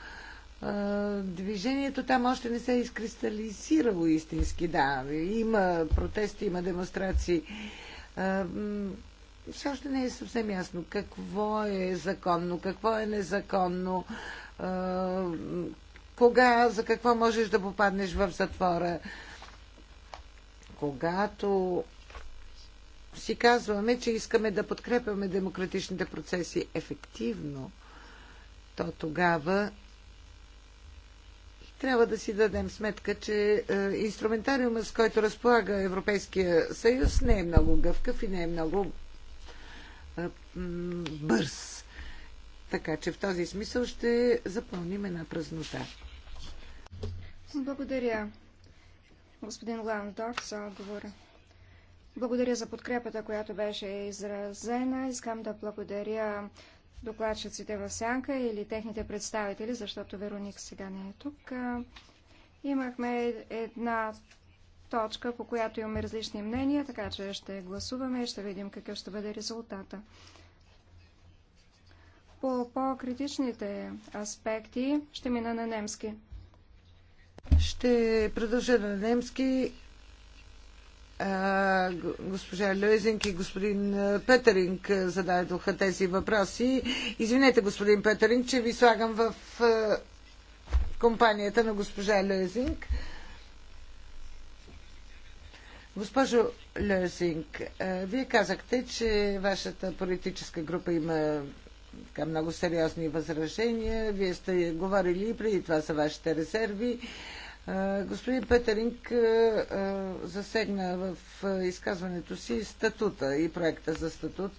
S3: движението там още не се е изкристализирало истински. Да, има протести, има демонстрации. Все още не е съвсем ясно какво е законно, какво е незаконно, кога, за какво можеш да попаднеш в затвора. Когато си казваме, че искаме да подкрепяме демократичните процеси ефективно, то тогава трябва да си дадем сметка, че е, инструментариума, с който разполага Европейския съюз, не е много гъвкав и не е много е, бърз. Така че в този смисъл ще запълним една празнота.
S1: Благодаря, господин Ландорф, за отговора. Благодаря за подкрепата, която беше изразена. Искам да благодаря докладчиците в Сянка или техните представители, защото Вероник сега не е тук. Имахме една точка, по която имаме различни мнения, така че ще гласуваме и ще видим какъв ще бъде резултата. По по-критичните аспекти ще мина на немски.
S3: Ще продължа на немски госпожа Лезинг и господин Петеринг зададоха тези въпроси. Извинете, господин Петеринг, че ви слагам в компанията на госпожа Лезинг. Госпожо Лезинг, вие казахте, че вашата политическа група има така, много сериозни възражения. Вие сте говорили и преди това за вашите резерви. Господин Петеринг засегна в изказването си статута и проекта за статут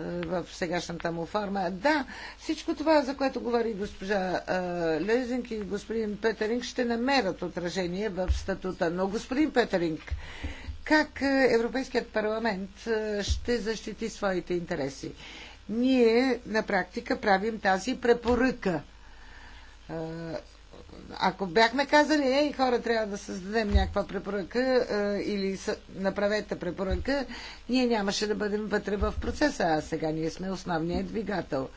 S3: в сегашната му форма. Да, всичко това, за което говори госпожа Лезинг и господин Петеринг, ще намерят отражение в статута. Но, господин Петеринг, как Европейският парламент ще защити своите интереси? Ние на практика правим тази препоръка ако бяхме казали, ей, хора, трябва да създадем някаква препоръка е, или съ... направете препоръка, ние нямаше да бъдем вътре в процеса, а сега ние сме основният двигател.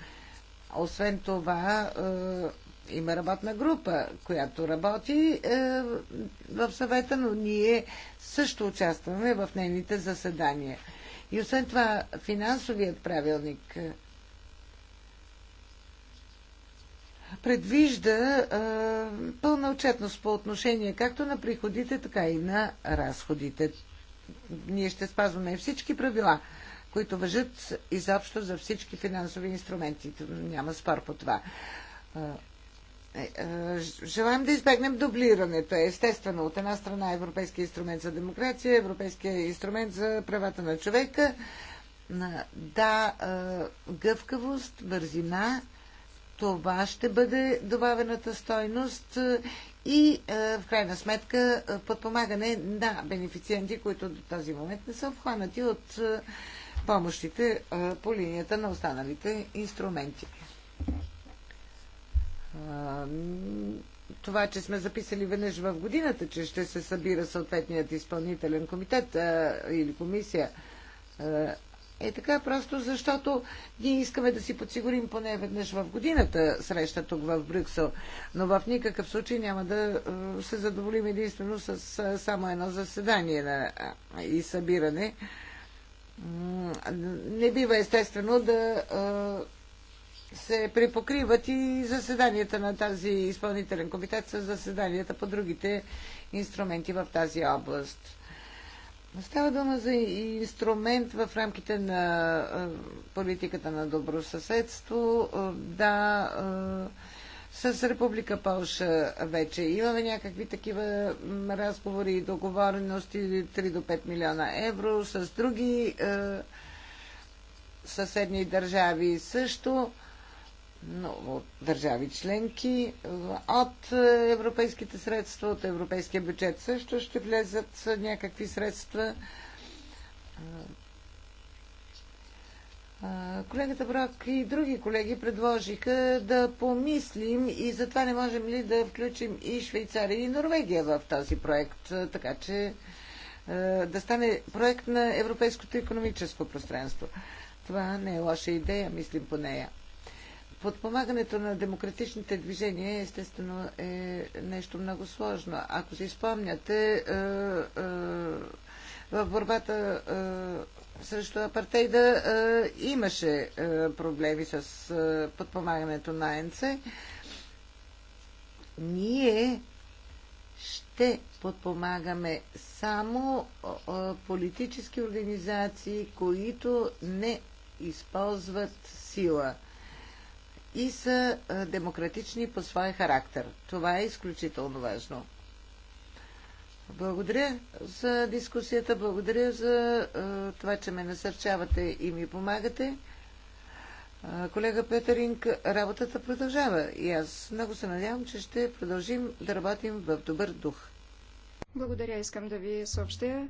S3: Освен това, е, има работна група, която работи е, в съвета, но ние също участваме в нейните заседания. И освен това, финансовият правилник. Е, предвижда пълна отчетност по отношение както на приходите, така и на разходите. Ние ще спазваме всички правила, които въжат изобщо за всички финансови инструменти. Няма спор по това. Е, желаем да избегнем дублирането. Естествено, от една страна Европейския инструмент за демокрация, Европейския инструмент за правата на човека. Да, гъвкавост, бързина, това ще бъде добавената стойност е, и е, в крайна сметка е, подпомагане на бенефициенти, които до този момент не са обхванати от помощите по линията на останалите инструменти. Това, че сме записали веднъж в годината, че ще се събира съответният изпълнителен комитет или комисия, е така просто, защото ние искаме да си подсигурим поне веднъж в годината среща тук в Брюксел, но в никакъв случай няма да е, се задоволим единствено с е, само едно заседание на, е, и събиране. Не бива естествено да се препокриват и заседанията на тази изпълнителен комитет с заседанията по другите инструменти в тази област. Става дума за инструмент в рамките на политиката на добросъседство. Да, с Република Полша вече имаме някакви такива разговори и договорености 3 до 5 милиона евро. С други съседни държави също много държави членки от е, европейските средства, от европейския бюджет също ще влезат някакви средства. Колегата Брак и други колеги предложиха да помислим и затова не можем ли да включим и Швейцария и Норвегия в този проект, така че да стане проект на Европейското економическо пространство. Това не е лоша идея, мислим по нея. Подпомагането на демократичните движения естествено е нещо много сложно. Ако си спомняте, е, е, в борбата е, срещу апартейда имаше проблеми с подпомагането на НЦ. Ние ще подпомагаме само политически организации, които не използват сила – и са демократични по своя характер. Това е изключително важно. Благодаря за дискусията, благодаря за това, че ме насърчавате и ми помагате. Колега Петеринг, работата продължава и аз много се надявам, че ще продължим да работим в добър дух.
S1: Благодаря. Искам да ви съобщя,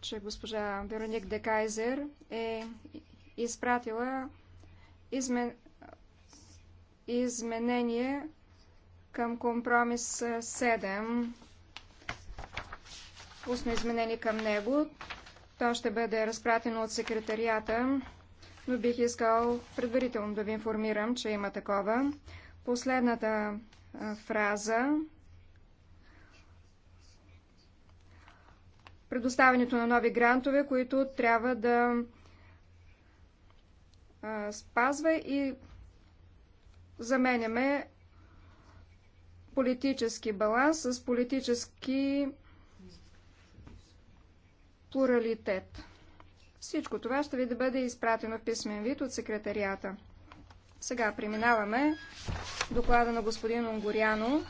S1: че госпожа Вероник Декайзер е изпратила измен изменение към компромис 7. Устно изменение към него. То ще бъде разпратено от секретарията, но бих искал предварително да ви информирам, че има такова. Последната фраза предоставянето на нови грантове, които трябва да спазва и заменяме политически баланс с политически плуралитет. Всичко това ще ви да бъде изпратено в писмен вид от секретарията. Сега преминаваме доклада на господин Унгоряно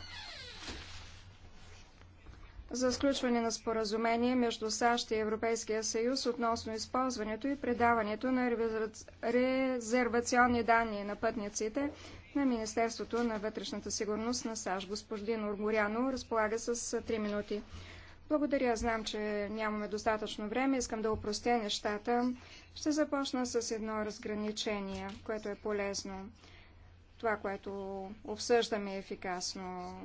S1: за сключване на споразумение между САЩ и Европейския съюз относно използването и предаването на резервационни данни на пътниците на Министерството на вътрешната сигурност на САЩ. Господин Оргоряно разполага с 3 минути. Благодаря. Знам, че нямаме достатъчно време. Искам да упростя нещата. Ще започна с едно разграничение, което е полезно. Това, което обсъждаме е ефикасно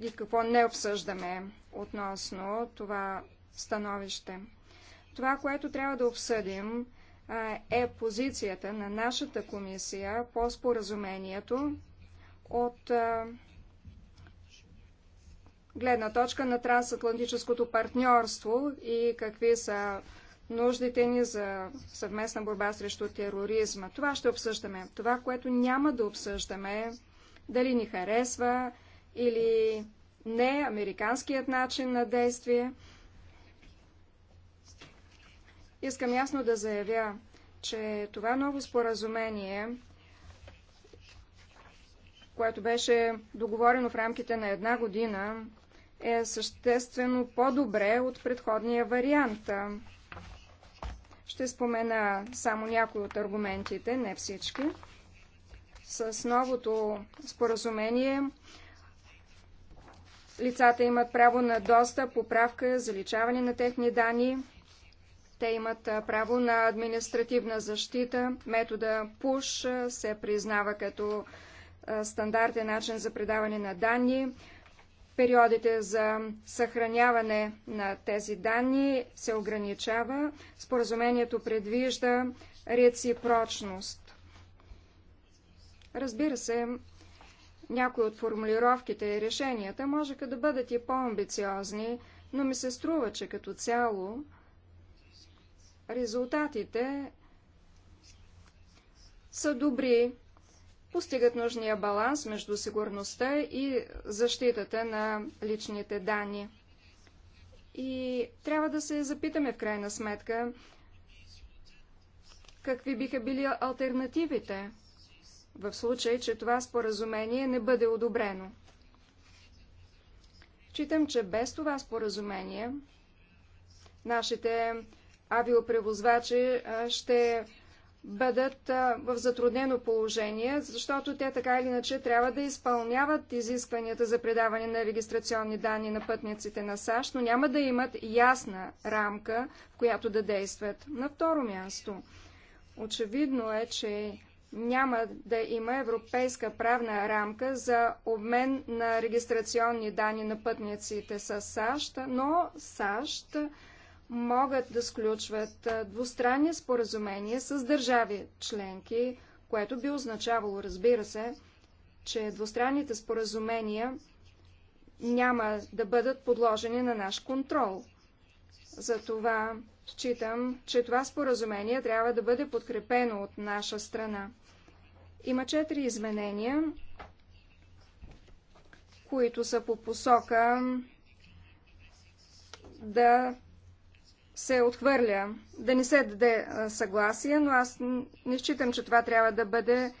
S1: и какво не обсъждаме относно това становище. Това, което трябва да обсъдим, е позицията на нашата комисия по споразумението от гледна точка на трансатлантическото партньорство и какви са нуждите ни за съвместна борба срещу тероризма. Това ще обсъждаме. Това, което няма да обсъждаме, дали ни харесва или не американският начин на действие – Искам ясно да заявя, че това ново споразумение, което беше договорено в рамките на една година, е съществено по-добре от предходния вариант. Ще спомена само някои от аргументите, не всички. С новото споразумение лицата имат право на доста поправка, заличаване на техни данни, те имат право на административна защита. Метода ПУШ се признава като стандартен начин за предаване на данни. Периодите за съхраняване на тези данни се ограничава. Споразумението предвижда реципрочност. Разбира се, някои от формулировките и решенията можеха да бъдат и по-амбициозни, но ми се струва, че като цяло резултатите са добри, постигат нужния баланс между сигурността и защитата на личните данни. И трябва да се запитаме в крайна сметка, какви биха били альтернативите, в случай, че това споразумение не бъде одобрено. Читам, че без това споразумение нашите авиопревозвачи ще бъдат в затруднено положение, защото те така или иначе трябва да изпълняват изискванията за предаване на регистрационни данни на пътниците на САЩ, но няма да имат ясна рамка, в която да действат. На второ място, очевидно е, че няма да има европейска правна рамка за обмен на регистрационни данни на пътниците с САЩ, но САЩ могат да сключват двустранни споразумения с държави членки, което би означавало, разбира се, че двустранните споразумения няма да бъдат подложени на наш контрол. Затова считам, че това споразумение трябва да бъде подкрепено от наша страна. Има четири изменения, които са по посока да се отхвърля, да не се даде съгласие, но аз не считам, че това трябва да бъде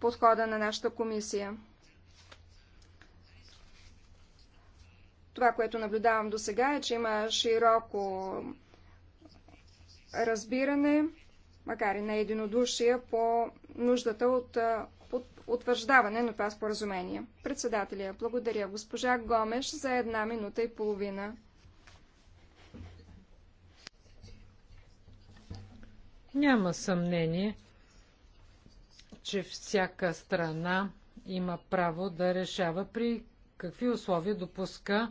S1: подхода на нашата комисия. Това, което наблюдавам до сега е, че има широко разбиране, макар и на единодушие, по нуждата от утвърждаване на това споразумение. Председателя, благодаря госпожа Гомеш за една минута и половина.
S2: Няма съмнение, че всяка страна има право да решава при какви условия допуска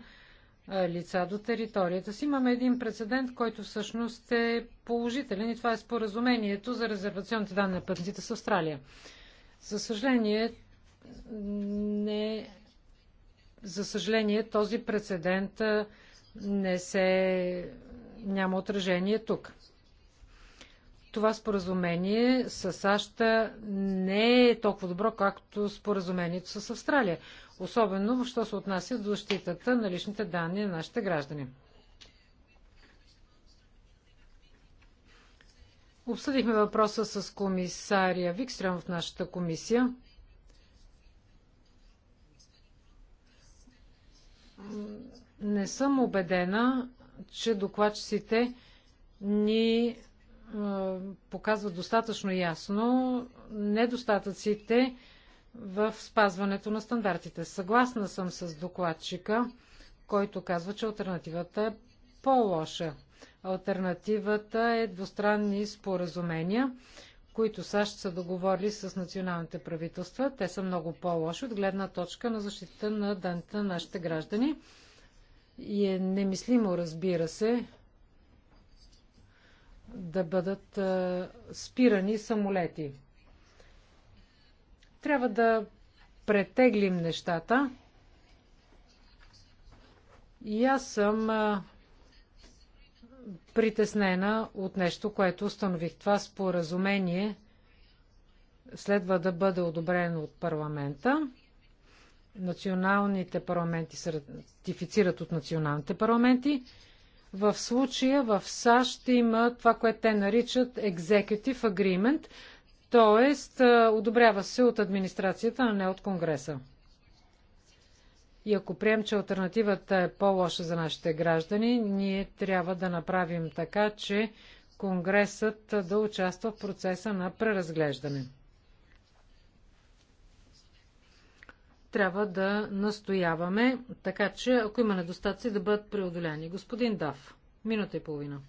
S2: лица до територията си. Имаме един прецедент, който всъщност е положителен и това е споразумението за резервационните данни на пътниците с Австралия. За съжаление, не... За съжаление, този прецедент не се... няма отражение тук това споразумение с САЩ не е толкова добро, както споразумението с Австралия, особено що се отнася до защитата на личните данни на нашите граждани. Обсъдихме въпроса с комисария Викстрем в нашата комисия. Не съм убедена, че докладчиците ни показва достатъчно ясно недостатъците в спазването на стандартите. Съгласна съм с докладчика, който казва, че альтернативата е по-лоша. Альтернативата е двустранни споразумения, които САЩ са договорили с националните правителства. Те са много по-лоши от гледна точка на защита на данните на нашите граждани. И е немислимо, разбира се, да бъдат спирани самолети. Трябва да претеглим нещата. И аз съм притеснена от нещо, което установих. Това споразумение следва да бъде одобрено от парламента. Националните парламенти се ратифицират от националните парламенти. В случая в САЩ има това, което те наричат Executive Agreement, т.е. одобрява се от администрацията, а не от Конгреса. И ако прием, че альтернативата е по-лоша за нашите граждани, ние трябва да направим така, че Конгресът да участва в процеса на преразглеждане. трябва да настояваме, така че ако има недостатъци да бъдат преодоляни. Господин Дав, минута и половина.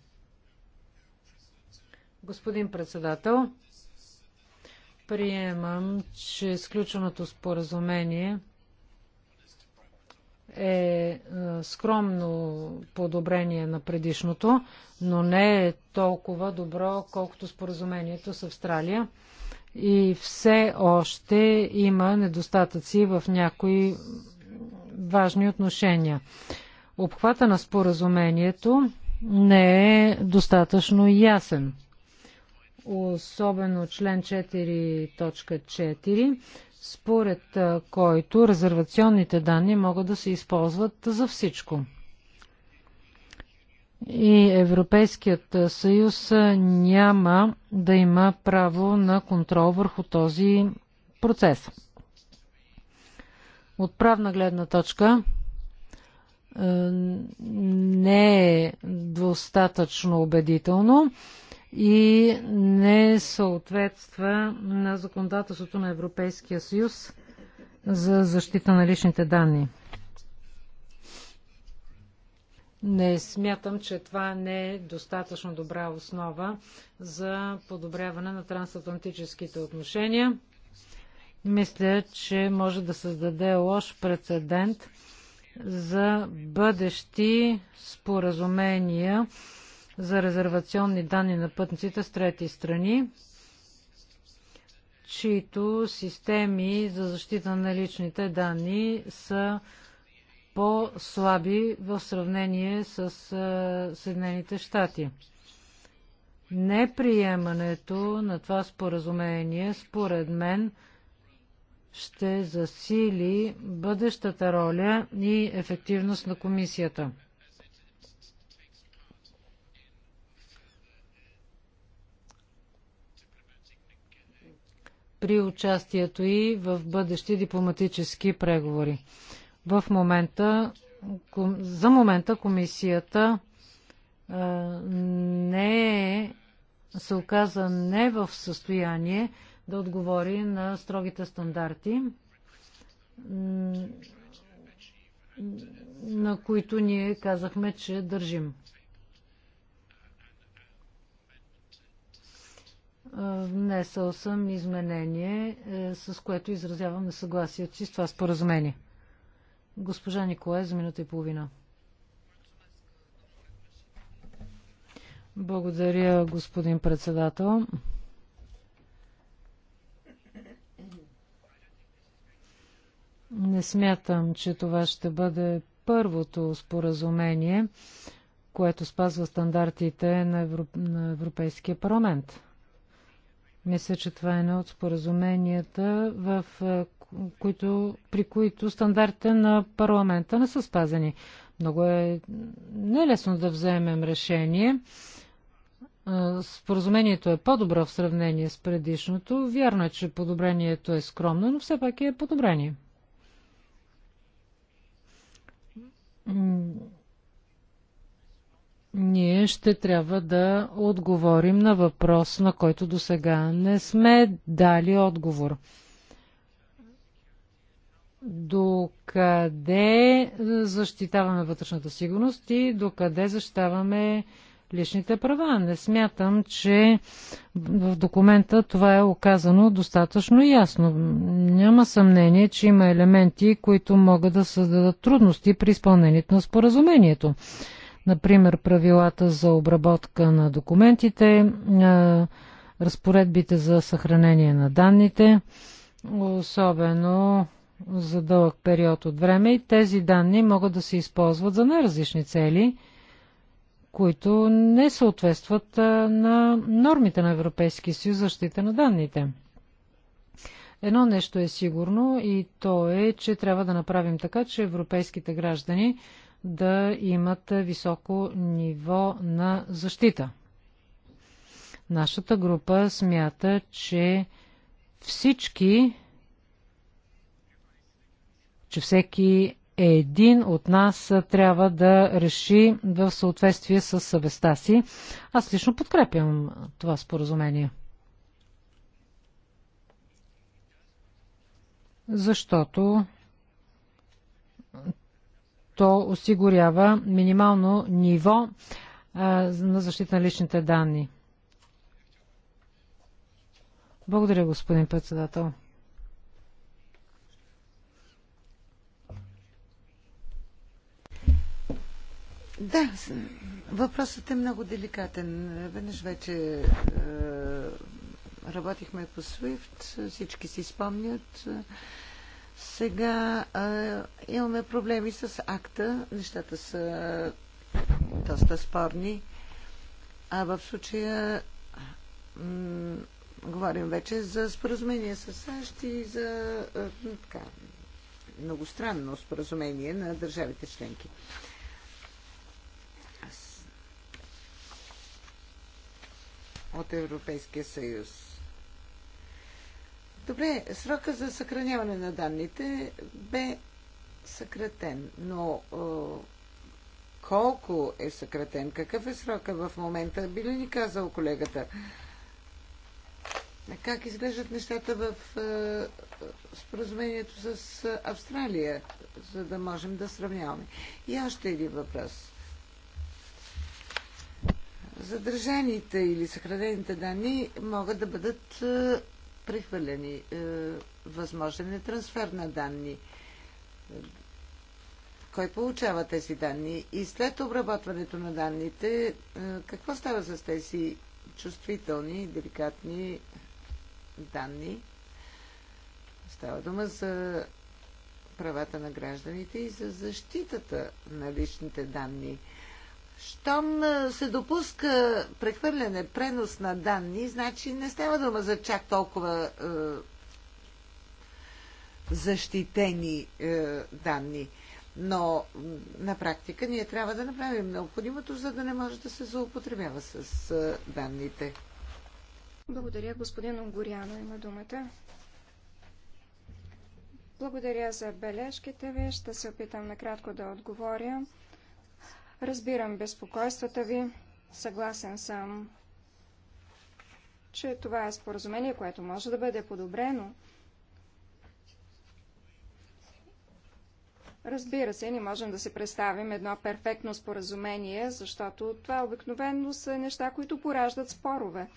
S2: Господин председател, приемам, че изключеното споразумение е, е скромно подобрение на предишното, но не е толкова добро, колкото споразумението с Австралия и все още има недостатъци в някои важни отношения. Обхвата на споразумението не е достатъчно ясен. Особено член 4.4, според който резервационните данни могат да се използват за всичко и Европейският съюз няма да има право на контрол върху този процес. От правна гледна точка е, не е достатъчно убедително и не съответства на законодателството на Европейския съюз за защита на личните данни. Не смятам, че това не е достатъчно добра основа за подобряване на трансатлантическите отношения. Мисля, че може да създаде лош прецедент за бъдещи споразумения за резервационни данни на пътниците с трети страни, чието системи за защита на личните данни са по-слаби в сравнение с Съединените щати. Неприемането на това споразумение, според мен, ще засили бъдещата роля и ефективност на комисията. при участието и в бъдещи дипломатически преговори. В момента, за момента комисията не е, се оказа не в състояние да отговори на строгите стандарти, на които ние казахме, че държим. Внесъл съм изменение, е, с което изразявам несъгласието си с това споразумение. Госпожа Николай за минута и половина. Благодаря, господин председател. Не смятам, че това ще бъде първото споразумение, което спазва стандартите на, Европ... на Европейския парламент. Мисля, че това е едно от споразуменията, в които, при които стандартите на парламента не са спазени. Много е нелесно да вземем решение. Споразумението е по-добро в сравнение с предишното. Вярно е, че подобрението е скромно, но все пак е подобрение ние ще трябва да отговорим на въпрос, на който до сега не сме дали отговор. Докъде защитаваме вътрешната сигурност и докъде защитаваме личните права? Не смятам, че в документа това е оказано достатъчно ясно. Няма съмнение, че има елементи, които могат да създадат трудности при изпълнението на споразумението. Например, правилата за обработка на документите, е, разпоредбите за съхранение на данните, особено за дълъг период от време и тези данни могат да се използват за най-различни цели, които не съответстват е, на нормите на Европейския съюз защита на данните. Едно нещо е сигурно и то е, че трябва да направим така, че европейските граждани да имат високо ниво на защита. Нашата група смята, че всички, че всеки един от нас трябва да реши в съответствие с съвестта си. Аз лично подкрепям това споразумение. Защото то осигурява минимално ниво на защита на личните данни. Благодаря, господин председател.
S3: Да, въпросът е много деликатен. Веднъж вече е, работихме по SWIFT, всички си спомнят. Е, сега а, имаме проблеми с акта. Нещата са доста спорни. А в случая говорим вече за споразумение с САЩ и за а, така, многостранно споразумение на държавите членки. От Европейския съюз. Добре, срока за съхраняване на данните бе съкратен, но колко е съкратен, какъв е срока в момента, би ли ни казал колегата? Как изглеждат нещата в е, споразумението с Австралия, за да можем да сравняваме? И още един въпрос. Задържаните или съхранените данни могат да бъдат е, е, Възможен е трансфер на данни. Кой получава тези данни? И след обработването на данните, е, какво става с тези чувствителни, деликатни данни? Става дума за правата на гражданите и за защитата на личните данни – щом се допуска прехвърляне, пренос на данни, значи не става дума за чак толкова е, защитени е, данни. Но на практика ние трябва да направим необходимото, за да не може да се злоупотребява с е, данните.
S1: Благодаря, господин Огоряно. Има думата. Благодаря за бележките ви. Ще се опитам накратко да отговоря. Разбирам безпокойствата ви. Съгласен съм, че това е споразумение, което може да бъде подобрено. Разбира се, не можем да си представим едно перфектно споразумение, защото това обикновено са неща, които пораждат спорове.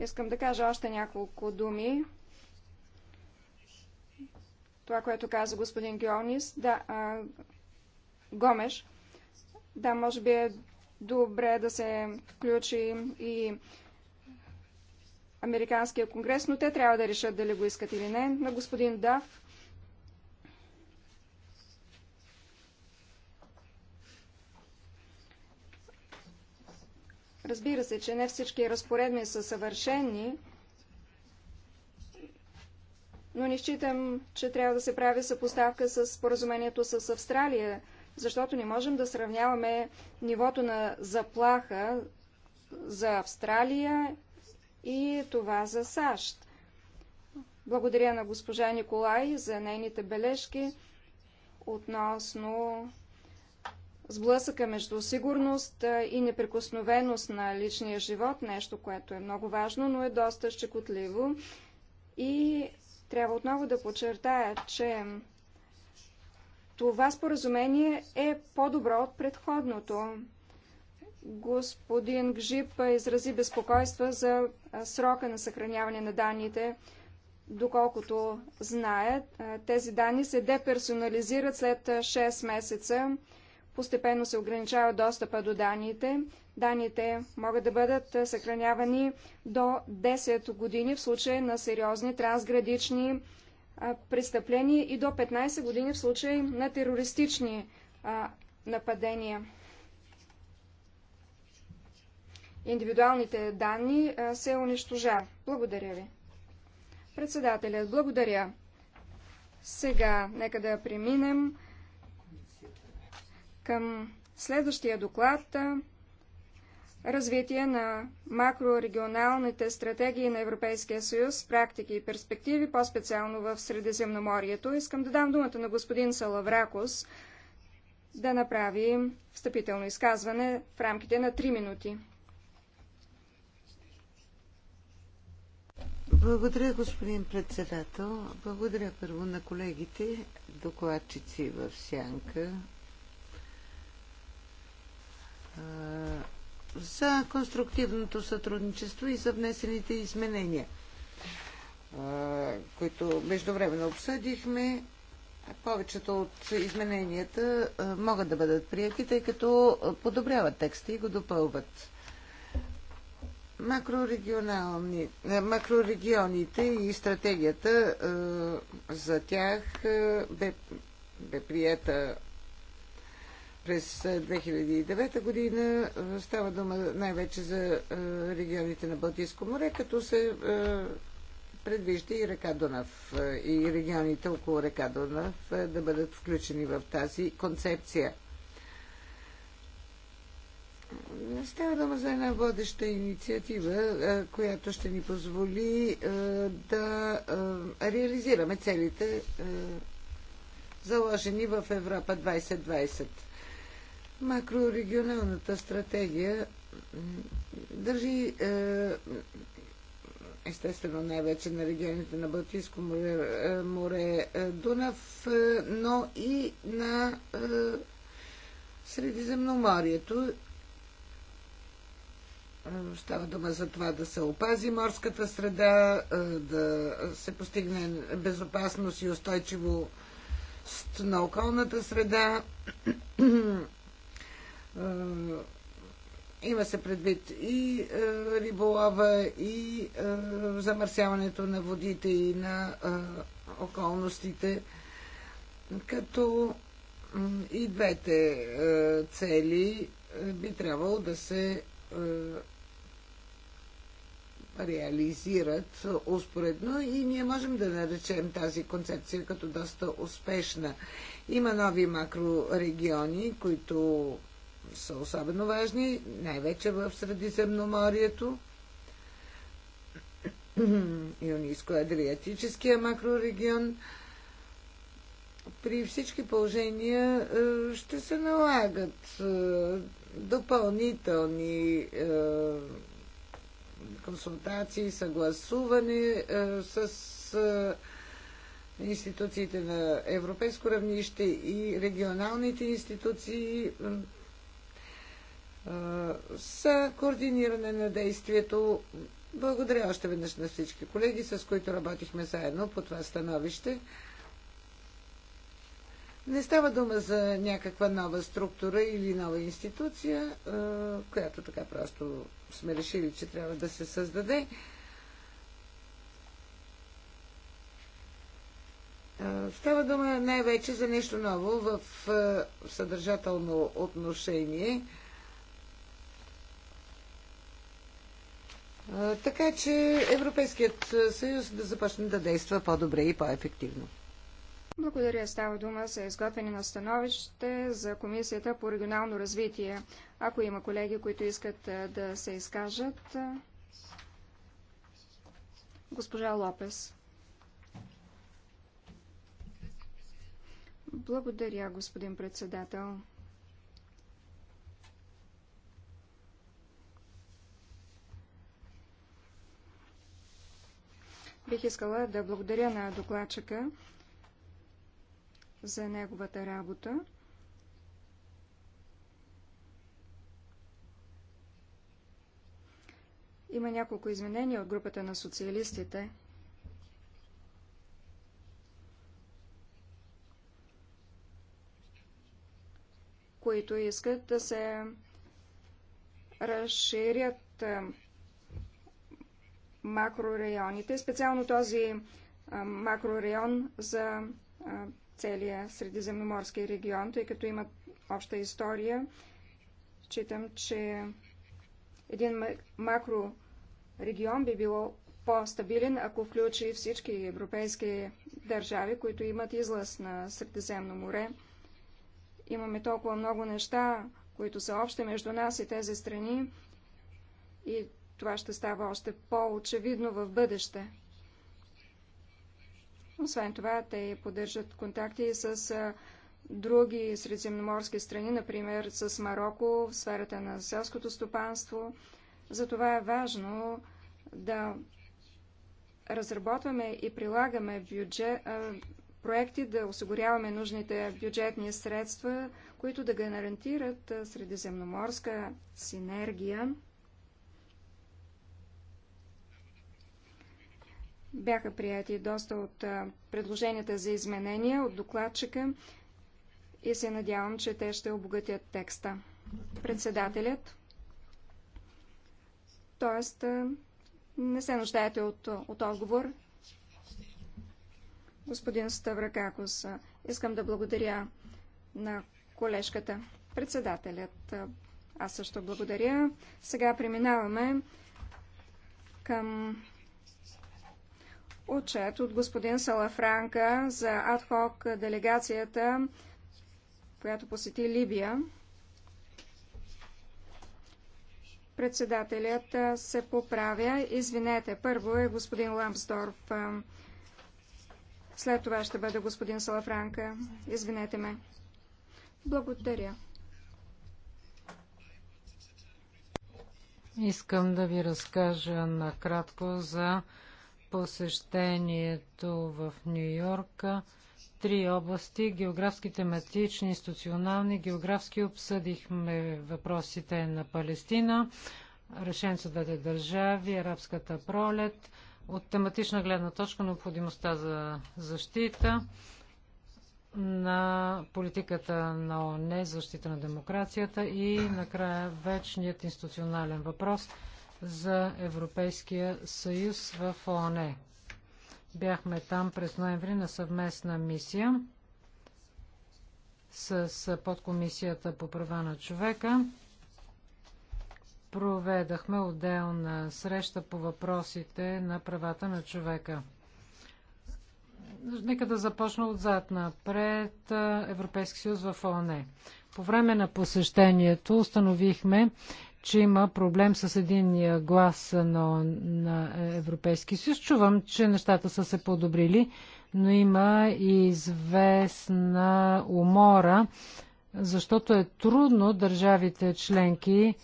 S1: Искам да кажа още няколко думи. Това, което каза господин Геонис, да, а, Гомеш. Да, може би е добре да се включи и Американския конгрес, но те трябва да решат дали го искат или не. На господин Дав. Разбира се, че не всички разпоредни са съвършени, но не считам, че трябва да се прави съпоставка с споразумението с Австралия защото не можем да сравняваме нивото на заплаха за Австралия и това за САЩ. Благодаря на госпожа Николай за нейните бележки относно сблъсъка между сигурност и неприкосновеност на личния живот, нещо, което е много важно, но е доста щекотливо. И трябва отново да подчертая, че това споразумение е по-добро от предходното. Господин Гжип изрази безпокойства за срока на съхраняване на данните. Доколкото знаят, тези данни се деперсонализират след 6 месеца. Постепенно се ограничава достъпа до данните. Данните могат да бъдат съхранявани до 10 години в случай на сериозни трансградични престъпления и до 15 години в случай на терористични нападения. Индивидуалните данни се унищожа. Благодаря ви. Председателят, благодаря. Сега нека да преминем към следващия доклад развитие на макрорегионалните стратегии на Европейския съюз, практики и перспективи, по-специално в Средиземноморието. Искам да дам думата на господин Салавракос да направи встъпително изказване в рамките на 3 минути.
S3: Благодаря, господин председател. Благодаря първо на колегите, докладчици в Сянка за конструктивното сътрудничество и за внесените изменения, които междувременно обсъдихме. Повечето от измененията могат да бъдат прияти, тъй като подобряват текста и го допълват. Макрорегионите и стратегията за тях бе, бе прията през 2009 година. Става дума най-вече за регионите на Балтийско море, като се предвижда и река Дунав и регионите около река Дунав да бъдат включени в тази концепция. Става дума за една водеща инициатива, която ще ни позволи да реализираме целите заложени в Европа 2020. Макрорегионалната стратегия държи е, естествено най-вече на регионите на Балтийско море, е, море е, Дунав, но и на Средиземноморието. Става дума за това да се опази морската среда, да се постигне безопасност и устойчиво на околната среда е, има се предвид и е, риболова, и е, замърсяването на водите и на е, околностите, като и двете е, цели е, би трябвало да се е, реализират успоредно и ние можем да наречем тази концепция като доста успешна. Има нови макрорегиони, които са особено важни, най-вече в Средиземноморието. юниско е адриатическия макрорегион. При всички положения е, ще се налагат е, допълнителни консултации, съгласуване с институциите на европейско равнище и регионалните институции са координиране на действието. Благодаря още веднъж на всички колеги, с които работихме заедно по това становище. Не става дума за някаква нова структура или нова институция, която така просто сме решили, че трябва да се създаде. Става дума най-вече за нещо ново в съдържателно отношение – така че Европейският съюз да започне да действа по-добре и по-ефективно.
S1: Благодаря. Става дума за изготвяне на становище за Комисията по регионално развитие. Ако има колеги, които искат да се изкажат. Госпожа Лопес. Благодаря, господин председател. Бих искала да благодаря на докладчика за неговата работа. Има няколко изменения от групата на социалистите. които искат да се разширят макрорайоните, специално този макрорайон за целия Средиземноморски регион, тъй като имат обща история. Читам, че един макрорегион би било по-стабилен, ако включи всички европейски държави, които имат излъз на Средиземно море. Имаме толкова много неща, които са общи между нас и тези страни, и това ще става още по-очевидно в бъдеще. Освен това, те поддържат контакти с други средиземноморски страни, например с Марокко в сферата на селското стопанство. Затова е важно да разработваме и прилагаме бюджет, проекти, да осигуряваме нужните бюджетни средства, които да гарантират средиземноморска синергия. Бяха прияти доста от предложенията за изменения от докладчика и се надявам, че те ще обогатят текста. Председателят, т.е. не се нуждаете от, от отговор. Господин Ставракакос, искам да благодаря на колежката. Председателят, аз също благодаря. Сега преминаваме към отчет от господин Салафранка за адхок делегацията, която посети Либия. Председателят се поправя. Извинете, първо е господин Ламсдорф. След това ще бъде господин Салафранка. Извинете ме. Благодаря.
S2: Искам да ви разкажа накратко за посещението в Нью Йорк. Три области географски, тематични, институционални. Географски обсъдихме въпросите на Палестина, решен са двете държави, арабската пролет. От тематична гледна точка необходимостта за защита на политиката на ОНЕ, защита на демокрацията и накрая вечният институционален въпрос – за Европейския съюз в ООН. Бяхме там през ноември на съвместна мисия с подкомисията по права на човека. Проведахме отделна среща по въпросите на правата на човека. Нека да започна отзад напред Европейски съюз в ООН. По време на посещението установихме, че има проблем с единния глас на, на Европейски съюз. Чувам, че нещата са се подобрили, но има и известна умора, защото е трудно държавите членки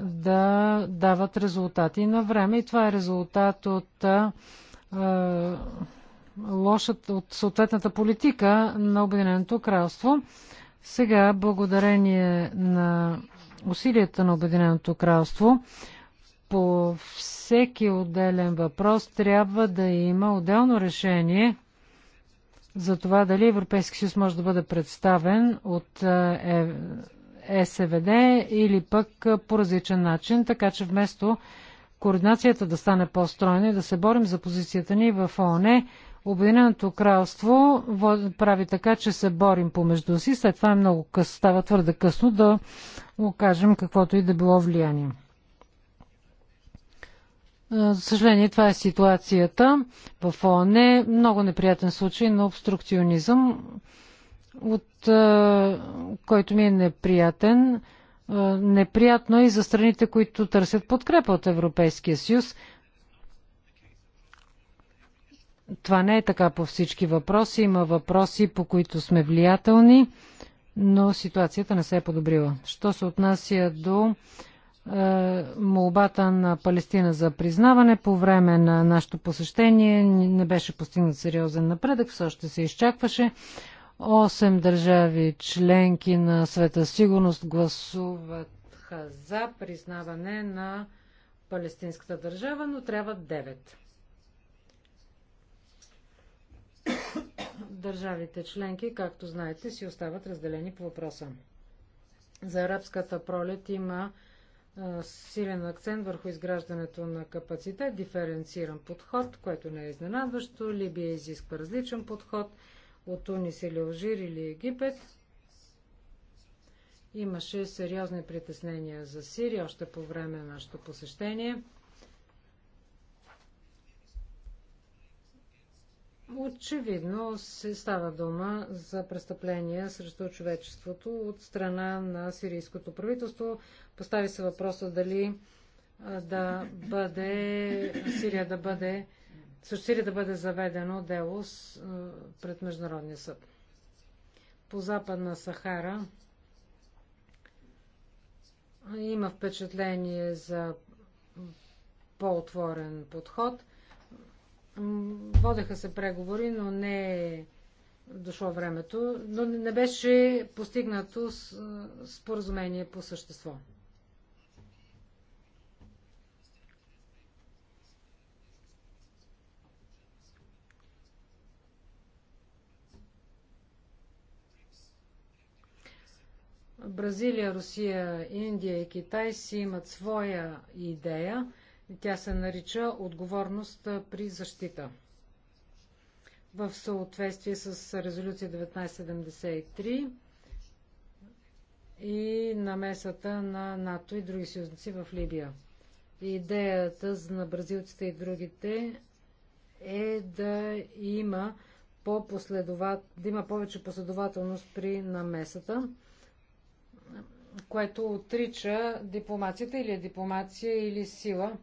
S2: да дават резултати на време. И това е резултат от е, лошата, от съответната политика на Обединеното кралство. Сега, благодарение на усилията на Обединеното кралство по всеки отделен въпрос трябва да има отделно решение за това дали Европейски съюз може да бъде представен от е, е, СВД или пък е, по различен начин, така че вместо координацията да стане по-стройна и да се борим за позицията ни в ООН, Обединеното кралство прави така, че се борим помежду си, след това е много късно, става твърде късно да окажем каквото и да било влияние. За съжаление, това е ситуацията в ООН. Много неприятен случай на обструкционизъм, от който ми е неприятен. Неприятно е и за страните, които търсят подкрепа от Европейския съюз. Това не е така по всички въпроси. Има въпроси, по които сме влиятелни но ситуацията не се е подобрила. Що се отнася до е, молбата на Палестина за признаване, по време на нашето посещение не беше постигнат сериозен напредък, все още се изчакваше. Осем държави членки на света сигурност гласуват за признаване на палестинската държава, но трябва девет. Държавите членки, както знаете, си остават разделени по въпроса. За арабската пролет има силен акцент върху изграждането на капацитет, диференциран подход, което не е изненадващо. Либия изисква различен подход от Тунис или Алжир или Египет. Имаше сериозни притеснения за Сирия още по време на нашето посещение – Очевидно се става дума за престъпления срещу човечеството от страна на сирийското правителство. Постави се въпроса дали да бъде, Сирия да бъде, също Сирия да бъде заведено дело с, пред Международния съд. По Западна Сахара има впечатление за по-отворен подход – Водеха се преговори, но не е дошло времето, но не беше постигнато споразумение по същество. Бразилия, Русия, Индия и Китай си имат своя идея тя се нарича отговорност при защита. В съответствие с резолюция 1973 и намесата на НАТО и други съюзници в Либия. Идеята на бразилците и другите е да има, по -последоват... да има повече последователност при намесата, което отрича дипломацията или е дипломация или сила –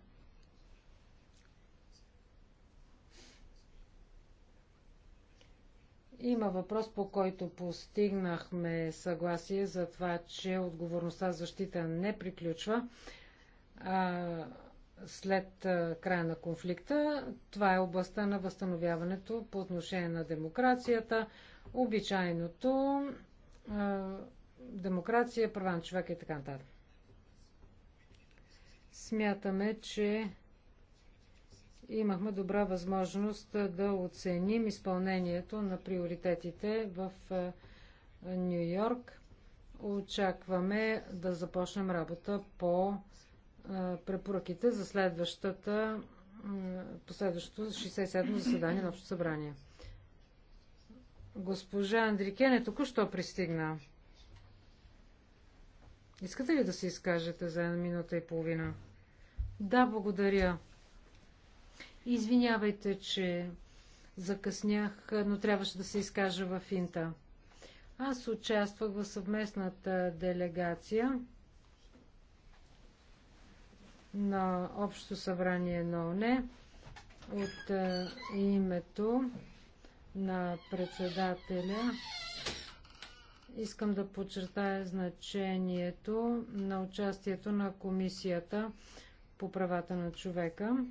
S2: Има въпрос, по който постигнахме съгласие за това, че отговорността за защита не приключва а, след края на конфликта. Това е областта на възстановяването по отношение на демокрацията, обичайното а, демокрация, права на човека и така нататък. Смятаме, че имахме добра възможност да оценим изпълнението на приоритетите в е, Нью Йорк. Очакваме да започнем работа по е, препоръките за следващата, последващото 67-то заседание на Общо събрание. Госпожа Андрикен е току-що пристигна. Искате ли да се изкажете за една минута и половина? Да, благодаря. Извинявайте, че закъснях, но трябваше да се изкажа в Инта. Аз участвах в съвместната делегация на Общо събрание на ОНЕ от е, името на председателя. Искам да подчертая значението на участието на Комисията по правата на човека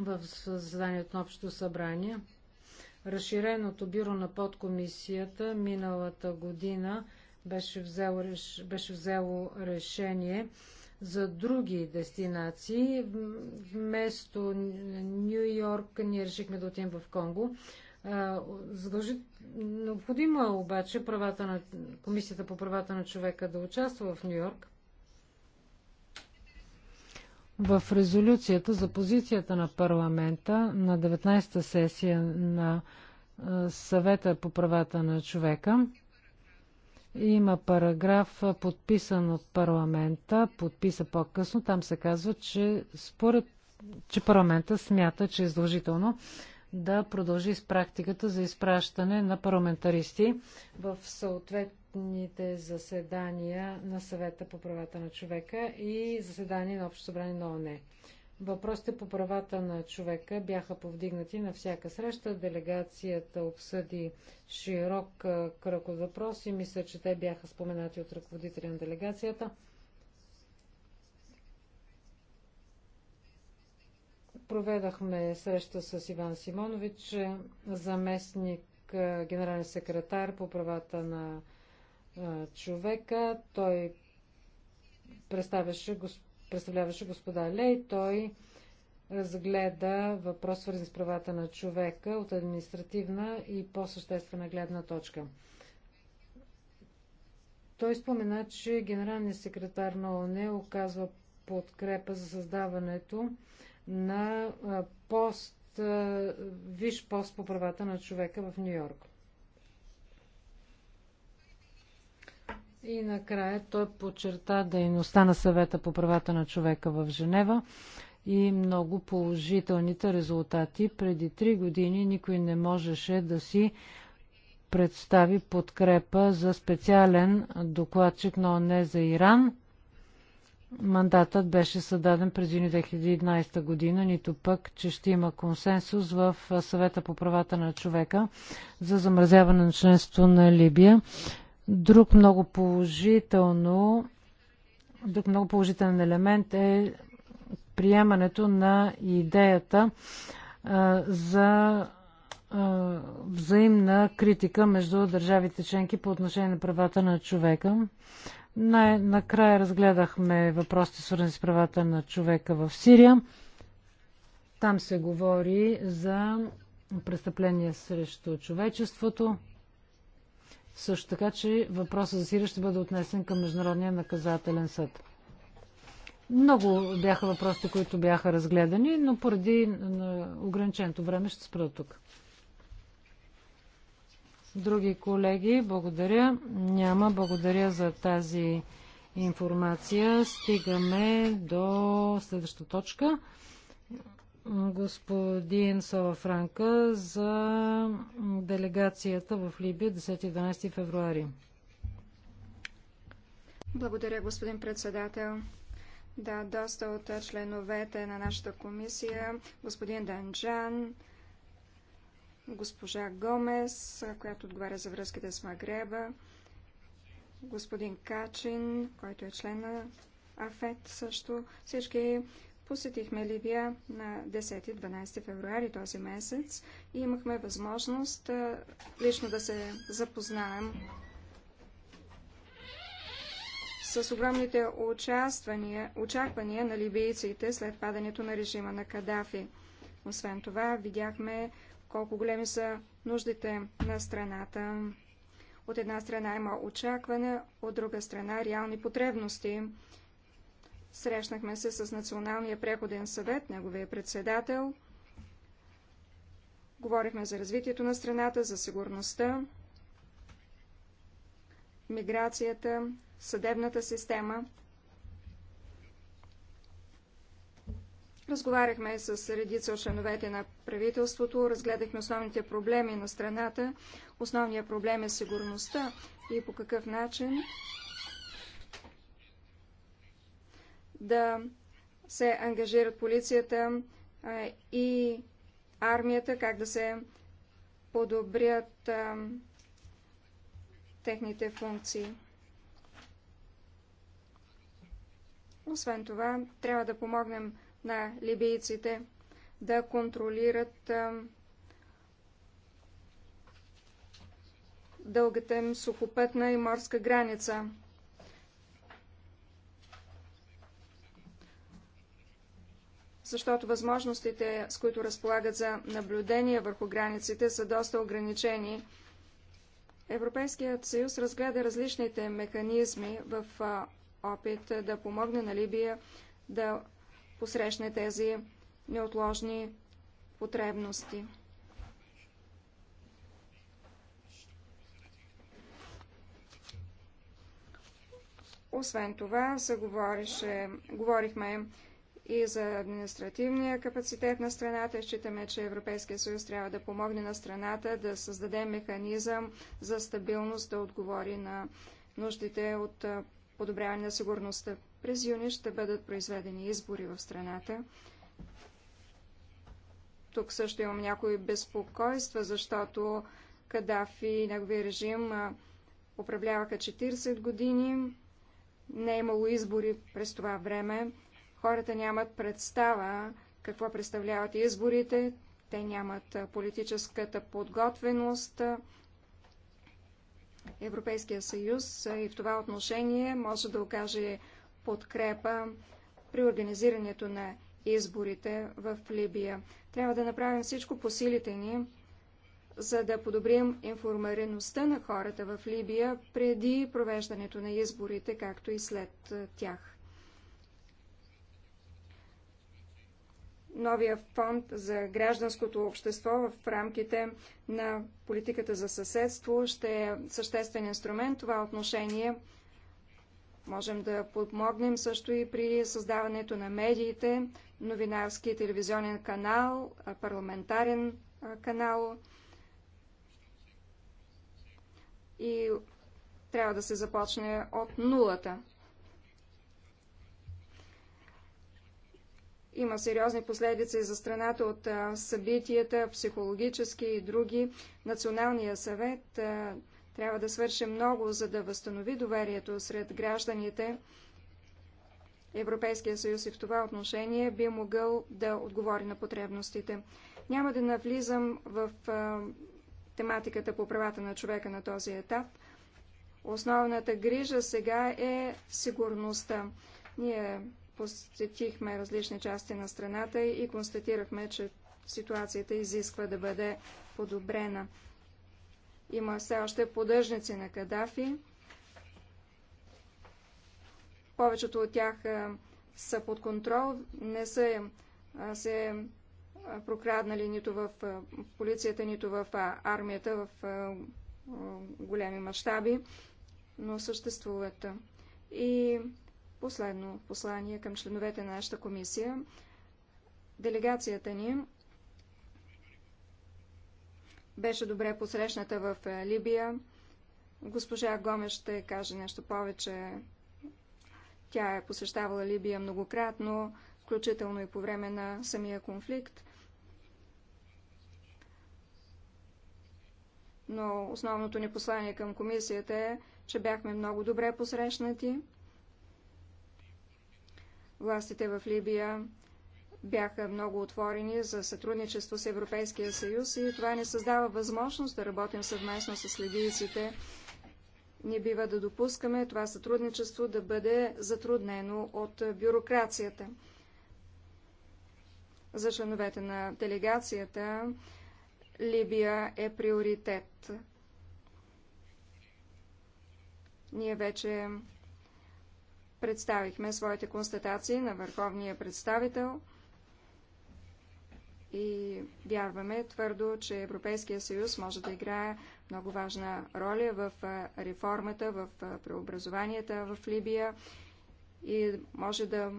S2: в заседанието на Общото събрание. Разширеното бюро на подкомисията миналата година беше взело, беше взело решение за други дестинации. Вместо Нью Йорк ние решихме да отидем в Конго. Задължи... Необходимо е обаче правата на... Комисията по правата на човека да участва в Нью Йорк в резолюцията за позицията на парламента на 19-та сесия на съвета по правата на човека. Има параграф, подписан от парламента, подписа по-късно. Там се казва, че, според, че парламента смята, че е задължително да продължи с практиката за изпращане на парламентаристи в съответ съвместните заседания на съвета по правата на човека и заседания на Общо събрание на ОНЕ. Въпросите по правата на човека бяха повдигнати на всяка среща. Делегацията обсъди широк кръг от въпроси. Мисля, че те бяха споменати от ръководителя на делегацията. Проведахме среща с Иван Симонович, заместник генерален секретар по правата на човека. Той представяше, представляваше господа Лей. Той разгледа въпрос, свързан с правата на човека от административна и по-съществена гледна точка. Той спомена, че генералният секретар на ООН оказва подкрепа за създаването на пост, виш пост по правата на човека в Нью Йорк. И накрая той подчерта дейността на съвета по правата на човека в Женева и много положителните резултати. Преди три години никой не можеше да си представи подкрепа за специален докладчик на ОНЕ за Иран. Мандатът беше създаден през юни 2011 година, нито пък, че ще има консенсус в съвета по правата на човека за замразяване на членство на Либия. Друг много положително Друг много положителен елемент е приемането на идеята за взаимна критика между държавите членки по отношение на правата на човека. Най- накрая разгледахме въпросите, свързани с правата на човека в Сирия. Там се говори за престъпления срещу човечеството, също така, че въпросът за Сирия ще бъде отнесен към Международния наказателен съд. Много бяха въпросите, които бяха разгледани, но поради ограниченото време ще спра тук. Други колеги, благодаря. Няма. Благодаря за тази информация. Стигаме до следващата точка господин Франка за делегацията в Либия 10-12 февруари.
S1: Благодаря, господин председател. Да, доста от членовете на нашата комисия, господин Данджан, госпожа Гомес, която отговаря за връзките с Магреба, господин Качин, който е член на АФЕТ също. Всички Посетихме Ливия на 10-12 февруари този месец и имахме възможност лично да се запознаем с огромните очаквания на либийците след падането на режима на Кадафи. Освен това, видяхме колко големи са нуждите на страната. От една страна има очакване, от друга страна реални потребности. Срещнахме се с Националния преходен съвет, неговия председател. Говорихме за развитието на страната, за сигурността, миграцията, съдебната система. Разговаряхме с редица от членовете на правителството, разгледахме основните проблеми на страната. Основният проблем е сигурността и по какъв начин да се ангажират полицията и армията, как да се подобрят техните функции. Освен това, трябва да помогнем на либийците да контролират дългата им сухопътна и морска граница. защото възможностите, с които разполагат за наблюдение върху границите, са доста ограничени. Европейският съюз разгледа различните механизми в опит да помогне на Либия да посрещне тези неотложни потребности. Освен това, се говорихме и за административния капацитет на страната. Считаме, че Европейския съюз трябва да помогне на страната да създаде механизъм за стабилност, да отговори на нуждите от подобряване на сигурността. През юни ще бъдат произведени избори в страната. Тук също имам някои безпокойства, защото Кадафи и неговия режим управляваха 40 години. Не е имало избори през това време. Хората нямат представа какво представляват изборите, те нямат политическата подготвеност. Европейския съюз и в това отношение може да окаже подкрепа при организирането на изборите в Либия. Трябва да направим всичко по силите ни, за да подобрим информираността на хората в Либия преди провеждането на изборите, както и след тях. новия фонд за гражданското общество в рамките на политиката за съседство ще е съществен инструмент. Това отношение можем да подмогнем също и при създаването на медиите, новинарски телевизионен канал, парламентарен канал. И трябва да се започне от нулата. Има сериозни последици за страната от събитията, психологически и други. Националния съвет трябва да свърши много, за да възстанови доверието сред гражданите. Европейския съюз и в това отношение би могъл да отговори на потребностите. Няма да навлизам в тематиката по правата на човека на този етап. Основната грижа сега е сигурността. Ние Посетихме различни части на страната и констатирахме, че ситуацията изисква да бъде подобрена. Има все още поддръжници на Кадафи. Повечето от тях са под контрол, не са се прокраднали нито в полицията, нито в армията в големи мащаби, но съществуват. И Последно послание към членовете на нашата комисия. Делегацията ни беше добре посрещната в е, Либия. Госпожа Гомеш ще каже нещо повече. Тя е посещавала Либия многократно, включително и по време на самия конфликт. Но основното ни послание към комисията е, че бяхме много добре посрещнати. Властите в Либия бяха много отворени за сътрудничество с Европейския съюз и това ни създава възможност да работим съвместно с либийците. Не бива да допускаме това сътрудничество да бъде затруднено от бюрокрацията. За членовете на делегацията Либия е приоритет. Ние вече Представихме своите констатации на върховния представител и вярваме твърдо, че Европейския съюз може да играе много важна роля в реформата, в преобразованията в Либия и може да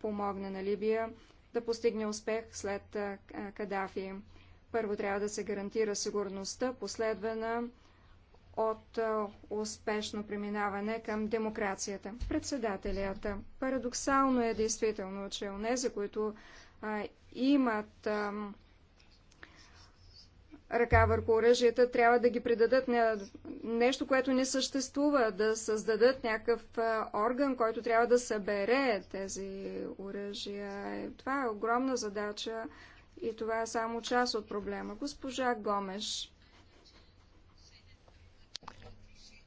S1: помогне на Либия да постигне успех след Кадафи. Първо трябва да се гарантира сигурността, последвана от успешно преминаване към демокрацията. Председателят. Парадоксално е действително, че онези, които а, имат а, ръка върху оръжията, трябва да ги предадат на нещо, което не съществува, да създадат някакъв а, орган, който трябва да събере тези оръжия. Е, това е огромна задача и това е само част от проблема. Госпожа Гомеш.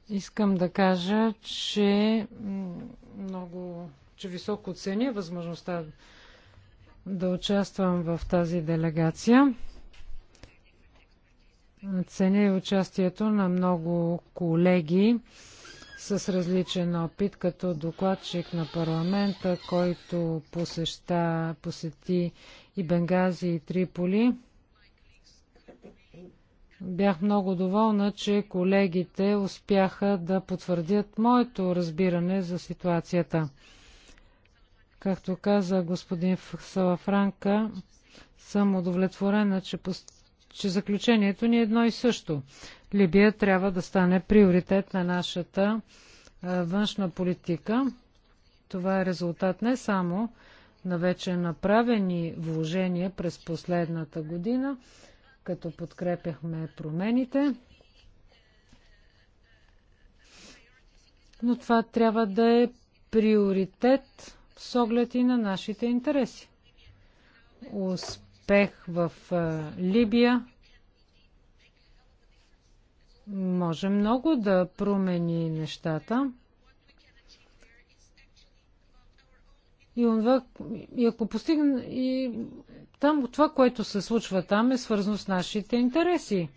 S2: Искам да кажа, че много, че високо ценя възможността да участвам в тази делегация. Ценя и участието на много колеги с различен опит, като докладчик на парламента, който посеща, посети и Бенгази и Триполи. Бях много доволна, че колегите успяха да потвърдят моето разбиране за ситуацията. Както каза господин Салафранка, съм удовлетворена, че, че заключението ни е едно и също. Либия трябва да стане приоритет на нашата външна политика. Това е резултат не само на вече направени вложения през последната година, като подкрепяхме промените. Но това трябва да е приоритет с оглед и на нашите интереси. Успех в Либия може много да промени нещата. И, онва, и ако постигна, и там, това, което се случва там, е свързано с нашите интереси.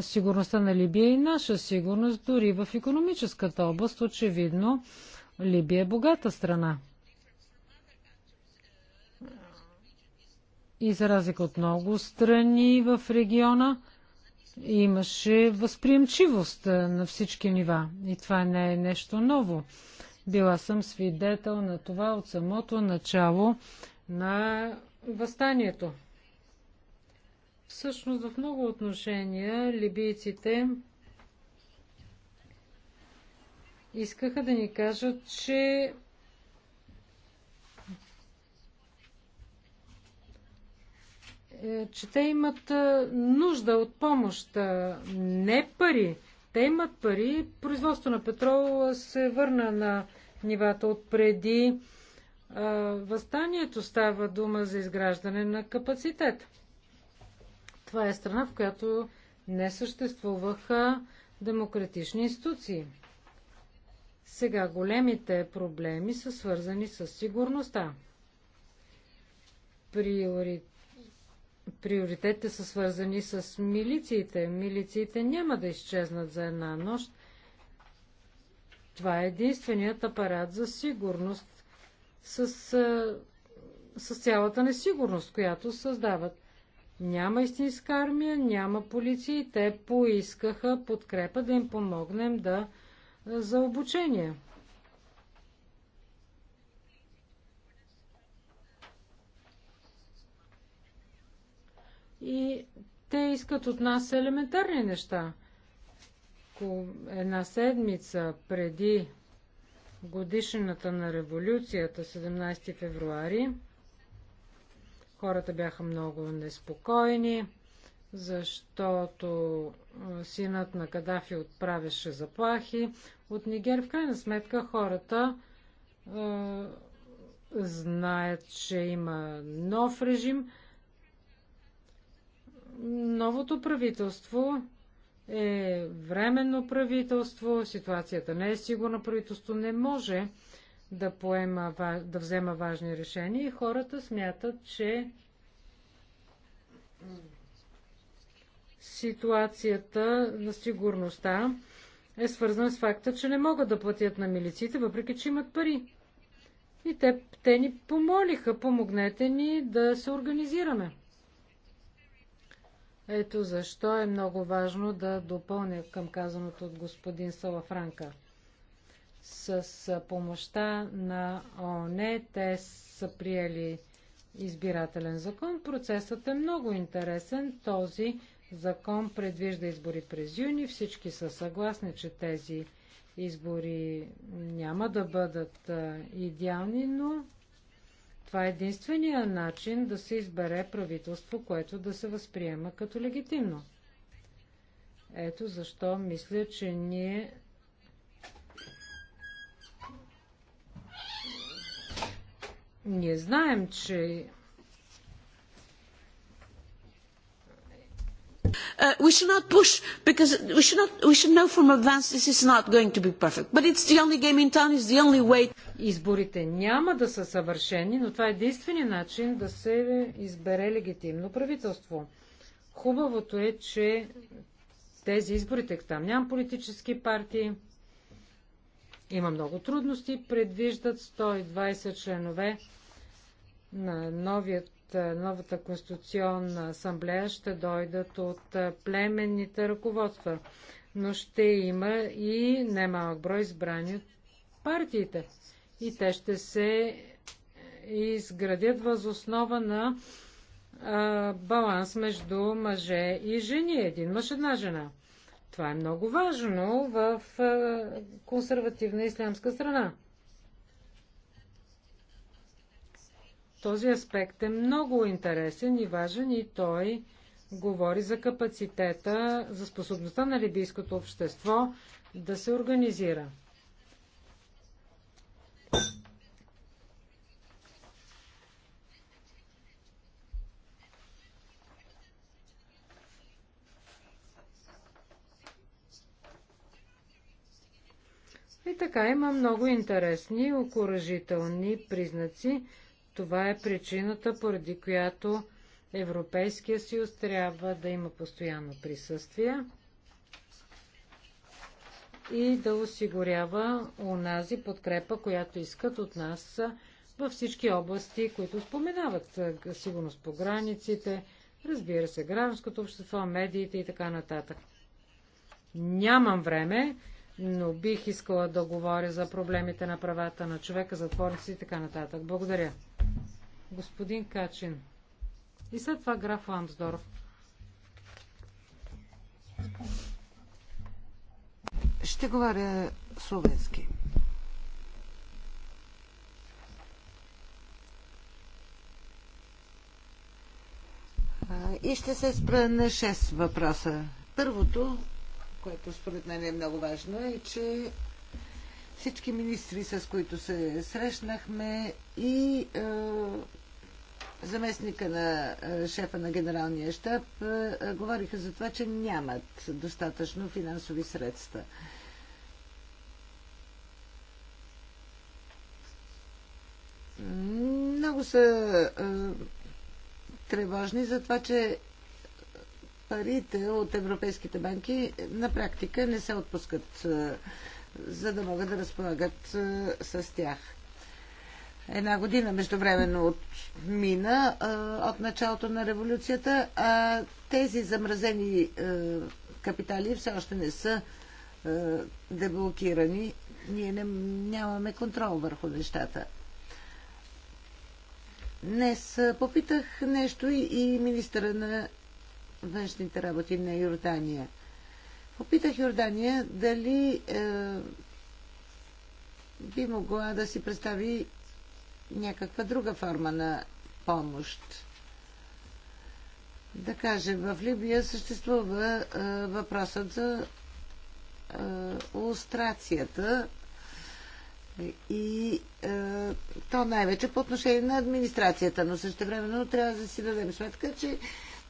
S2: Сигурността на Либия и е наша сигурност, дори в економическата област, очевидно, Либия е богата страна. И за разлика от много страни в региона, имаше възприемчивост на всички нива. И това не е нещо ново. Била съм свидетел на това от самото начало на възстанието. Всъщност в много отношения либийците искаха да ни кажат, че е, че те имат е, нужда от помощ, е, не пари, те имат пари. Производство на петрол се върна на нивата от преди възстанието. Става дума за изграждане на капацитет. Това е страна, в която не съществуваха демократични институции. Сега големите проблеми са свързани с сигурността. Приоритет приоритетите са свързани с милициите. Милициите няма да изчезнат за една нощ. Това е единственият апарат за сигурност с, с цялата несигурност, която създават. Няма истинска армия, няма полиция и те поискаха подкрепа да им помогнем да, за обучение. И те искат от нас елементарни неща. Една седмица преди годишната на революцията, 17 февруари, хората бяха много неспокойни, защото синът на Кадафи отправяше заплахи. От Нигер в крайна сметка хората е, знаят, че има нов режим новото правителство е временно правителство, ситуацията не е сигурна, правителство не може да, поема, да взема важни решения и хората смятат, че ситуацията на сигурността е свързана с факта, че не могат да платят на милиците, въпреки че имат пари. И те, те ни помолиха, помогнете ни да се организираме. Ето защо е много важно да допълня към казаното от господин Салафранка. С помощта на ООН те са приели избирателен закон. Процесът е много интересен. Този закон предвижда избори през юни. Всички са съгласни, че тези избори няма да бъдат идеални, но това е единствения начин да се избере правителство, което да се възприема като легитимно. Ето защо мисля, че ние ние знаем, че Uh, we should not push because we should not we should know from advance this is not going to be perfect. But it's the only game in town, it's the only way. Изборите няма да са съвършени, но това е единствения начин да се избере легитимно правителство. Хубавото е, че тези избори, тъй там няма политически партии, има много трудности, предвиждат 120 членове на новият новата конституционна асамблея ще дойдат от племенните ръководства, но ще има и немалък брой избрани от партиите. И те ще се е, изградят възоснова на а, баланс между мъже и жени. Един мъж, една жена. Това е много важно в а, консервативна ислямска страна. Този аспект е много интересен и важен и той говори за капацитета, за способността на либийското общество да се организира. И така има много интересни, окоръжителни признаци. Това е причината, поради която Европейския съюз трябва да има постоянно присъствие и да осигурява унази подкрепа, която искат от нас във всички области, които споменават сигурност по границите, разбира се, гражданското общество, медиите и така нататък. Нямам време, но бих искала да говоря за проблемите на правата на човека, затворници и така нататък. Благодаря господин Качин. И след това граф Ламсдорф.
S3: Ще говоря словенски. И ще се спра на 6 въпроса. Първото, което според мен е много важно, е, че всички министри, с които се срещнахме и е, заместника на е, шефа на генералния щаб е, е, говориха за това, че нямат достатъчно финансови средства. Много са тревожни за това, че парите от европейските банки на практика не се отпускат, за да могат да разполагат с тях. Една година междувременно от мина, от началото на революцията, а тези замразени капитали все още не са деблокирани. Ние не, нямаме контрол върху нещата. Днес попитах нещо и, и на външните работи на Йордания. Попитах Йордания дали е, би могла да си представи някаква друга форма на помощ. Да кажем, в Либия съществува а, въпросът за а, лустрацията и а, то най-вече по отношение на администрацията, но също времено трябва да си дадем сметка, че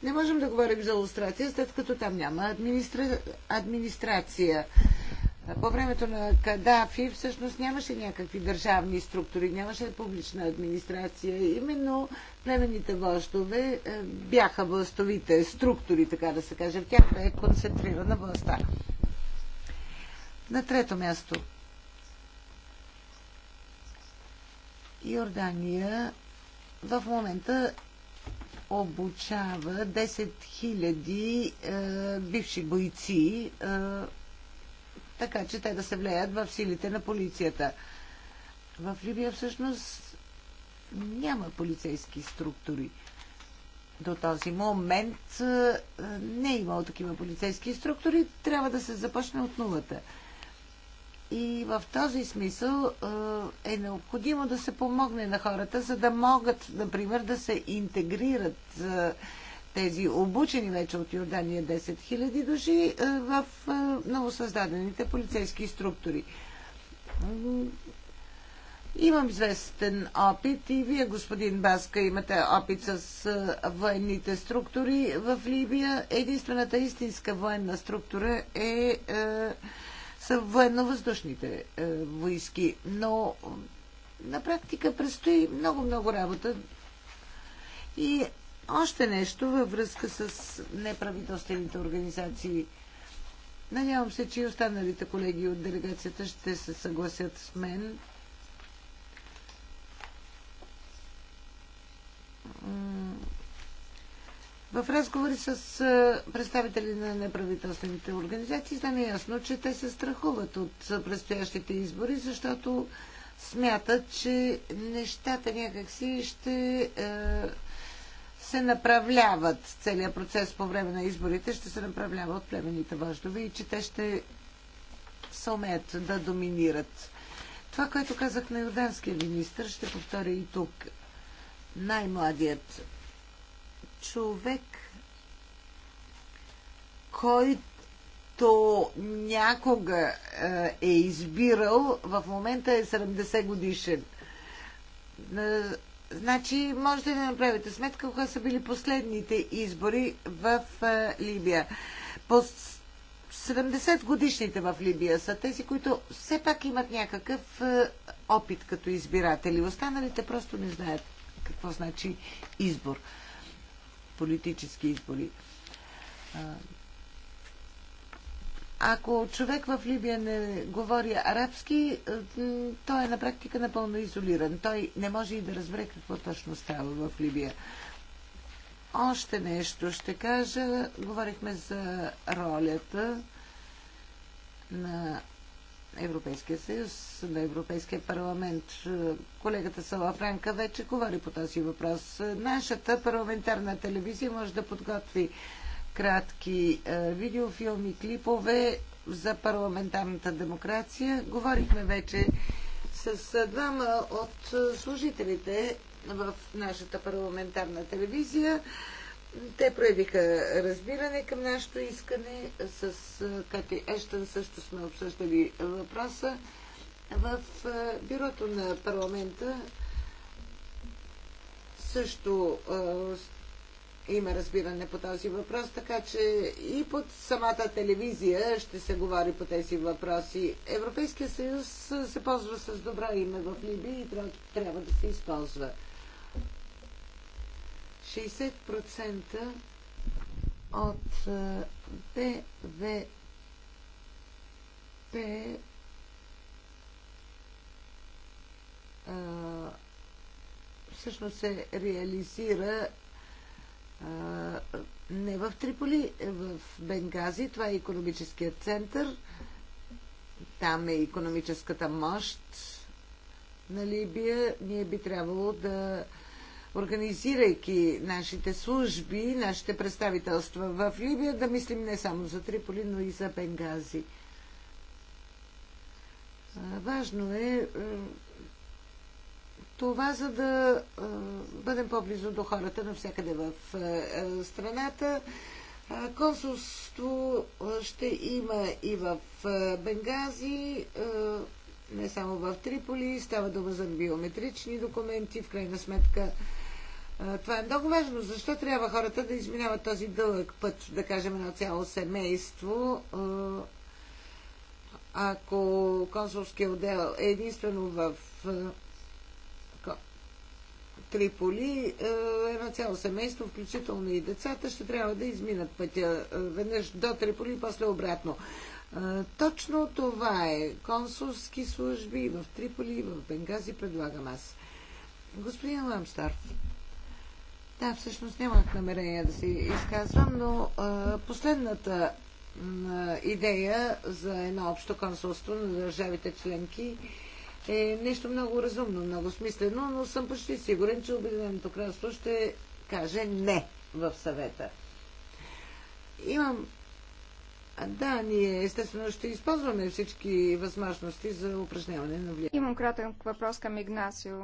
S3: не можем да говорим за лустрация, след като там няма администра... администрация. По времето на Кадафи всъщност нямаше някакви държавни структури, нямаше публична администрация. Именно племените властове е, бяха властовите структури, така да се каже. В тях бе концентрирана властта. На трето място. Йордания в момента обучава 10 000 е, бивши бойци е, така че те да се влеят в силите на полицията. В Либия всъщност няма полицейски структури. До този момент е, не е имало такива полицейски структури. Трябва да се започне от нулата. И в този смисъл е, е необходимо да се помогне на хората, за да могат, например, да се интегрират е, тези обучени вече от Йордания 10 000 души е, в е, новосъздадените полицейски структури. Имам известен опит и вие, господин Баска, имате опит с е, военните структури в Либия. Единствената истинска военна структура е, е са военно-въздушните е, войски. Но на практика предстои много-много работа. И още нещо във връзка с неправителствените организации. Надявам се, че и останалите колеги от делегацията ще се съгласят с мен. В разговори с представители на неправителствените организации стана ясно, че те се страхуват от предстоящите избори, защото смятат, че нещата някакси ще се направляват. Целият процес по време на изборите ще се направлява от племените въждове и че те ще се умеят да доминират. Това, което казах на юрданския министр, ще повторя и тук. Най-младият човек, който някога е, е избирал, в момента е 70 годишен. Е, Значи, можете да направите сметка, кога са били последните избори в Либия. По 70 годишните в Либия са тези, които все пак имат някакъв опит като избиратели. Останалите просто не знаят какво значи избор. Политически избори. Ако човек в Либия не говори арабски, е, той е на практика напълно изолиран. Той не може и да разбере какво точно става в Либия. Още нещо ще кажа. Говорихме за ролята на Европейския съюз, на Европейския парламент. Колегата Салафранка вече говори по този въпрос. Нашата парламентарна телевизия може да подготви кратки е, видеофилми, клипове за парламентарната демокрация. Говорихме вече с е, двама от е, служителите в нашата парламентарна телевизия. Те проявиха разбиране към нашето искане. С Кати Ештън също сме обсъждали въпроса. В бюрото на парламента също има разбиране по този въпрос, така че и под самата телевизия ще се говори по тези въпроси. Европейския съюз се ползва с добро име в Либия и трябва да се използва. 60% от е, БВП е, всъщност се реализира не в Триполи, в Бенгази. Това е економическият център. Там е економическата мощ на Либия. Ние би трябвало да организирайки нашите служби, нашите представителства в Либия, да мислим не само за Триполи, но и за Бенгази. Важно е, е това, за да а, бъдем по-близо до хората навсякъде в а, страната. А, консулство ще има и в а, Бенгази, а, не само в Триполи. Става дума за биометрични документи. В крайна сметка а, това е много важно. Защо трябва хората да изминават този дълъг път, да кажем, едно цяло семейство? А, ако консулския отдел е единствено в Триполи, е, едно цяло семейство, включително и децата, ще трябва да изминат пътя е, веднъж до Триполи и после обратно. Е, точно това е. Консулски служби в Триполи, и в Бенгази предлагам аз. Господин Ламстар, да, всъщност нямах намерение да се изказвам, но последната идея за едно общо консулство на държавите членки е нещо много разумно, много смислено, но съм почти сигурен, че Обединеното кралство ще каже не в съвета. Имам. Да, ние естествено ще използваме всички възможности за упражняване на влияние.
S1: Имам кратък въпрос към Игнасио.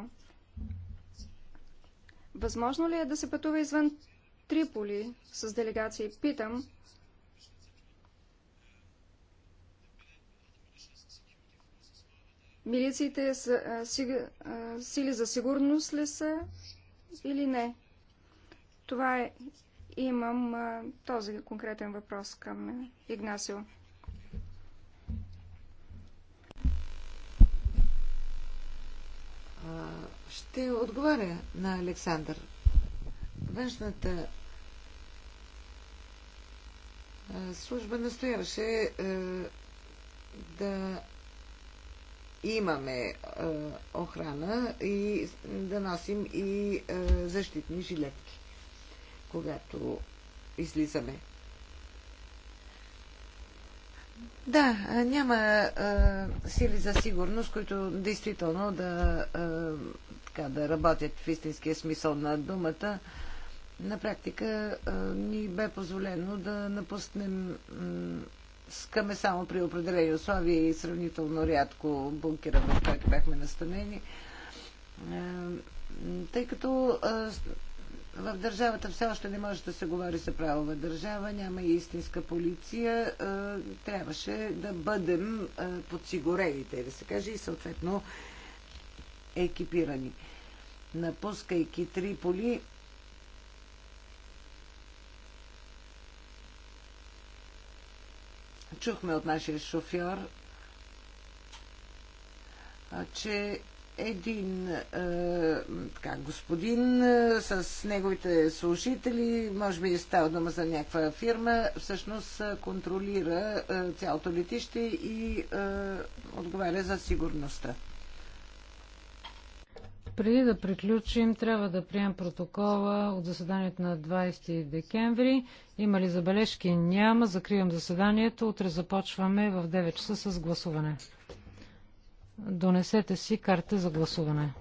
S1: Възможно ли е да се пътува извън Триполи с делегации? Питам, Милициите са, а, си, а, сили за сигурност ли са или не? Това е, имам а, този конкретен въпрос към Игнасио. Ще
S3: отговаря на Александър. Външната служба настояваше да имаме охрана и да носим и защитни жилетки, когато излизаме. Да, няма е, сили за сигурност, които действително да, е, така, да работят в истинския смисъл на думата. На практика е, ни бе позволено да напуснем Скъме само при определени условия и сравнително рядко бункера, в който бяхме настанени. Е, тъй като е, в държавата все още не може да се говори за правова държава, няма и истинска полиция, е, трябваше да бъдем подсигурени, те да се каже, и съответно екипирани. Напускайки Триполи, Чухме от нашия шофьор, че един е, така, господин е, с неговите служители, може би е става дума за някаква фирма, всъщност е, контролира е, цялото летище и е, отговаря за сигурността.
S2: Преди да приключим, трябва да прием протокола от заседанието на 20 декември. Има ли забележки? Няма. Закривам заседанието. Утре започваме в 9 часа с гласуване. Донесете си карта за гласуване.